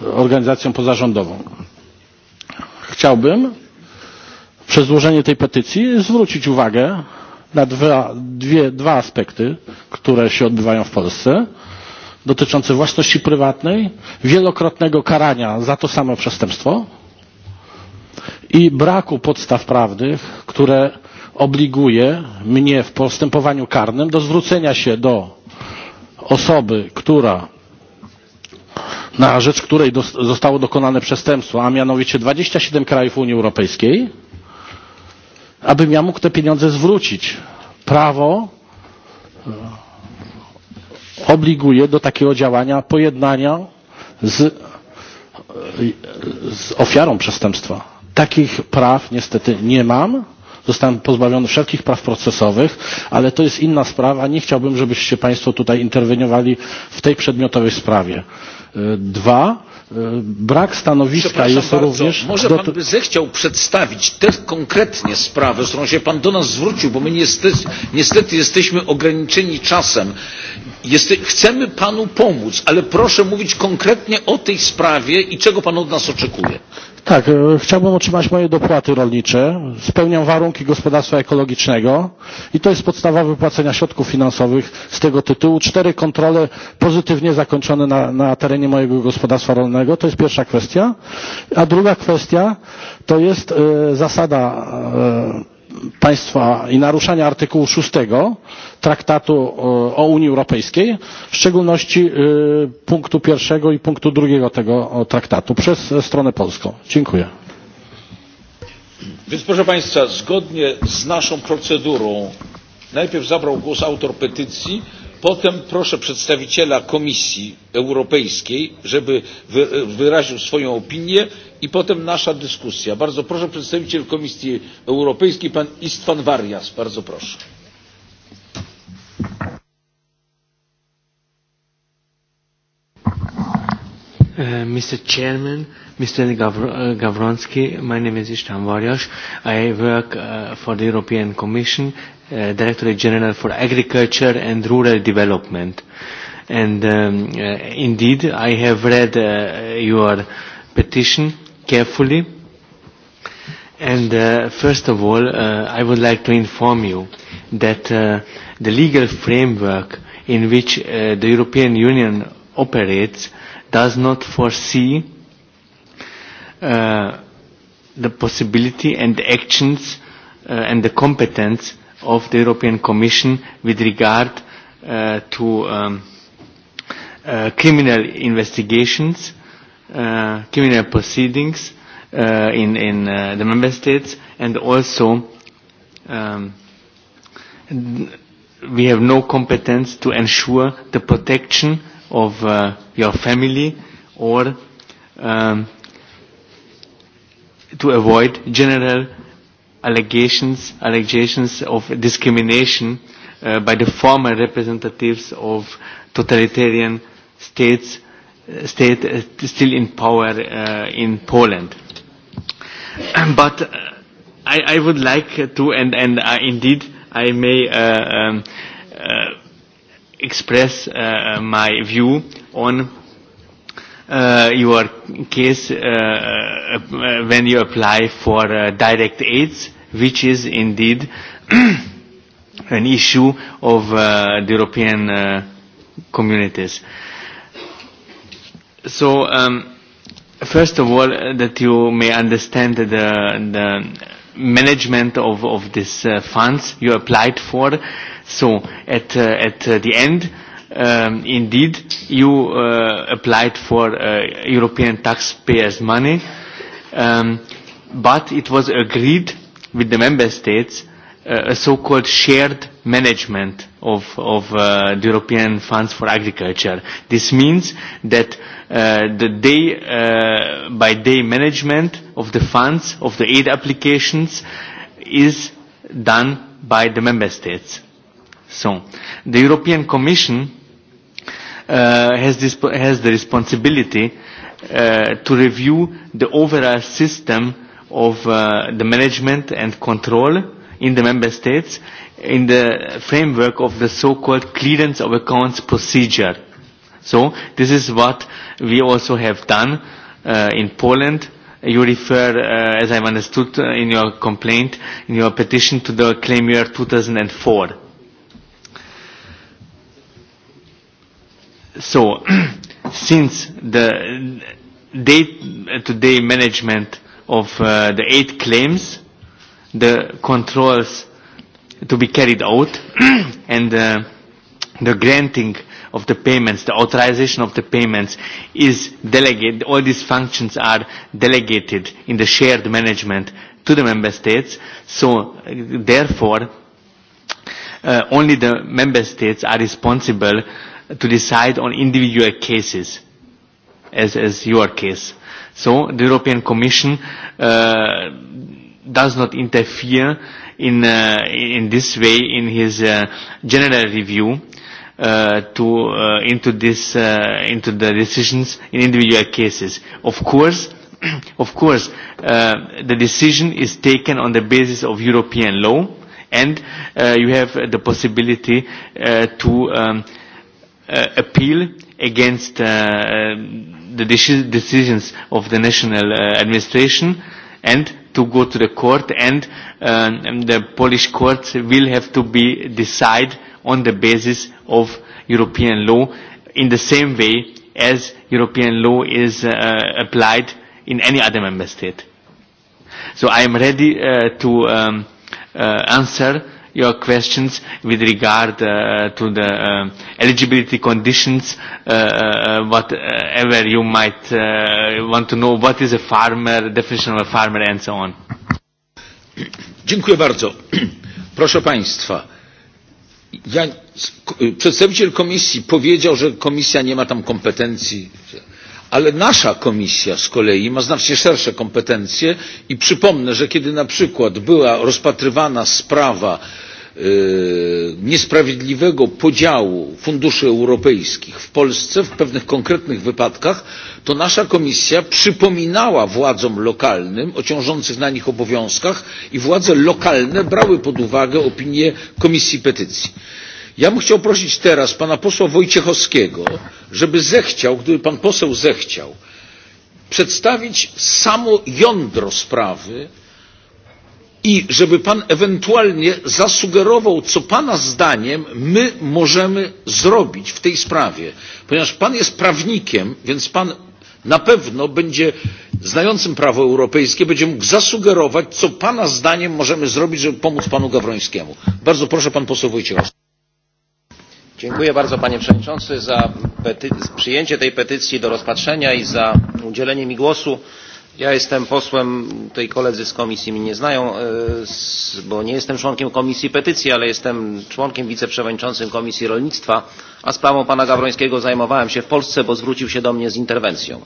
organizacją pozarządową. Chciałbym przez złożenie tej petycji zwrócić uwagę na dwa, dwie, dwa aspekty, które się odbywają w Polsce dotyczące własności prywatnej, wielokrotnego karania za to samo przestępstwo i braku podstaw prawnych, które obliguje mnie w postępowaniu karnym do zwrócenia się do osoby, która na rzecz której do, zostało dokonane przestępstwo, a mianowicie 27 krajów Unii Europejskiej, abym ja mógł te pieniądze zwrócić. Prawo e, obliguje do takiego działania pojednania z, e, z ofiarą przestępstwa. Takich praw niestety nie mam zostałem pozbawiony wszelkich praw procesowych ale to jest inna sprawa nie chciałbym żebyście państwo tutaj interweniowali w tej przedmiotowej sprawie. E, dwa e, brak stanowiska jest bardzo. również. Może pan by zechciał przedstawić tę konkretnie sprawę, z którą się pan do nas zwrócił, bo my niestety, niestety jesteśmy ograniczeni czasem. Jeste, chcemy panu pomóc, ale proszę mówić konkretnie o tej sprawie i czego pan od nas oczekuje. Tak, e, chciałbym otrzymać moje dopłaty rolnicze. Spełniam warunki gospodarstwa ekologicznego i to jest podstawa wypłacenia środków finansowych z tego tytułu. Cztery kontrole pozytywnie zakończone na, na terenie mojego gospodarstwa rolnego. To jest pierwsza kwestia. A druga kwestia to jest y, e, zasada y, e, państwa i naruszania artykułu sześć traktatu e, o Unii Europejskiej, w szczególności e, punktu pierwszego i punktu drugiego tego e, traktatu przez stronę polską. Dziękuję. Więc proszę Państwa, zgodnie z naszą procedurą najpierw zabrał głos autor petycji, potem proszę przedstawiciela Komisji Europejskiej, żeby wyraził swoją opinię i potem nasza dyskusja. Bardzo proszę, przedstawiciel Komisji Europejskiej, pan Istvan Varias. Bardzo proszę. Uh, Mr. Chairman, Mr. Gavr uh, Gavronsky, my name is Istvan Varias. I work uh, for the European Commission, uh, Directorate General for Agriculture and Rural Development. And um, uh, indeed, I have read uh, your petition carefully. And uh, first of all, uh, I would like to inform you that uh, the legal framework in which uh, the European Union operates does not foresee uh, the possibility and the actions uh, and the competence of the European Commission with regard uh, to um, uh, criminal investigations uh, criminal proceedings uh, in, in uh, the member states and also um, we have no competence to ensure the protection of uh, your family or um, to avoid general allegations allegations of discrimination uh, by the former representatives of totalitarian states state uh, still in power uh, in Poland. [CLEARS THROAT] But uh, I, I would like to, and, and uh, indeed I may uh, um, uh, express uh, my view on uh, your case uh, uh, when you apply for uh, direct aids, which is indeed [CLEARS THROAT] an issue of uh, the European uh, communities. Uh, So, um, first of all, uh, that you may understand the, the management of, of these uh, funds you applied for. So, at, uh, at uh, the end, um, indeed, you uh, applied for uh, European taxpayers' money, um, but it was agreed with the member states a so-called shared management of, of uh, the European funds for agriculture. This means that uh, the day uh, by day management of the funds, of the aid applications is done by the member states. So the European Commission uh, has, this, has the responsibility uh, to review the overall system of uh, the management and control in the member states in the framework of the so-called clearance of accounts procedure. So this is what we also have done uh, in Poland. You refer, uh, as I understood uh, in your complaint, in your petition to the claim year 2004. So, [CLEARS THROAT] since the day-to-day uh, -day management of uh, the eight claims the controls to be carried out [CLEARS THROAT] and uh, the granting of the payments, the authorization of the payments is delegated, all these functions are delegated in the shared management to the member states. So uh, therefore, uh, only the member states are responsible to decide on individual cases, as, as your case. So the European Commission uh, does not interfere in, uh, in this way in his uh, general review uh, to, uh, into, this, uh, into the decisions in individual cases. Of course, [CLEARS THROAT] of course, uh, the decision is taken on the basis of European law and uh, you have the possibility uh, to um, uh, appeal against uh, the decisions of the national uh, administration and to go to the court and and uh, the Polish courts will have to be decide on the basis of European law in the same way as European law is uh, applied in any other member state. So I am ready uh, to um, uh, answer your questions with regard uh, to the uh, eligibility conditions, uh, uh, whatever you might uh, want to know, what is a farmer, definition of a farmer, and so on. Dziękuję bardzo. Proszę Państwa, ja, przedstawiciel komisji powiedział, że komisja nie ma tam kompetencji ale nasza komisja z kolei ma znacznie szersze kompetencje i przypomnę że kiedy na przykład była rozpatrywana sprawa niesprawiedliwego podziału funduszy europejskich w polsce w pewnych konkretnych wypadkach to nasza komisja przypominała władzom lokalnym o ciążących na nich obowiązkach i władze lokalne brały pod uwagę opinię komisji petycji. ja bym chciał prosić teraz pana posła wojciechowskiego żeby zechciał gdyby pan poseł zechciał przedstawić samo jądro sprawy i żeby pan ewentualnie zasugerował, co pana zdaniem my możemy zrobić w tej sprawie. Ponieważ pan jest prawnikiem, więc pan na pewno będzie znającym prawo europejskie, będzie mógł zasugerować, co pana zdaniem możemy zrobić, żeby pomóc panu Gawrońskiemu. Bardzo proszę, pan poseł Wojciechowski. Dziękuję bardzo panie przewodniczący za przyjęcie tej petycji do rozpatrzenia i za udzielenie mi głosu Ja jestem posłem, tej koledzy z komisji mnie nie znają, e, bo nie jestem członkiem komisji petycji, ale jestem członkiem wiceprzewodniczącym Komisji Rolnictwa, a sprawą pana Gawrońskiego zajmowałem się w Polsce, bo zwrócił się do mnie z interwencją.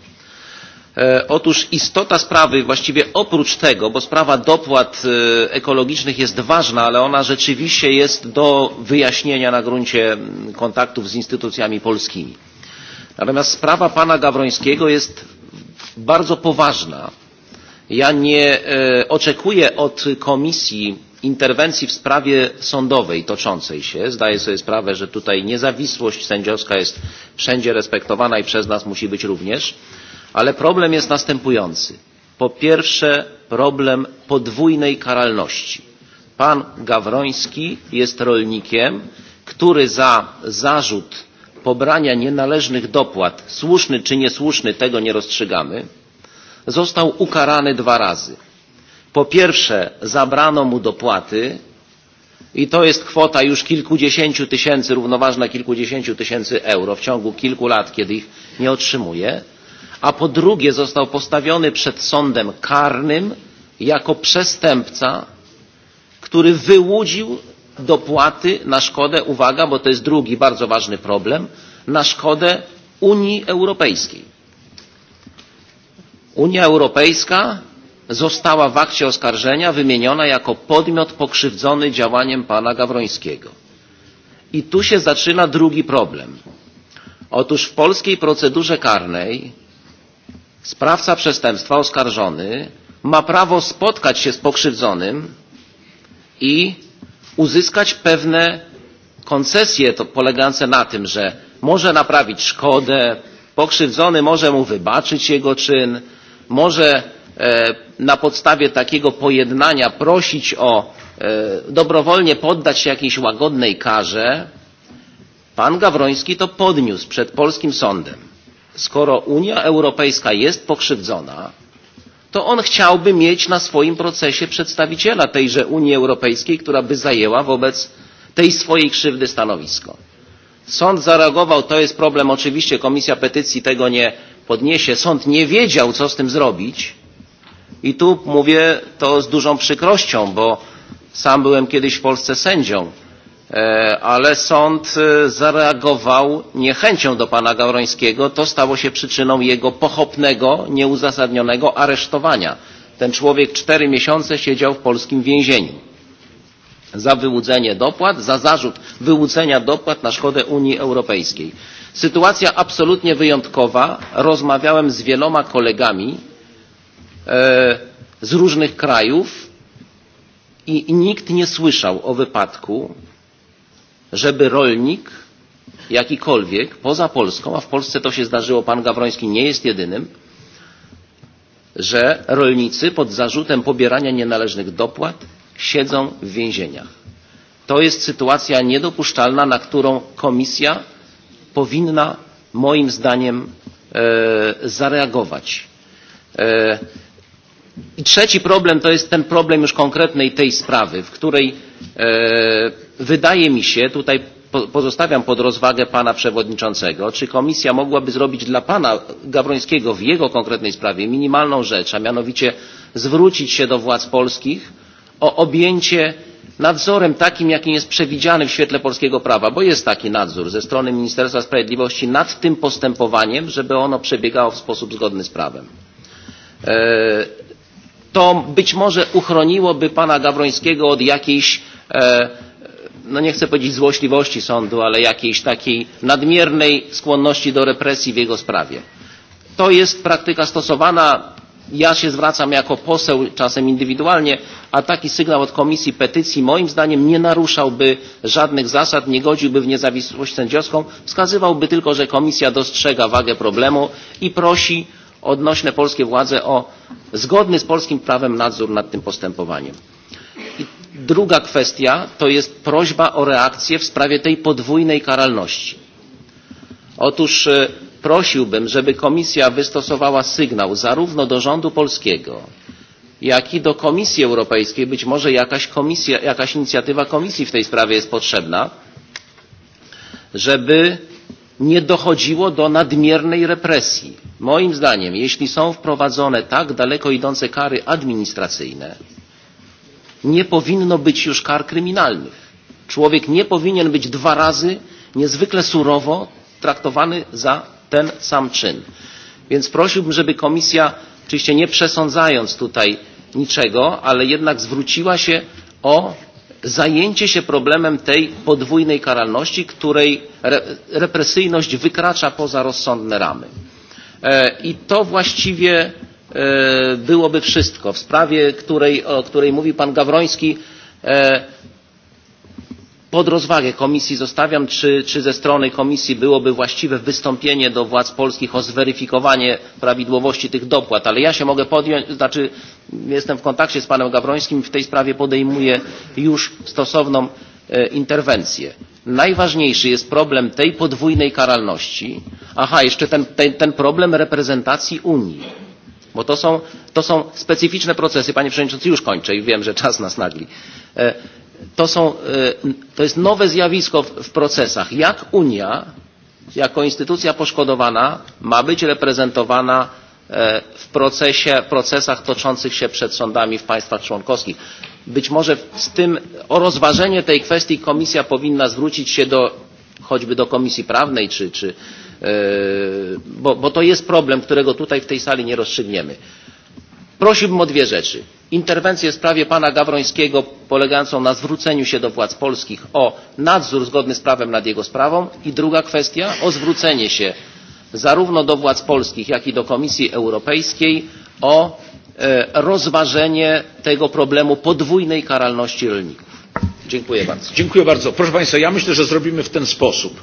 E, otóż istota sprawy, właściwie oprócz tego, bo sprawa dopłat e, ekologicznych jest ważna, ale ona rzeczywiście jest do wyjaśnienia na gruncie kontaktów z instytucjami polskimi. Natomiast sprawa pana Gawrońskiego jest bardzo poważna. Ja nie e, oczekuję od komisji interwencji w sprawie sądowej toczącej się. Zdaję sobie sprawę, że tutaj niezawisłość sędziowska jest wszędzie respektowana i przez nas musi być również. Ale problem jest następujący. Po pierwsze problem podwójnej karalności. Pan Gawroński jest rolnikiem, który za zarzut pobrania nienależnych dopłat, słuszny czy niesłuszny, tego nie rozstrzygamy, został ukarany dwa razy. Po pierwsze, zabrano mu dopłaty i to jest kwota już kilkudziesięciu tysięcy, równoważna kilkudziesięciu tysięcy euro w ciągu kilku lat, kiedy ich nie otrzymuje, a po drugie został postawiony przed sądem karnym jako przestępca, który wyłudził dopłaty na szkodę, uwaga, bo to jest drugi bardzo ważny problem, na szkodę Unii Europejskiej. Unia Europejska została w akcie oskarżenia wymieniona jako podmiot pokrzywdzony działaniem pana Gawrońskiego. I tu się zaczyna drugi problem. Otóż w polskiej procedurze karnej sprawca przestępstwa oskarżony ma prawo spotkać się z pokrzywdzonym i uzyskać pewne koncesje to polegające na tym, że może naprawić szkodę, pokrzywdzony może mu wybaczyć jego czyn, może e, na podstawie takiego pojednania prosić o e, dobrowolnie poddać się jakiejś łagodnej karze. Pan Gawroński to podniósł przed polskim sądem. Skoro Unia Europejska jest pokrzywdzona, to on chciałby mieć na swoim procesie przedstawiciela tejże Unii Europejskiej, która by zajęła wobec tej swojej krzywdy stanowisko. Sąd zareagował, to jest problem, oczywiście Komisja Petycji tego nie podniesie, sąd nie wiedział, co z tym zrobić i tu mówię to z dużą przykrością, bo sam byłem kiedyś w Polsce sędzią E, ale sąd e, zareagował niechęcią do pana Gawrońskiego. To stało się przyczyną jego pochopnego, nieuzasadnionego aresztowania. Ten człowiek cztery miesiące siedział w polskim więzieniu za wyłudzenie dopłat, za zarzut wyłudzenia dopłat na szkodę Unii Europejskiej. Sytuacja absolutnie wyjątkowa. Rozmawiałem z wieloma kolegami e, z różnych krajów i, i nikt nie słyszał o wypadku, żeby rolnik jakikolwiek poza Polską, a w Polsce to się zdarzyło, pan Gawroński nie jest jedynym, że rolnicy pod zarzutem pobierania nienależnych dopłat siedzą w więzieniach. To jest sytuacja niedopuszczalna, na którą komisja powinna moim zdaniem e, zareagować. E, I trzeci problem to jest ten problem już konkretnej tej sprawy, w której e, wydaje mi się, tutaj pozostawiam pod rozwagę pana przewodniczącego, czy komisja mogłaby zrobić dla pana Gawrońskiego w jego konkretnej sprawie minimalną rzecz, a mianowicie zwrócić się do władz polskich o objęcie nadzorem takim, jakim jest przewidziany w świetle polskiego prawa, bo jest taki nadzór ze strony Ministerstwa Sprawiedliwości nad tym postępowaniem, żeby ono przebiegało w sposób zgodny z prawem. E, to być może uchroniłoby pana Gawrońskiego od jakiejś e, no nie chcę powiedzieć złośliwości sądu, ale jakiejś takiej nadmiernej skłonności do represji w jego sprawie. To jest praktyka stosowana. Ja się zwracam jako poseł, czasem indywidualnie, a taki sygnał od Komisji Petycji moim zdaniem nie naruszałby żadnych zasad, nie godziłby w niezawisłość sędziowską, wskazywałby tylko, że Komisja dostrzega wagę problemu i prosi odnośne polskie władze o zgodny z polskim prawem nadzór nad tym postępowaniem. I Druga kwestia to jest prośba o reakcję w sprawie tej podwójnej karalności. Otóż e, prosiłbym, żeby Komisja wystosowała sygnał zarówno do rządu polskiego, jak i do Komisji Europejskiej, być może jakaś, komisja, jakaś inicjatywa Komisji w tej sprawie jest potrzebna, żeby nie dochodziło do nadmiernej represji. Moim zdaniem, jeśli są wprowadzone tak daleko idące kary administracyjne, nie powinno być już kar kryminalnych. Człowiek nie powinien być dwa razy niezwykle surowo traktowany za ten sam czyn. Więc prosiłbym, żeby komisja, oczywiście nie przesądzając tutaj niczego, ale jednak zwróciła się o zajęcie się problemem tej podwójnej karalności, której represyjność wykracza poza rozsądne ramy. E, I to właściwie E, byłoby wszystko. W sprawie, której, o której mówił pan Gawroński, e, pod rozwagę komisji zostawiam, czy, czy ze strony komisji byłoby właściwe wystąpienie do władz polskich o zweryfikowanie prawidłowości tych dopłat, ale ja się mogę podjąć, znaczy jestem w kontakcie z panem Gawrońskim i w tej sprawie podejmuję już stosowną e, interwencję. Najważniejszy jest problem tej podwójnej karalności. Aha, jeszcze ten, ten, ten problem reprezentacji Unii Bo to są, to są specyficzne procesy. Panie Przewodniczący, już kończę i wiem, że czas nas nagli. E, to, są, e, to jest nowe zjawisko w, w procesach. Jak Unia, jako instytucja poszkodowana, ma być reprezentowana e, w procesie, procesach toczących się przed sądami w państwach członkowskich. Być może z tym, o rozważenie tej kwestii komisja powinna zwrócić się do, choćby do Komisji Prawnej czy, czy, bo, bo to jest problem, którego tutaj w tej sali nie rozstrzygniemy. Prosiłbym o dwie rzeczy. Interwencję w sprawie pana Gawrońskiego polegającą na zwróceniu się do władz polskich o nadzór zgodny z prawem nad jego sprawą i druga kwestia o zwrócenie się zarówno do władz polskich, jak i do Komisji Europejskiej o e, rozważenie tego problemu podwójnej karalności rolników. Dziękuję bardzo. Dziękuję bardzo. Proszę Państwa, ja myślę, że zrobimy w ten sposób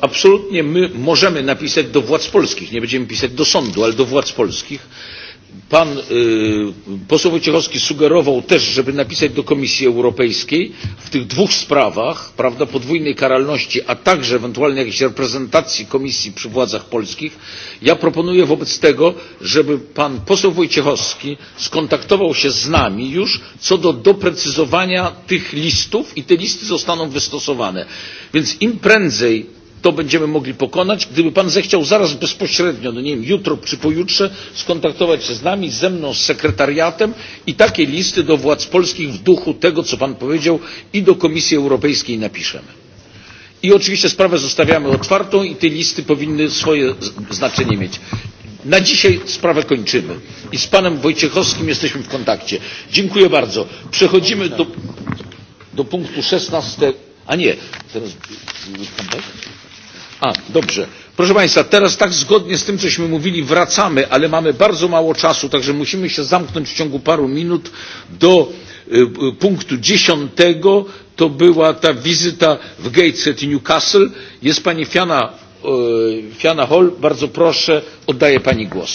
absolutnie my możemy napisać do władz polskich, nie będziemy pisać do sądu, ale do władz polskich, pan y, poseł Wojciechowski sugerował też, żeby napisać do Komisji Europejskiej w tych dwóch sprawach, prawda, podwójnej karalności, a także ewentualnie jakiejś reprezentacji Komisji przy władzach polskich. Ja proponuję wobec tego, żeby pan poseł Wojciechowski skontaktował się z nami już co do doprecyzowania tych listów i te listy zostaną wystosowane. Więc im prędzej to będziemy mogli pokonać. Gdyby Pan zechciał zaraz bezpośrednio, no nie wiem, jutro czy pojutrze skontaktować się z nami, ze mną, z sekretariatem i takie listy do władz polskich w duchu tego, co Pan powiedział i do Komisji Europejskiej napiszemy. I oczywiście sprawę zostawiamy otwartą i te listy powinny swoje znaczenie mieć. Na dzisiaj sprawę kończymy i z panem Wojciechowskim jesteśmy w kontakcie. Dziękuję bardzo. Przechodzimy do, do punktu 16. A nie, teraz... A, dobrze. Proszę Państwa, teraz tak zgodnie z tym, cośmy mówili, wracamy, ale mamy bardzo mało czasu, także musimy się zamknąć w ciągu paru minut do y, y, punktu dziesiątego. To była ta wizyta w Gateshead i Newcastle. Jest Pani Fiana, y, Fiana Hall. Bardzo proszę, oddaję Pani głos.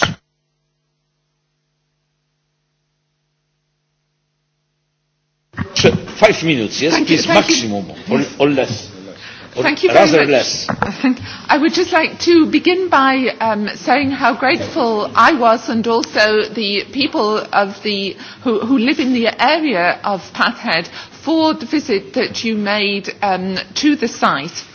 Five minutes, yes, please, maximum or, or less. Thank you very much. less. I would just like to begin by um, saying how grateful I was and also the people of the, who, who live in the area of Pathhead for the visit that you made um, to the site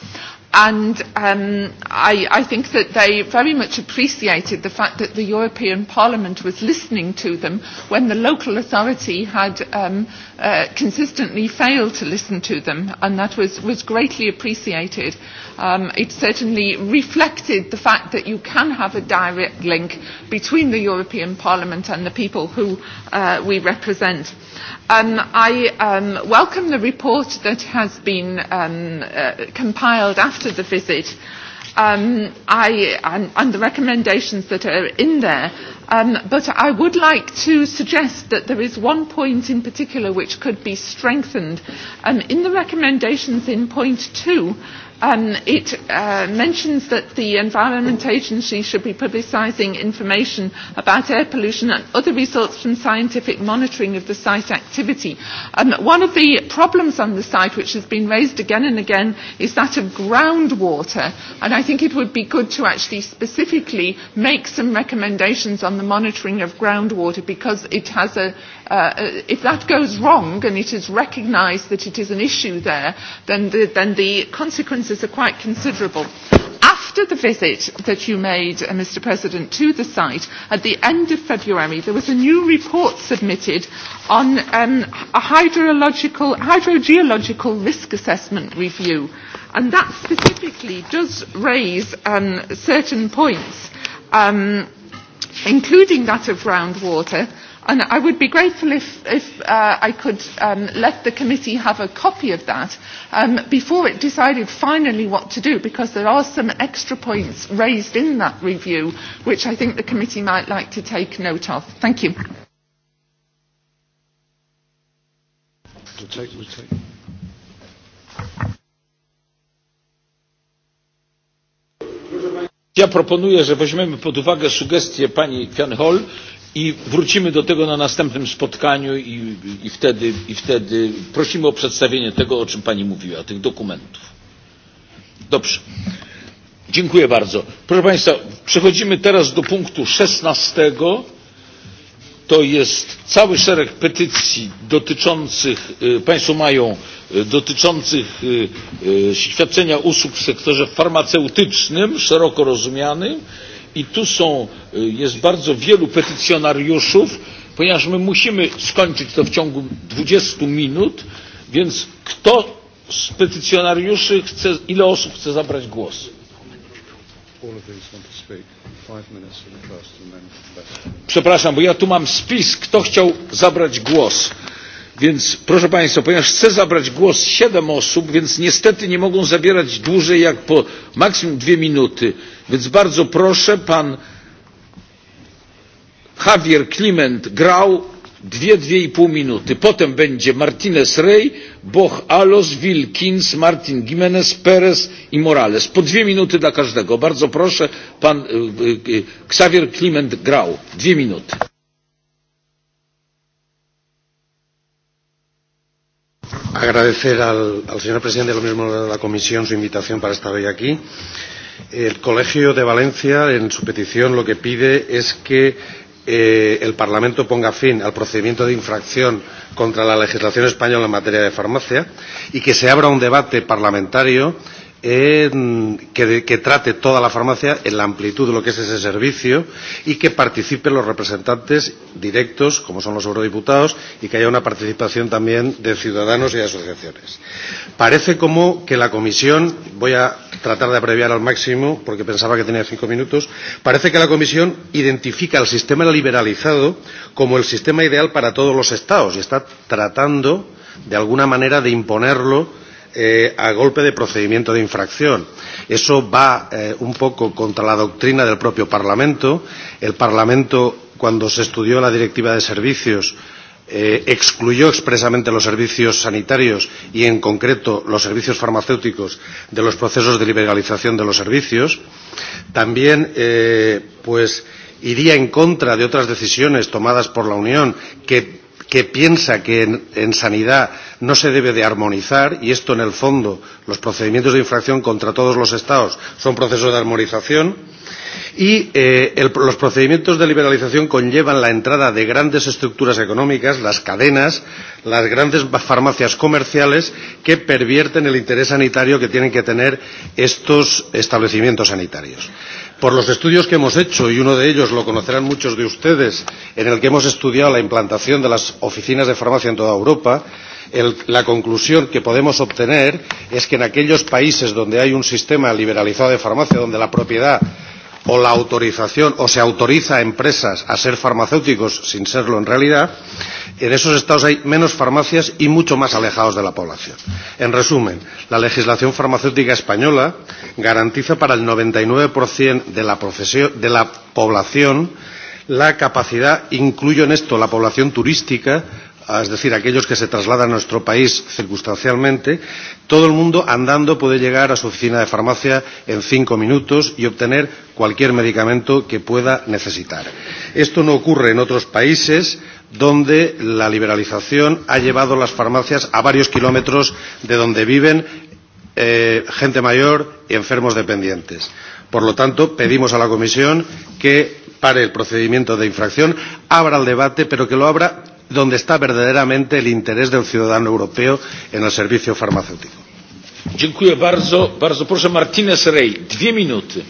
And um, I, I think that they very much appreciated the fact that the European Parliament was listening to them when the local authority had um, uh, consistently failed to listen to them, and that was, was greatly appreciated. Um, it certainly reflected the fact that you can have a direct link between the European Parliament and the people who uh, we represent. Um, I um, welcome the report that has been um, uh, compiled after after the visit, um, I, and, and the recommendations that are in there. Um, but I would like to suggest that there is one point in particular which could be strengthened. Um, in the recommendations in point two, Um, it uh, mentions that the Environment Agency should be publicising information about air pollution and other results from scientific monitoring of the site activity. Um, one of the problems on the site, which has been raised again and again, is that of groundwater. And I think it would be good to actually specifically make some recommendations on the monitoring of groundwater because it has a, Uh, uh, if that goes wrong and it is recognised that it is an issue there, then the, then the consequences are quite considerable. After the visit that you made, uh, Mr President, to the site, at the end of February, there was a new report submitted on um, a hydrological, hydrogeological risk assessment review. And that specifically does raise um, certain points, um, including that of groundwater, I would be grateful if, if uh, I could um, let the committee have a copy of that um, before it decided finally what to do, because there are some extra points raised in that review, which I think the committee might like to take note of. Thank you. We'll take, we'll take. Ja proponuję, że weźmiemy pod uwagę sugestie pani Fianhol i wrócimy do tego na następnym spotkaniu i, i, wtedy, i wtedy prosimy o przedstawienie tego, o czym Pani mówiła, tych dokumentów. Dobrze. Dziękuję bardzo. Proszę Państwa, przechodzimy teraz do punktu 16. To jest cały szereg petycji dotyczących, Państwo mają, dotyczących świadczenia usług w sektorze farmaceutycznym, szeroko rozumianym I tu są, jest bardzo wielu petycjonariuszów, ponieważ my musimy skończyć to w ciągu 20 minut, więc kto z petycjonariuszy chce, ile osób chce zabrać głos? Przepraszam, bo ja tu mam spis, kto chciał zabrać głos. Więc proszę Państwa, ponieważ chcę zabrać głos siedem osób, więc niestety nie mogą zabierać dłużej jak po maksimum dwie minuty. Więc bardzo proszę, pan Javier Kliment grał dwie, dwie i pół minuty. Potem będzie Martinez Rey, Boch Alos, Wilkins, Martin Gimenez, Perez i Morales. Po dwie minuty dla każdego. Bardzo proszę, pan Xavier Kliment grał. Dwie minuty. Agradecer al, al señor presidente, de lo mismo de la comisión, su invitación para estar hoy aquí. El Colegio de Valencia, en su petición, lo que pide es que eh, el Parlamento ponga fin al procedimiento de infracción contra la legislación española en materia de farmacia y que se abra un debate parlamentario en, que, que trate toda la farmacia en la amplitud de lo que es ese servicio y que participen los representantes directos, como son los eurodiputados, y que haya una participación también de ciudadanos y de asociaciones. Parece como que la Comisión, voy a tratar de abreviar al máximo porque pensaba que tenía cinco minutos, parece que la Comisión identifica el sistema liberalizado como el sistema ideal para todos los Estados y está tratando de alguna manera de imponerlo eh, a golpe de procedimiento de infracción. Eso va eh, un poco contra la doctrina del propio Parlamento. El Parlamento, cuando se estudió la Directiva de Servicios, eh, excluyó expresamente los servicios sanitarios y, en concreto, los servicios farmacéuticos de los procesos de liberalización de los servicios. También, eh, pues, iría en contra de otras decisiones tomadas por la Unión que que piensa que en, en sanidad no se debe de armonizar y esto en el fondo los procedimientos de infracción contra todos los estados son procesos de armonización y eh, el, los procedimientos de liberalización conllevan la entrada de grandes estructuras económicas, las cadenas, las grandes farmacias comerciales que pervierten el interés sanitario que tienen que tener estos establecimientos sanitarios. Por los estudios que hemos hecho, y uno de ellos lo conocerán muchos de ustedes, en el que hemos estudiado la implantación de las oficinas de farmacia en toda Europa, el, la conclusión que podemos obtener es que en aquellos países donde hay un sistema liberalizado de farmacia, donde la propiedad o la autorización o se autoriza a empresas a ser farmacéuticos sin serlo en realidad, En esos estados hay menos farmacias y mucho más alejados de la población. En resumen, la legislación farmacéutica española garantiza para el 99% de la, de la población la capacidad, incluyo en esto la población turística, es decir, aquellos que se trasladan a nuestro país circunstancialmente, Todo el mundo andando puede llegar a su oficina de farmacia en cinco minutos y obtener cualquier medicamento que pueda necesitar. Esto no ocurre en otros países donde la liberalización ha llevado las farmacias a varios kilómetros de donde viven eh, gente mayor y enfermos dependientes. Por lo tanto, pedimos a la Comisión que pare el procedimiento de infracción, abra el debate, pero que lo abra donde está verdaderamente el interés del ciudadano europeo en el servicio farmacéutico. Dziękuję bardzo. Bardzo proszę Martinez Rey. Dwie minuty.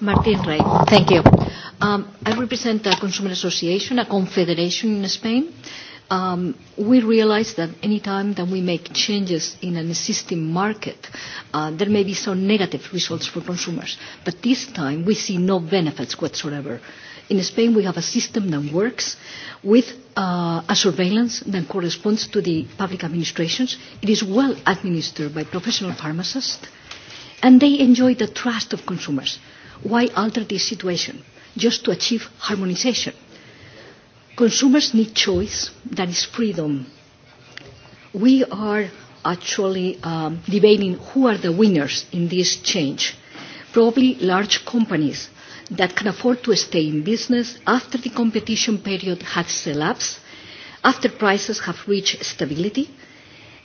Martin Rey, thank you. Um, I represent a consumer association, a confederation in Spain. Um, we realize that any time that we make changes in an existing market, uh, there may be some negative results for consumers. But this time we see no benefits whatsoever. In Spain, we have a system that works with uh, a surveillance that corresponds to the public administrations. It is well administered by professional pharmacists, and they enjoy the trust of consumers. Why alter this situation? Just to achieve harmonization. Consumers need choice, that is freedom. We are actually um, debating who are the winners in this change. Probably large companies that can afford to stay in business after the competition period has elapsed, after prices have reached stability,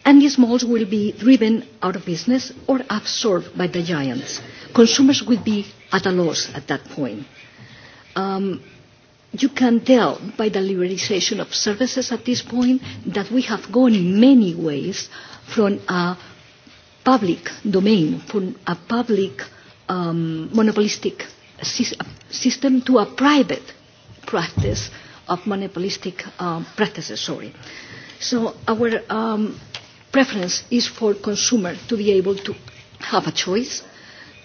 and the smalls will be driven out of business or absorbed by the giants. Consumers will be at a loss at that point. Um, you can tell by the liberalization of services at this point that we have gone in many ways from a public domain, from a public um, monopolistic system to a private practice of monopolistic um, practices. Sorry. So our um, preference is for consumer to be able to have a choice,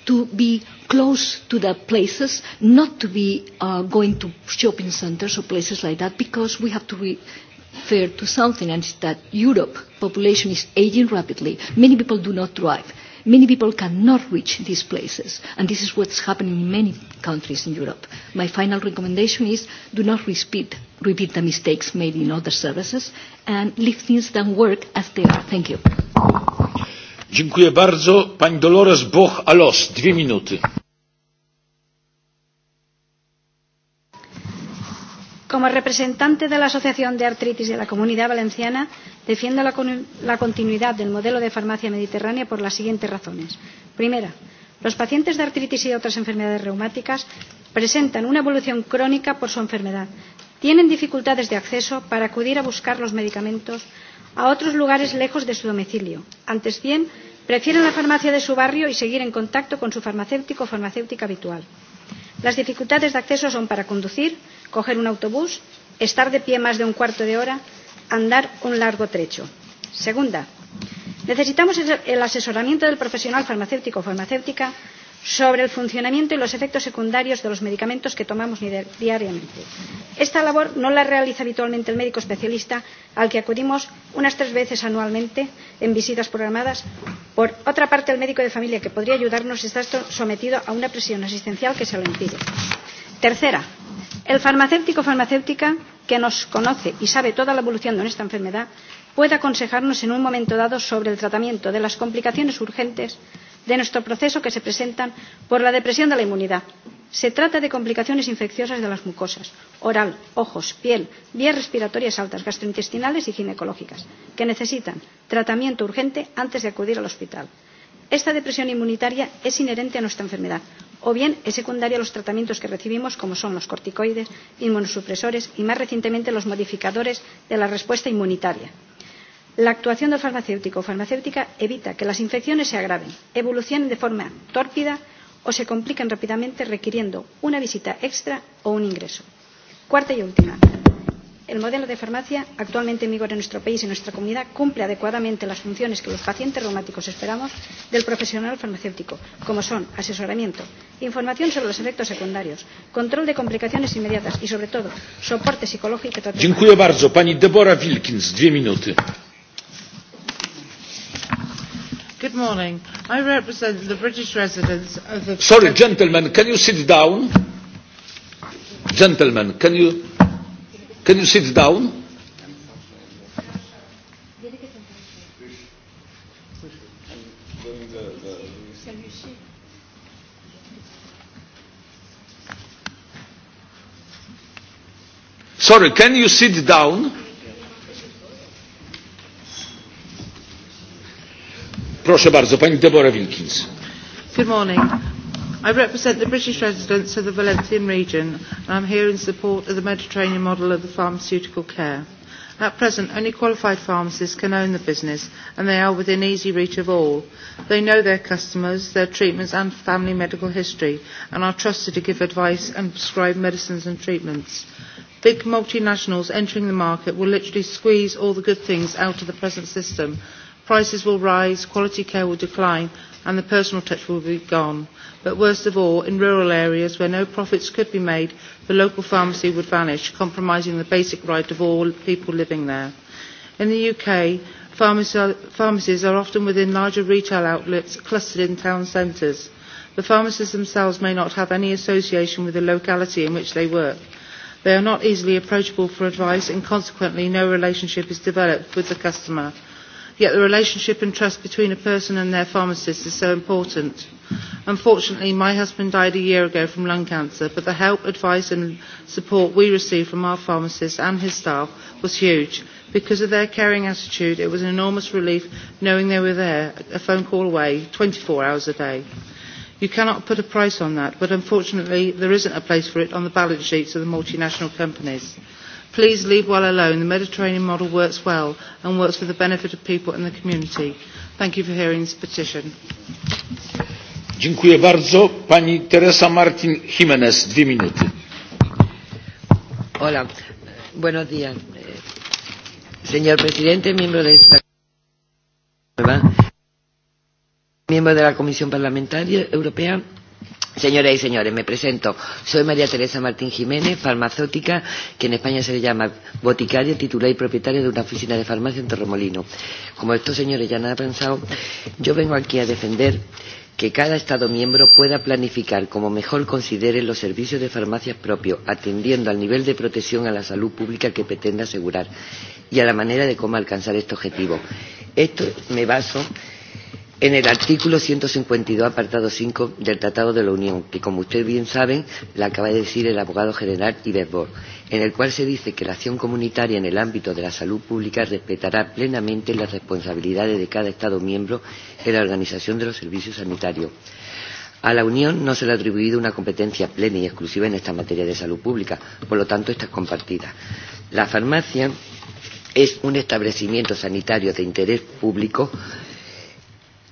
to be close to the places, not to be uh, going to shopping centers or places like that, because we have to be fair to something, and it's that Europe population is aging rapidly. Many people do not drive. Many people cannot reach these places, and this is what's happening in many countries in Europe. My final recommendation is do not repeat, repeat the mistakes made in other services and leave things that work as they are. Thank you. Dziękuję bardzo. Pani Dolores Boch-Alos, dwie minuty. como representante de la asociación de artritis de la comunidad valenciana defiendo la, la continuidad del modelo de farmacia mediterránea por las siguientes razones primera los pacientes de artritis y de otras enfermedades reumáticas presentan una evolución crónica por su enfermedad tienen dificultades de acceso para acudir a buscar los medicamentos a otros lugares lejos de su domicilio antes bien prefieren la farmacia de su barrio y seguir en contacto con su farmacéutico o farmacéutica habitual. las dificultades de acceso son para conducir coger un autobús, estar de pie más de un cuarto de hora, andar un largo trecho. Segunda, necesitamos el asesoramiento del profesional farmacéutico o farmacéutica sobre el funcionamiento y los efectos secundarios de los medicamentos que tomamos diariamente. Esta labor no la realiza habitualmente el médico especialista al que acudimos unas tres veces anualmente en visitas programadas. Por otra parte, el médico de familia que podría ayudarnos está sometido a una presión asistencial que se lo impide. Tercera, el farmacéutico o farmacéutica que nos conoce y sabe toda la evolución de nuestra enfermedad puede aconsejarnos en un momento dado sobre el tratamiento de las complicaciones urgentes de nuestro proceso que se presentan por la depresión de la inmunidad. Se trata de complicaciones infecciosas de las mucosas oral, ojos, piel, vías respiratorias altas, gastrointestinales y ginecológicas, que necesitan tratamiento urgente antes de acudir al hospital. Esta depresión inmunitaria es inherente a nuestra enfermedad o bien es secundaria a los tratamientos que recibimos, como son los corticoides, inmunosupresores y, más recientemente, los modificadores de la respuesta inmunitaria. La actuación del farmacéutico o farmacéutica evita que las infecciones se agraven, evolucionen de forma tórpida o se compliquen rápidamente, requiriendo una visita extra o un ingreso. Cuarta y última el modelo de farmacia actualmente en vigor en nuestro país y en nuestra comunidad cumple adecuadamente las funciones que los pacientes reumáticos esperamos del profesional farmacéutico, como son asesoramiento, información sobre los efectos secundarios, control de complicaciones inmediatas y, sobre todo, soporte psicológico y tratamiento. Dziękuję bardzo. Pani Deborah Wilkins, dwie minuty. Good morning. I represent the British residents of the... Sorry, gentlemen, can you sit down? Gentlemen, can you... Can you sit down? Sorry, can you sit down? Proszę bardzo, pani Deborah Wilkins. Good morning. I represent the British residents of the Valencian region and I'm here in support of the Mediterranean model of the pharmaceutical care. At present, only qualified pharmacists can own the business, and they are within easy reach of all. They know their customers, their treatments and family medical history, and are trusted to give advice and prescribe medicines and treatments. Big multinationals entering the market will literally squeeze all the good things out of the present system. Prices will rise, quality care will decline, and the personal touch will be gone. But worst of all, in rural areas where no profits could be made, the local pharmacy would vanish, compromising the basic right of all people living there. In the UK, pharmacies are often within larger retail outlets clustered in town centres. The pharmacists themselves may not have any association with the locality in which they work. They are not easily approachable for advice and consequently no relationship is developed with the customer yet the relationship and trust between a person and their pharmacist is so important. Unfortunately, my husband died a year ago from lung cancer, but the help, advice and support we received from our pharmacist and his staff was huge. Because of their caring attitude, it was an enormous relief knowing they were there, a phone call away, 24 hours a day. You cannot put a price on that, but unfortunately there isn't a place for it on the balance sheets of the multinational companies. Please leave well alone. The Mediterranean model works well and works for the benefit of people in the community. Thank you for hearing this petition. Dziękuję bardzo. Pani Teresa Martin Jimenez, dwie minuty. Hola, buenos días. Señor presidente, miembro de la miembro de la Comisión Parlamentaria Europea, Señoras y señores, me presento. Soy María Teresa Martín Jiménez, farmacéutica, que en España se le llama boticaria, titular y propietaria de una oficina de farmacia en Torremolino. Como estos señores ya nada han pensado, yo vengo aquí a defender que cada Estado miembro pueda planificar como mejor considere los servicios de farmacias propios, atendiendo al nivel de protección a la salud pública que pretenda asegurar y a la manera de cómo alcanzar este objetivo. Esto me baso en el artículo 152, apartado 5 del Tratado de la Unión, que, como ustedes bien saben, la acaba de decir el abogado general Iberbor, en el cual se dice que la acción comunitaria en el ámbito de la salud pública respetará plenamente las responsabilidades de cada Estado miembro en la organización de los servicios sanitarios. A la Unión no se le ha atribuido una competencia plena y exclusiva en esta materia de salud pública, por lo tanto, esta es compartida. La farmacia es un establecimiento sanitario de interés público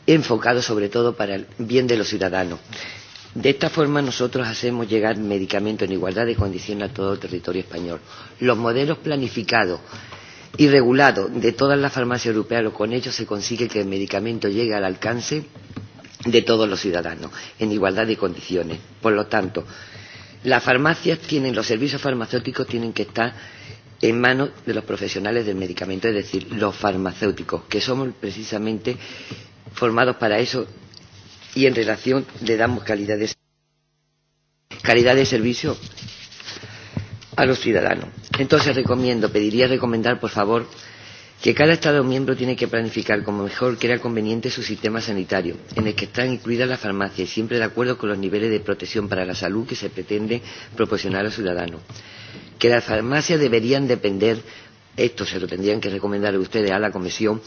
enfocado sobre todo para el bien de los ciudadanos. De esta forma nosotros hacemos llegar medicamentos en igualdad de condiciones a todo el territorio español. Los modelos planificados y regulados de todas las farmacias europeas, lo con ellos se consigue que el medicamento llegue al alcance de todos los ciudadanos en igualdad de condiciones. Por lo tanto, las farmacias tienen, los servicios farmacéuticos tienen que estar en manos de los profesionales del medicamento, es decir, los farmacéuticos, que somos precisamente formados para eso y en relación le damos calidad de, calidad de servicio a los ciudadanos. Entonces recomiendo, pediría recomendar, por favor, que cada Estado miembro tiene que planificar como mejor crea conveniente su sistema sanitario, en el que están incluidas las farmacias, siempre de acuerdo con los niveles de protección para la salud que se pretende proporcionar a los ciudadanos. Que las farmacias deberían depender, esto se lo tendrían que recomendar ustedes a la Comisión,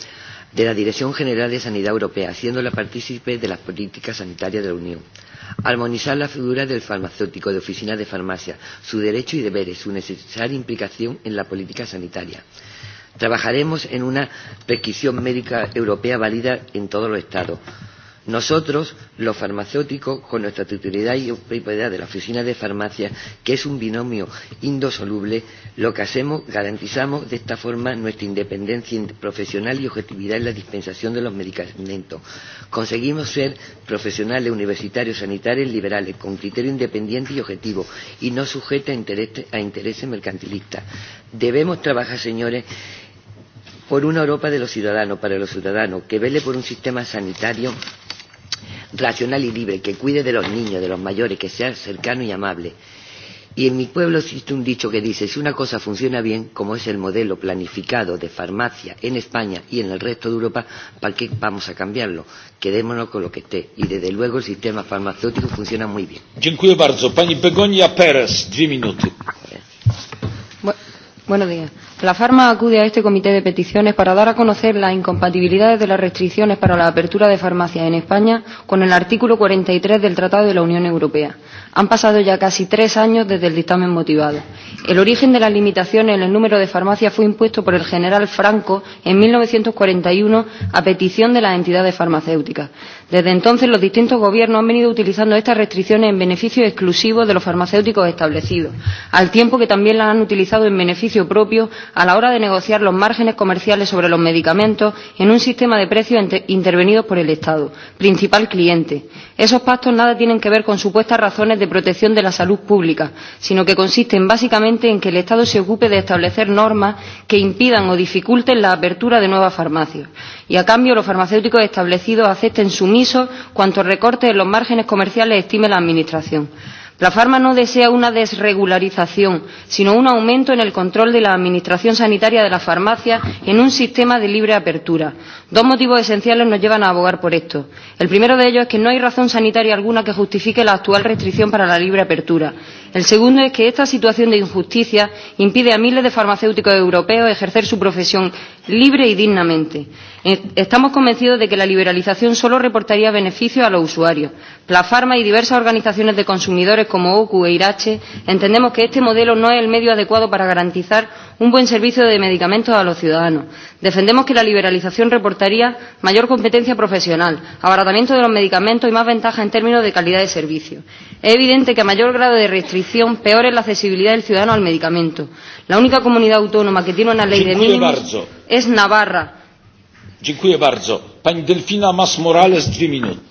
de la Dirección General de Sanidad Europea, haciéndola partícipe de las políticas sanitarias de la Unión. Armonizar la figura del farmacéutico de oficina de farmacia, su derecho y deberes, su necesaria implicación en la política sanitaria. Trabajaremos en una prescripción médica europea válida en todos los Estados Nosotros, los farmacéuticos, con nuestra titularidad y propiedad de la oficina de farmacia, que es un binomio indosoluble, lo que hacemos, garantizamos de esta forma nuestra independencia profesional y objetividad en la dispensación de los medicamentos. Conseguimos ser profesionales, universitarios, sanitarios, liberales, con criterio independiente y objetivo, y no sujeta a intereses, a interés mercantilistas. Debemos trabajar, señores, por una Europa de los ciudadanos, para los ciudadanos, que vele por un sistema sanitario racional y libre, que cuide de los niños, de los mayores, que sea cercano y amable. Y en mi pueblo existe un dicho que dice, si una cosa funciona bien, como es el modelo planificado de farmacia en España y en el resto de Europa, ¿para qué vamos a cambiarlo? Quedémonos con lo que esté. Y desde luego el sistema farmacéutico funciona muy bien. Dziękuję bardzo. Pani Begonia Pérez, dwie minuty. Bu Buenos días. La Farma acude a este comité de peticiones para dar a conocer las incompatibilidades de las restricciones para la apertura de farmacias en España con el artículo 43 del Tratado de la Unión Europea, Han pasado ya casi tres años desde el dictamen motivado. El origen de la limitación en el número de farmacias fue impuesto por el general Franco en 1941 a petición de las entidades farmacéuticas. Desde entonces, los distintos gobiernos han venido utilizando estas restricciones en beneficio exclusivo de los farmacéuticos establecidos, al tiempo que también las han utilizado en beneficio propio a la hora de negociar los márgenes comerciales sobre los medicamentos en un sistema de precios intervenidos por el Estado, principal cliente esos pactos nada tienen que ver con supuestas razones de protección de la salud pública sino que consisten básicamente en que el estado se ocupe de establecer normas que impidan o dificulten la apertura de nuevas farmacias y a cambio los farmacéuticos establecidos acepten sumisos cuantos recortes en los márgenes comerciales estime la administración la farma no desea una desregularización sino un aumento en el control de la administración sanitaria de la farmacia en un sistema de libre apertura. dos motivos esenciales nos llevan a abogar por esto. el primero de ellos es que no hay razón sanitaria alguna que justifique la actual restricción para la libre apertura. el segundo es que esta situación de injusticia impide a miles de farmacéuticos europeos ejercer su profesión libre y dignamente. Eh, estamos convencidos de que la liberalización solo reportaría beneficios a los usuarios. La Farma y diversas organizaciones de consumidores como OCU e IRACHE entendemos que este modelo no es el medio adecuado para garantizar un buen servicio de medicamentos a los ciudadanos defendemos que la liberalización reportaría mayor competencia profesional abaratamiento de los medicamentos y más ventaja en términos de calidad de servicio. es evidente que a mayor grado de restricción peor es la accesibilidad del ciudadano al medicamento. la única comunidad autónoma que tiene una ley de mínimos es navarra. Dziękuję bardzo. Pani Delfina Mas Morales, dwie minuty.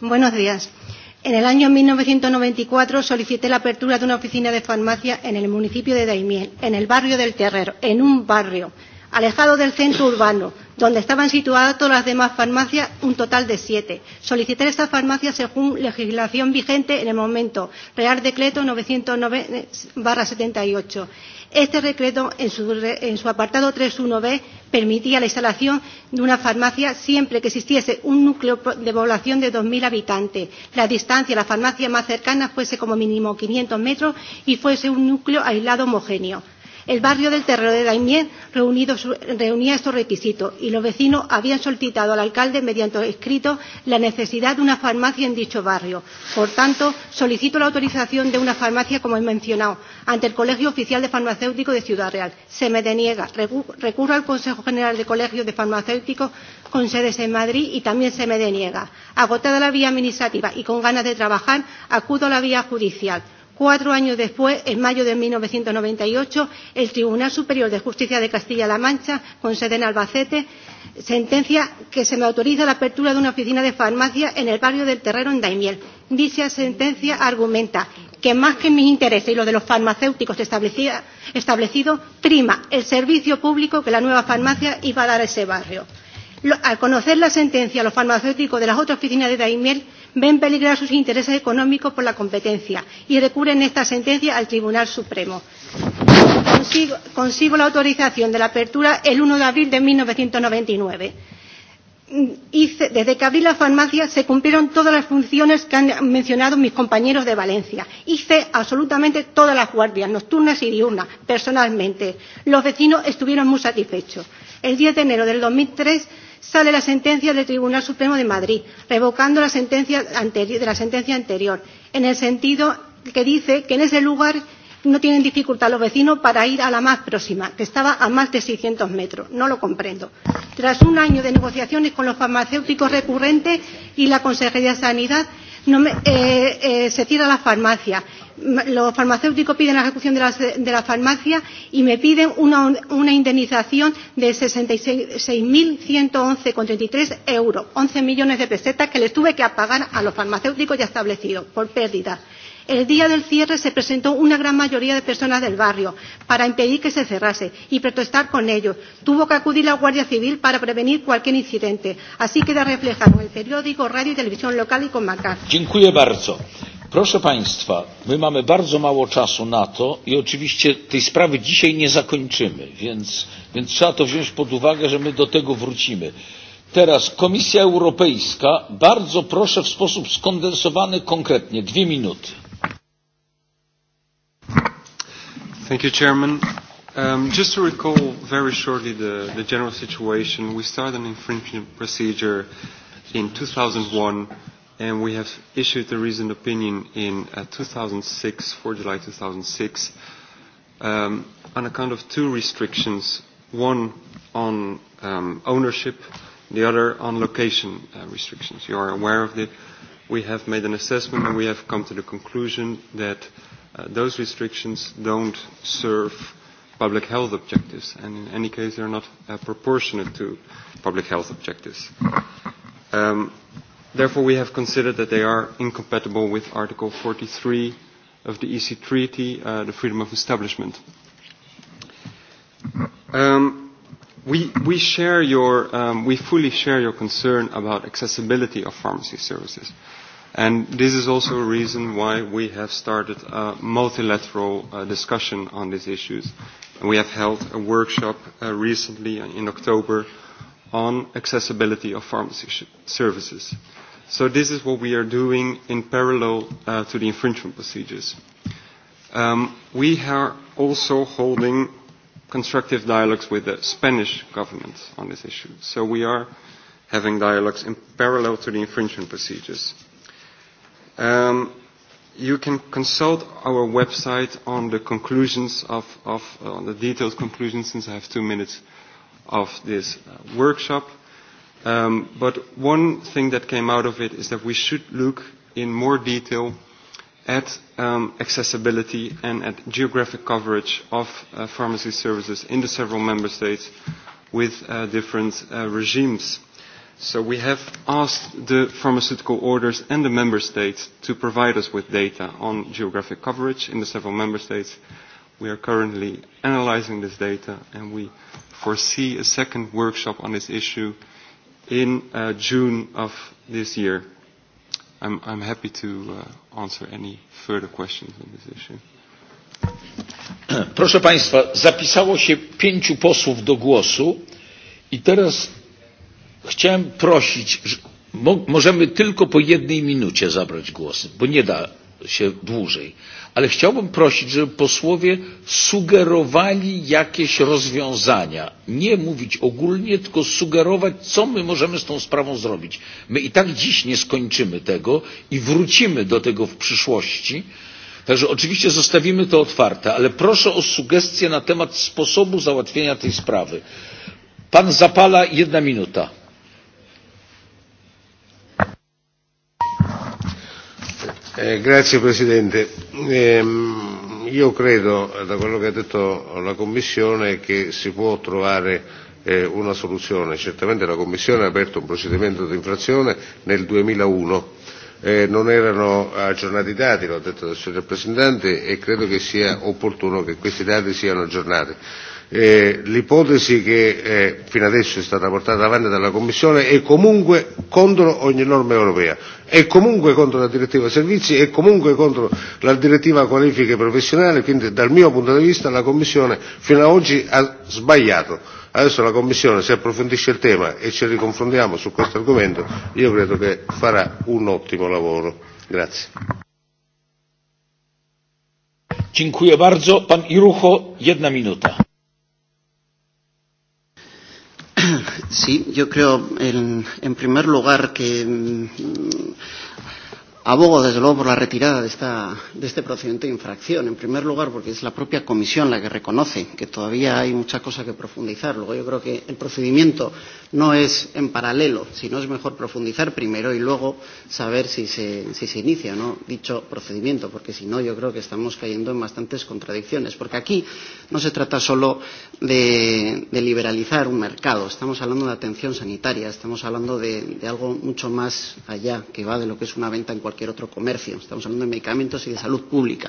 Buenos días. En el año 1994 solicité la apertura de una oficina de farmacia en el municipio de Daimiel, en el barrio del Terrero, en un barrio alejado del centro urbano, donde estaban situadas todas las demás farmacias, un total de siete. Solicité esta farmacia según legislación vigente en el momento, Real Decreto 909-78. Este decreto, en su, en su apartado 3.1b, permitía la instalación de una farmacia siempre que existiese un núcleo de población de 2.000 habitantes, la distancia a la farmacia más cercana fuese como mínimo 500 metros y fuese un núcleo aislado homogéneo. El barrio del terreno de Daimiel reunía estos requisitos y los vecinos habían solicitado al alcalde mediante escrito la necesidad de una farmacia en dicho barrio. Por tanto, solicito la autorización de una farmacia, como he mencionado, ante el Colegio Oficial de Farmacéuticos de Ciudad Real. Se me deniega. Recurro al Consejo General de Colegios de Farmacéuticos con sedes en Madrid y también se me deniega. Agotada la vía administrativa y con ganas de trabajar, acudo a la vía judicial Cuatro años después, en mayo de 1998, el Tribunal Superior de Justicia de Castilla-La Mancha, con sede en Albacete, sentencia que se me autoriza la apertura de una oficina de farmacia en el barrio del Terrero, en Daimiel. Dicha sentencia argumenta que más que mis intereses y los de los farmacéuticos establecidos, prima el servicio público que la nueva farmacia iba a dar a ese barrio. al conocer la sentencia, los farmacéuticos de las otras oficinas de Daimiel ven peligrar sus intereses económicos por la competencia y recurren esta sentencia al Tribunal Supremo. Consigo, consigo la autorización de la apertura el 1 de abril de 1999. Mm, hice, desde que abrí la farmacia se cumplieron todas las funciones que han mencionado mis compañeros de Valencia. Hice absolutamente todas las guardias, nocturnas y diurnas, personalmente. Los vecinos estuvieron muy satisfechos. El 10 de enero del 2003 sale la sentencia del Tribunal Supremo de Madrid, revocando la sentencia, anteri de la sentencia anterior, en el sentido que dice que en ese lugar no tienen dificultad los vecinos para ir a la más próxima, que estaba a más de 600 metros. No lo comprendo. Tras un año de negociaciones con los farmacéuticos recurrentes y la Consejería de Sanidad, no me, eh, eh, se cierra la farmacia los farmacéuticos piden la ejecución de la, de la farmacia y me piden una, una indemnización de 66.111,33 euros, 11 millones de pesetas que les tuve que pagar a los farmacéuticos ya establecidos por pérdida. El día del cierre se presentó una gran mayoría de personas del barrio para impedir que se cerrase y protestar con ellos. Tuvo que acudir la Guardia Civil para prevenir cualquier incidente. Así queda reflejado en el periódico, radio y televisión local y comarcal. Dziękuję bardzo. Proszę Państwa, my mamy bardzo mało czasu na to i oczywiście tej sprawy dzisiaj nie zakończymy, więc, więc trzeba to wziąć pod uwagę, że my do tego wrócimy. Teraz Komisja Europejska, bardzo proszę w sposób skondensowany konkretnie, dwie minuty. Thank you, Chairman. Um, just to recall very shortly the, the general situation, we started an infringement procedure in 2001 and we have issued a reasoned opinion in uh, 2006, 4 July 2006, um, on account of two restrictions, one on um, ownership, the other on location uh, restrictions. You are aware of it. We have made an assessment and we have come to the conclusion that uh, those restrictions don't serve public health objectives, and in any case, they're not uh, proportionate to public health objectives. Um, Therefore, we have considered that they are incompatible with Article 43 of the EC Treaty, uh, the freedom of establishment. Um, we, we, share your, um, we fully share your concern about accessibility of pharmacy services. And this is also a reason why we have started a multilateral uh, discussion on these issues. We have held a workshop uh, recently in October on accessibility of pharmacy services. So this is what we are doing in parallel uh, to the infringement procedures. Um, we are also holding constructive dialogues with the Spanish government on this issue. So we are having dialogues in parallel to the infringement procedures. Um, you can consult our website on the conclusions of, of uh, on the detailed conclusions since I have two minutes of this uh, workshop. Um, but one thing that came out of it is that we should look in more detail at um, accessibility and at geographic coverage of uh, pharmacy services in the several member states with uh, different uh, regimes. So we have asked the pharmaceutical orders and the member states to provide us with data on geographic coverage in the several member states. We are currently analyzing this data and we foresee a second workshop on this issue in uh, June of this year. I'm, I'm happy to uh, answer any further questions on this issue. [CLEARS THROAT] Proszę Państwa, zapisało się pięciu posłów do głosu i teraz chciałem prosić, że mo możemy tylko po jednej minucie zabrać głosy, bo nie da się dłużej. Ale chciałbym prosić, żeby posłowie sugerowali jakieś rozwiązania. Nie mówić ogólnie, tylko sugerować, co my możemy z tą sprawą zrobić. My i tak dziś nie skończymy tego i wrócimy do tego w przyszłości. Także oczywiście zostawimy to otwarte, ale proszę o sugestie na temat sposobu załatwienia tej sprawy. Pan Zapala, jedna minuta. Eh, grazie Presidente. Ehm, io credo, da quello che ha detto la Commissione, che si può trovare eh, una soluzione. Certamente la Commissione ha aperto un procedimento di infrazione nel 2001. Eh, non erano aggiornati i dati, l'ho detto adesso il rappresentante, e credo che sia opportuno che questi dati siano aggiornati Eh, l'ipotesi che eh, fino adesso è stata portata avanti dalla Commissione è comunque contro ogni norma europea, è comunque contro la direttiva servizi, è comunque contro la direttiva qualifiche professionali, quindi dal mio punto di vista la Commissione fino ad oggi ha sbagliato. Adesso la Commissione se approfondisce il tema e ci riconfrontiamo su questo argomento, io credo che farà un ottimo lavoro. Grazie. Dziękuję bardzo. Pan Irucho, jedna minuta. Sí, yo creo, en, en primer lugar, que mm, abogo desde luego por la retirada de, esta, de este procedimiento de infracción. En primer lugar, porque es la propia Comisión la que reconoce que todavía hay mucha cosa que profundizar. Luego, yo creo que el procedimiento no es en paralelo, sino es mejor profundizar primero y luego saber si se, si se inicia o no dicho procedimiento, porque si no, yo creo que estamos cayendo en bastantes contradicciones. Porque aquí no se trata solo de, de liberalizar un mercado, estamos hablando de atención sanitaria, estamos hablando de, de algo mucho más allá que va de lo que es una venta en cualquier cualquier otro comercio. Estamos hablando de medicamentos y de salud pública.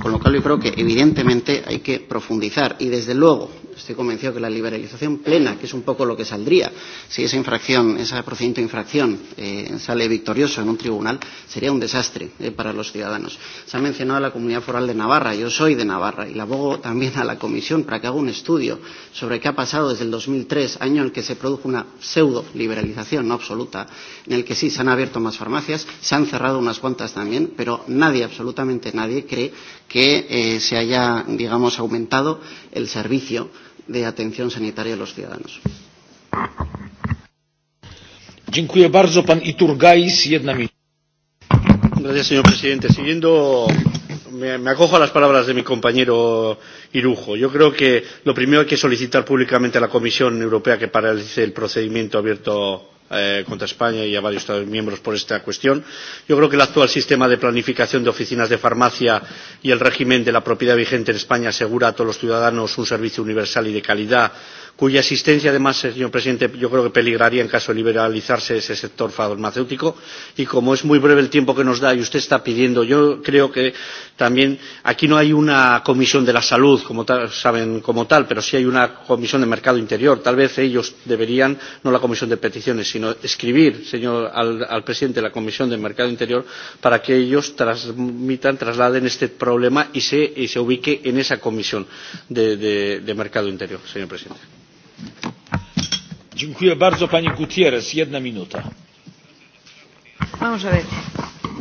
Con lo cual yo creo que evidentemente hay que profundizar. Y desde luego estoy convencido que la liberalización plena, que es un poco lo que saldría si esa infracción, ese procedimiento de infracción eh, sale victorioso en un tribunal, sería un desastre eh, para los ciudadanos. Se ha mencionado a la comunidad foral de Navarra. Yo soy de Navarra y la abogo también a la comisión para que haga un estudio sobre qué ha pasado desde el 2003, año en el que se produjo una pseudo liberalización no absoluta, en el que sí se han abierto más farmacias, se han cerrado unas cuantas también, pero nadie, absolutamente nadie, cree que eh, se haya, digamos, aumentado el servicio de atención sanitaria a los ciudadanos. Dziękuję bardzo. Pan Iturgais, jedna minuta. Gracias, señor presidente. Siguiendo me acojo a las palabras de mi compañero Irujo. Yo creo que lo primero hay que solicitar públicamente a la Comisión Europea que paralice el procedimiento abierto Eh, contra España y a varios Estados miembros por esta cuestión. Yo creo que el actual sistema de planificación de oficinas de farmacia y el régimen de la propiedad vigente en España asegura a todos los ciudadanos un servicio universal y de calidad cuya existencia además, eh, señor presidente, yo creo que peligraría en caso de liberalizarse ese sector farmacéutico. Y como es muy breve el tiempo que nos da y usted está pidiendo, yo creo que también aquí no hay una comisión de la salud, como tal, saben, como tal, pero sí hay una comisión de mercado interior. Tal vez ellos deberían, no la comisión de peticiones, sino escribir, señor, al, al presidente de la comisión de mercado interior para que ellos transmitan, trasladen este problema y se, y se ubique en esa comisión de, de, de mercado interior, señor presidente. Dziękuję bardzo pani Gutiérrez. Jedna minuta. Vamos a ver.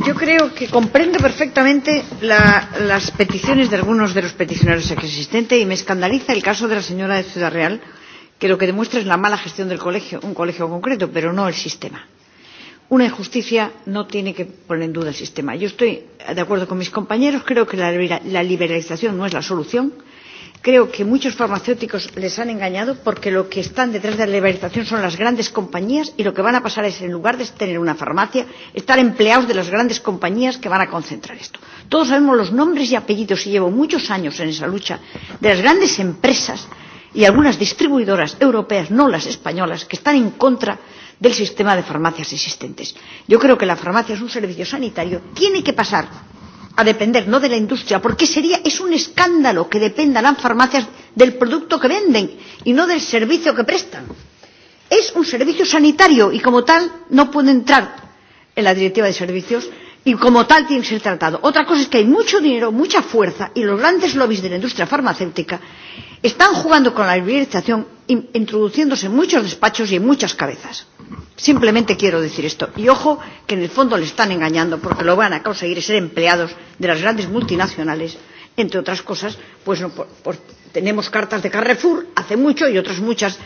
Yo creo que comprendo perfectamente la, las peticiones de algunos de los peticionarios aquí existentes y me escandaliza el caso de la señora de Ciudad Real, que lo que demuestra es la mala gestión del colegio, un colegio concreto, pero no el sistema. Una injusticia no tiene que poner en duda el sistema. Yo estoy de acuerdo con mis compañeros, creo que la, la liberalización no es la solución, Creo que muchos farmacéuticos les han engañado porque lo que están detrás de la liberalización son las grandes compañías y lo que van a pasar es, en lugar de tener una farmacia, estar empleados de las grandes compañías que van a concentrar esto. Todos sabemos los nombres y apellidos y llevo muchos años en esa lucha de las grandes empresas y algunas distribuidoras europeas, no las españolas, que están en contra del sistema de farmacias existentes. Yo creo que la farmacia es un servicio sanitario, tiene que pasar a depender no de la industria, porque sería es un escándalo que dependan las farmacias del producto que venden y no del servicio que prestan. Es un servicio sanitario y como tal no puede entrar en la directiva de servicios y como tal tiene que ser tratado. Otra cosa es que hay mucho dinero, mucha fuerza y los grandes lobbies de la industria farmacéutica están jugando con la liberalización, introduciéndose en muchos despachos y en muchas cabezas. Simplemente quiero decir esto. Y ojo, que en el fondo le están engañando porque lo van a conseguir ser empleados de las grandes multinacionales, entre otras cosas, pues no, por, por, tenemos cartas de Carrefour hace mucho y otras muchas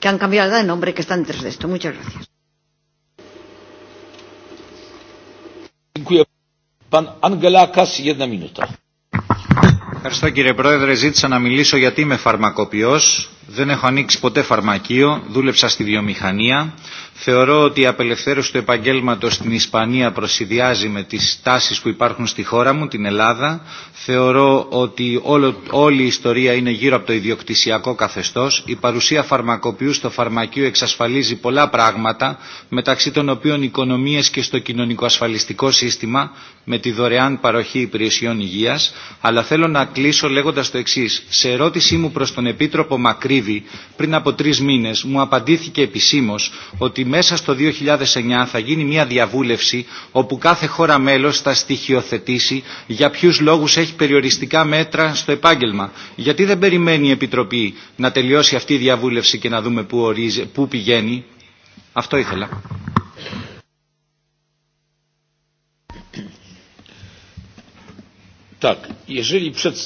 que han cambiado de nombre que están detrás de esto. Muchas gracias. Dziękuję. Pan Angela Kass, jedna minuta. Ευχαριστώ κύριε Πρόεδρε. Ζήτησα να μιλήσω γιατί είμαι φαρμακοποιός Δεν έχω ανοίξει ποτέ φαρμακείο, δούλεψα στη βιομηχανία. Θεωρώ ότι η απελευθέρωση του επαγγέλματο στην Ισπανία προσυδειάζει με τι τάσει που υπάρχουν στη χώρα μου, την Ελλάδα. Θεωρώ ότι όλο, όλη η ιστορία είναι γύρω από το ιδιοκτησιακό καθεστώ. Η παρουσία φαρμακοποιού στο φαρμακείο εξασφαλίζει πολλά πράγματα, μεταξύ των οποίων οικονομίε και στο κοινωνικό ασφαλιστικό σύστημα, με τη δωρεάν παροχή υπηρεσιών υγεία. Αλλά θέλω να κλείσω λέγοντα το εξή. Σε ερώτησή μου προ τον Επίτροπο Μακρύ Μαυρίδη πριν από τρεις μήνες μου απαντήθηκε επισήμως ότι μέσα στο 2009 θα γίνει μια διαβούλευση όπου κάθε χώρα μέλος θα στοιχειοθετήσει για ποιους λόγους έχει περιοριστικά μέτρα στο επάγγελμα. Γιατί δεν περιμένει η Επιτροπή να τελειώσει αυτή η διαβούλευση και να δούμε πού, ορίζει, πού πηγαίνει. Αυτό ήθελα. Так, jeżeli przed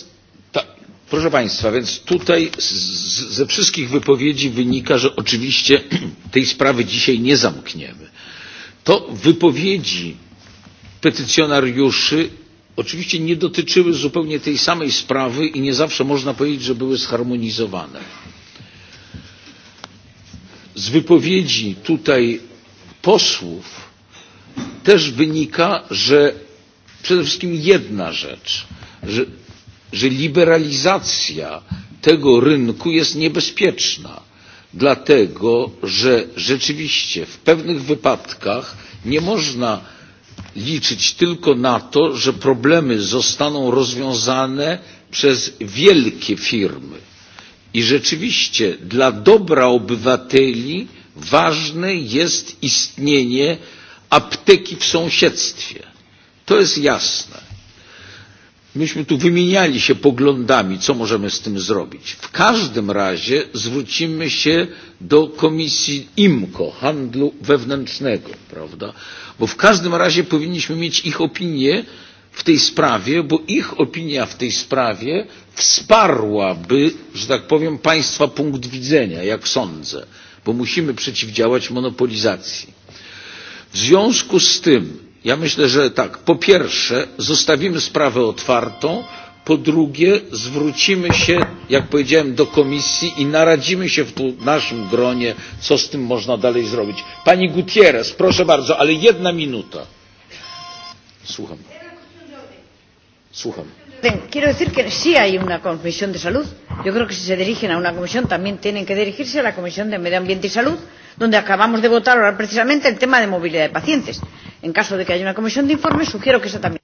Proszę Państwa, więc tutaj z, z, ze wszystkich wypowiedzi wynika, że oczywiście [CLEARS THROAT] tej sprawy dzisiaj nie zamkniemy. To wypowiedzi petycjonariuszy oczywiście nie dotyczyły zupełnie tej samej sprawy i nie zawsze można powiedzieć, że były zharmonizowane. Z wypowiedzi tutaj posłów też wynika, że przede wszystkim jedna rzecz, że że liberalizacja tego rynku jest niebezpieczna, dlatego że rzeczywiście w pewnych wypadkach nie można liczyć tylko na to, że problemy zostaną rozwiązane przez wielkie firmy. I rzeczywiście dla dobra obywateli ważne jest istnienie apteki w sąsiedztwie. To jest jasne Myśmy tu wymieniali się poglądami, co możemy z tym zrobić. W każdym razie zwrócimy się do komisji IMCO, handlu wewnętrznego, prawda? Bo w każdym razie powinniśmy mieć ich opinię w tej sprawie, bo ich opinia w tej sprawie wsparłaby, że tak powiem, państwa punkt widzenia, jak sądzę, bo musimy przeciwdziałać monopolizacji. W związku z tym Ja myślę, że tak. Po pierwsze, zostawimy sprawę otwartą. Po drugie, zwrócimy się, jak powiedziałem, do komisji i naradzimy się w naszym gronie, co z tym można dalej zrobić. Pani Gutierrez, proszę bardzo, ale jedna minuta. Słucham. Słucham. Quiero decir que sí hay una comisión de salud. Yo creo que si se dirigen a una comisión también tienen que dirigirse a la comisión de medio ambiente y salud donde acabamos de votar ahora precisamente el tema de movilidad de pacientes. En caso de que haya una comisión de informes, sugiero que esa también.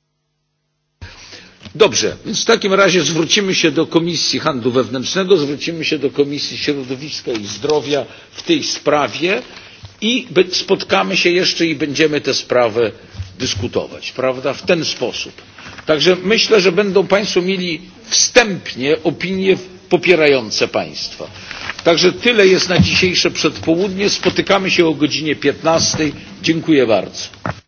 Dobrze, więc w takim razie zwrócimy się do Komisji Handlu Wewnętrznego, zwrócimy się do Komisji Środowiska i Zdrowia w tej sprawie i spotkamy się jeszcze i będziemy tę sprawę dyskutować, prawda, w ten sposób. Także myślę, że będą Państwo mieli wstępnie opinię w popierające państwa. Także tyle jest na dzisiejsze przedpołudnie. Spotykamy się o godzinie 15. Dziękuję bardzo.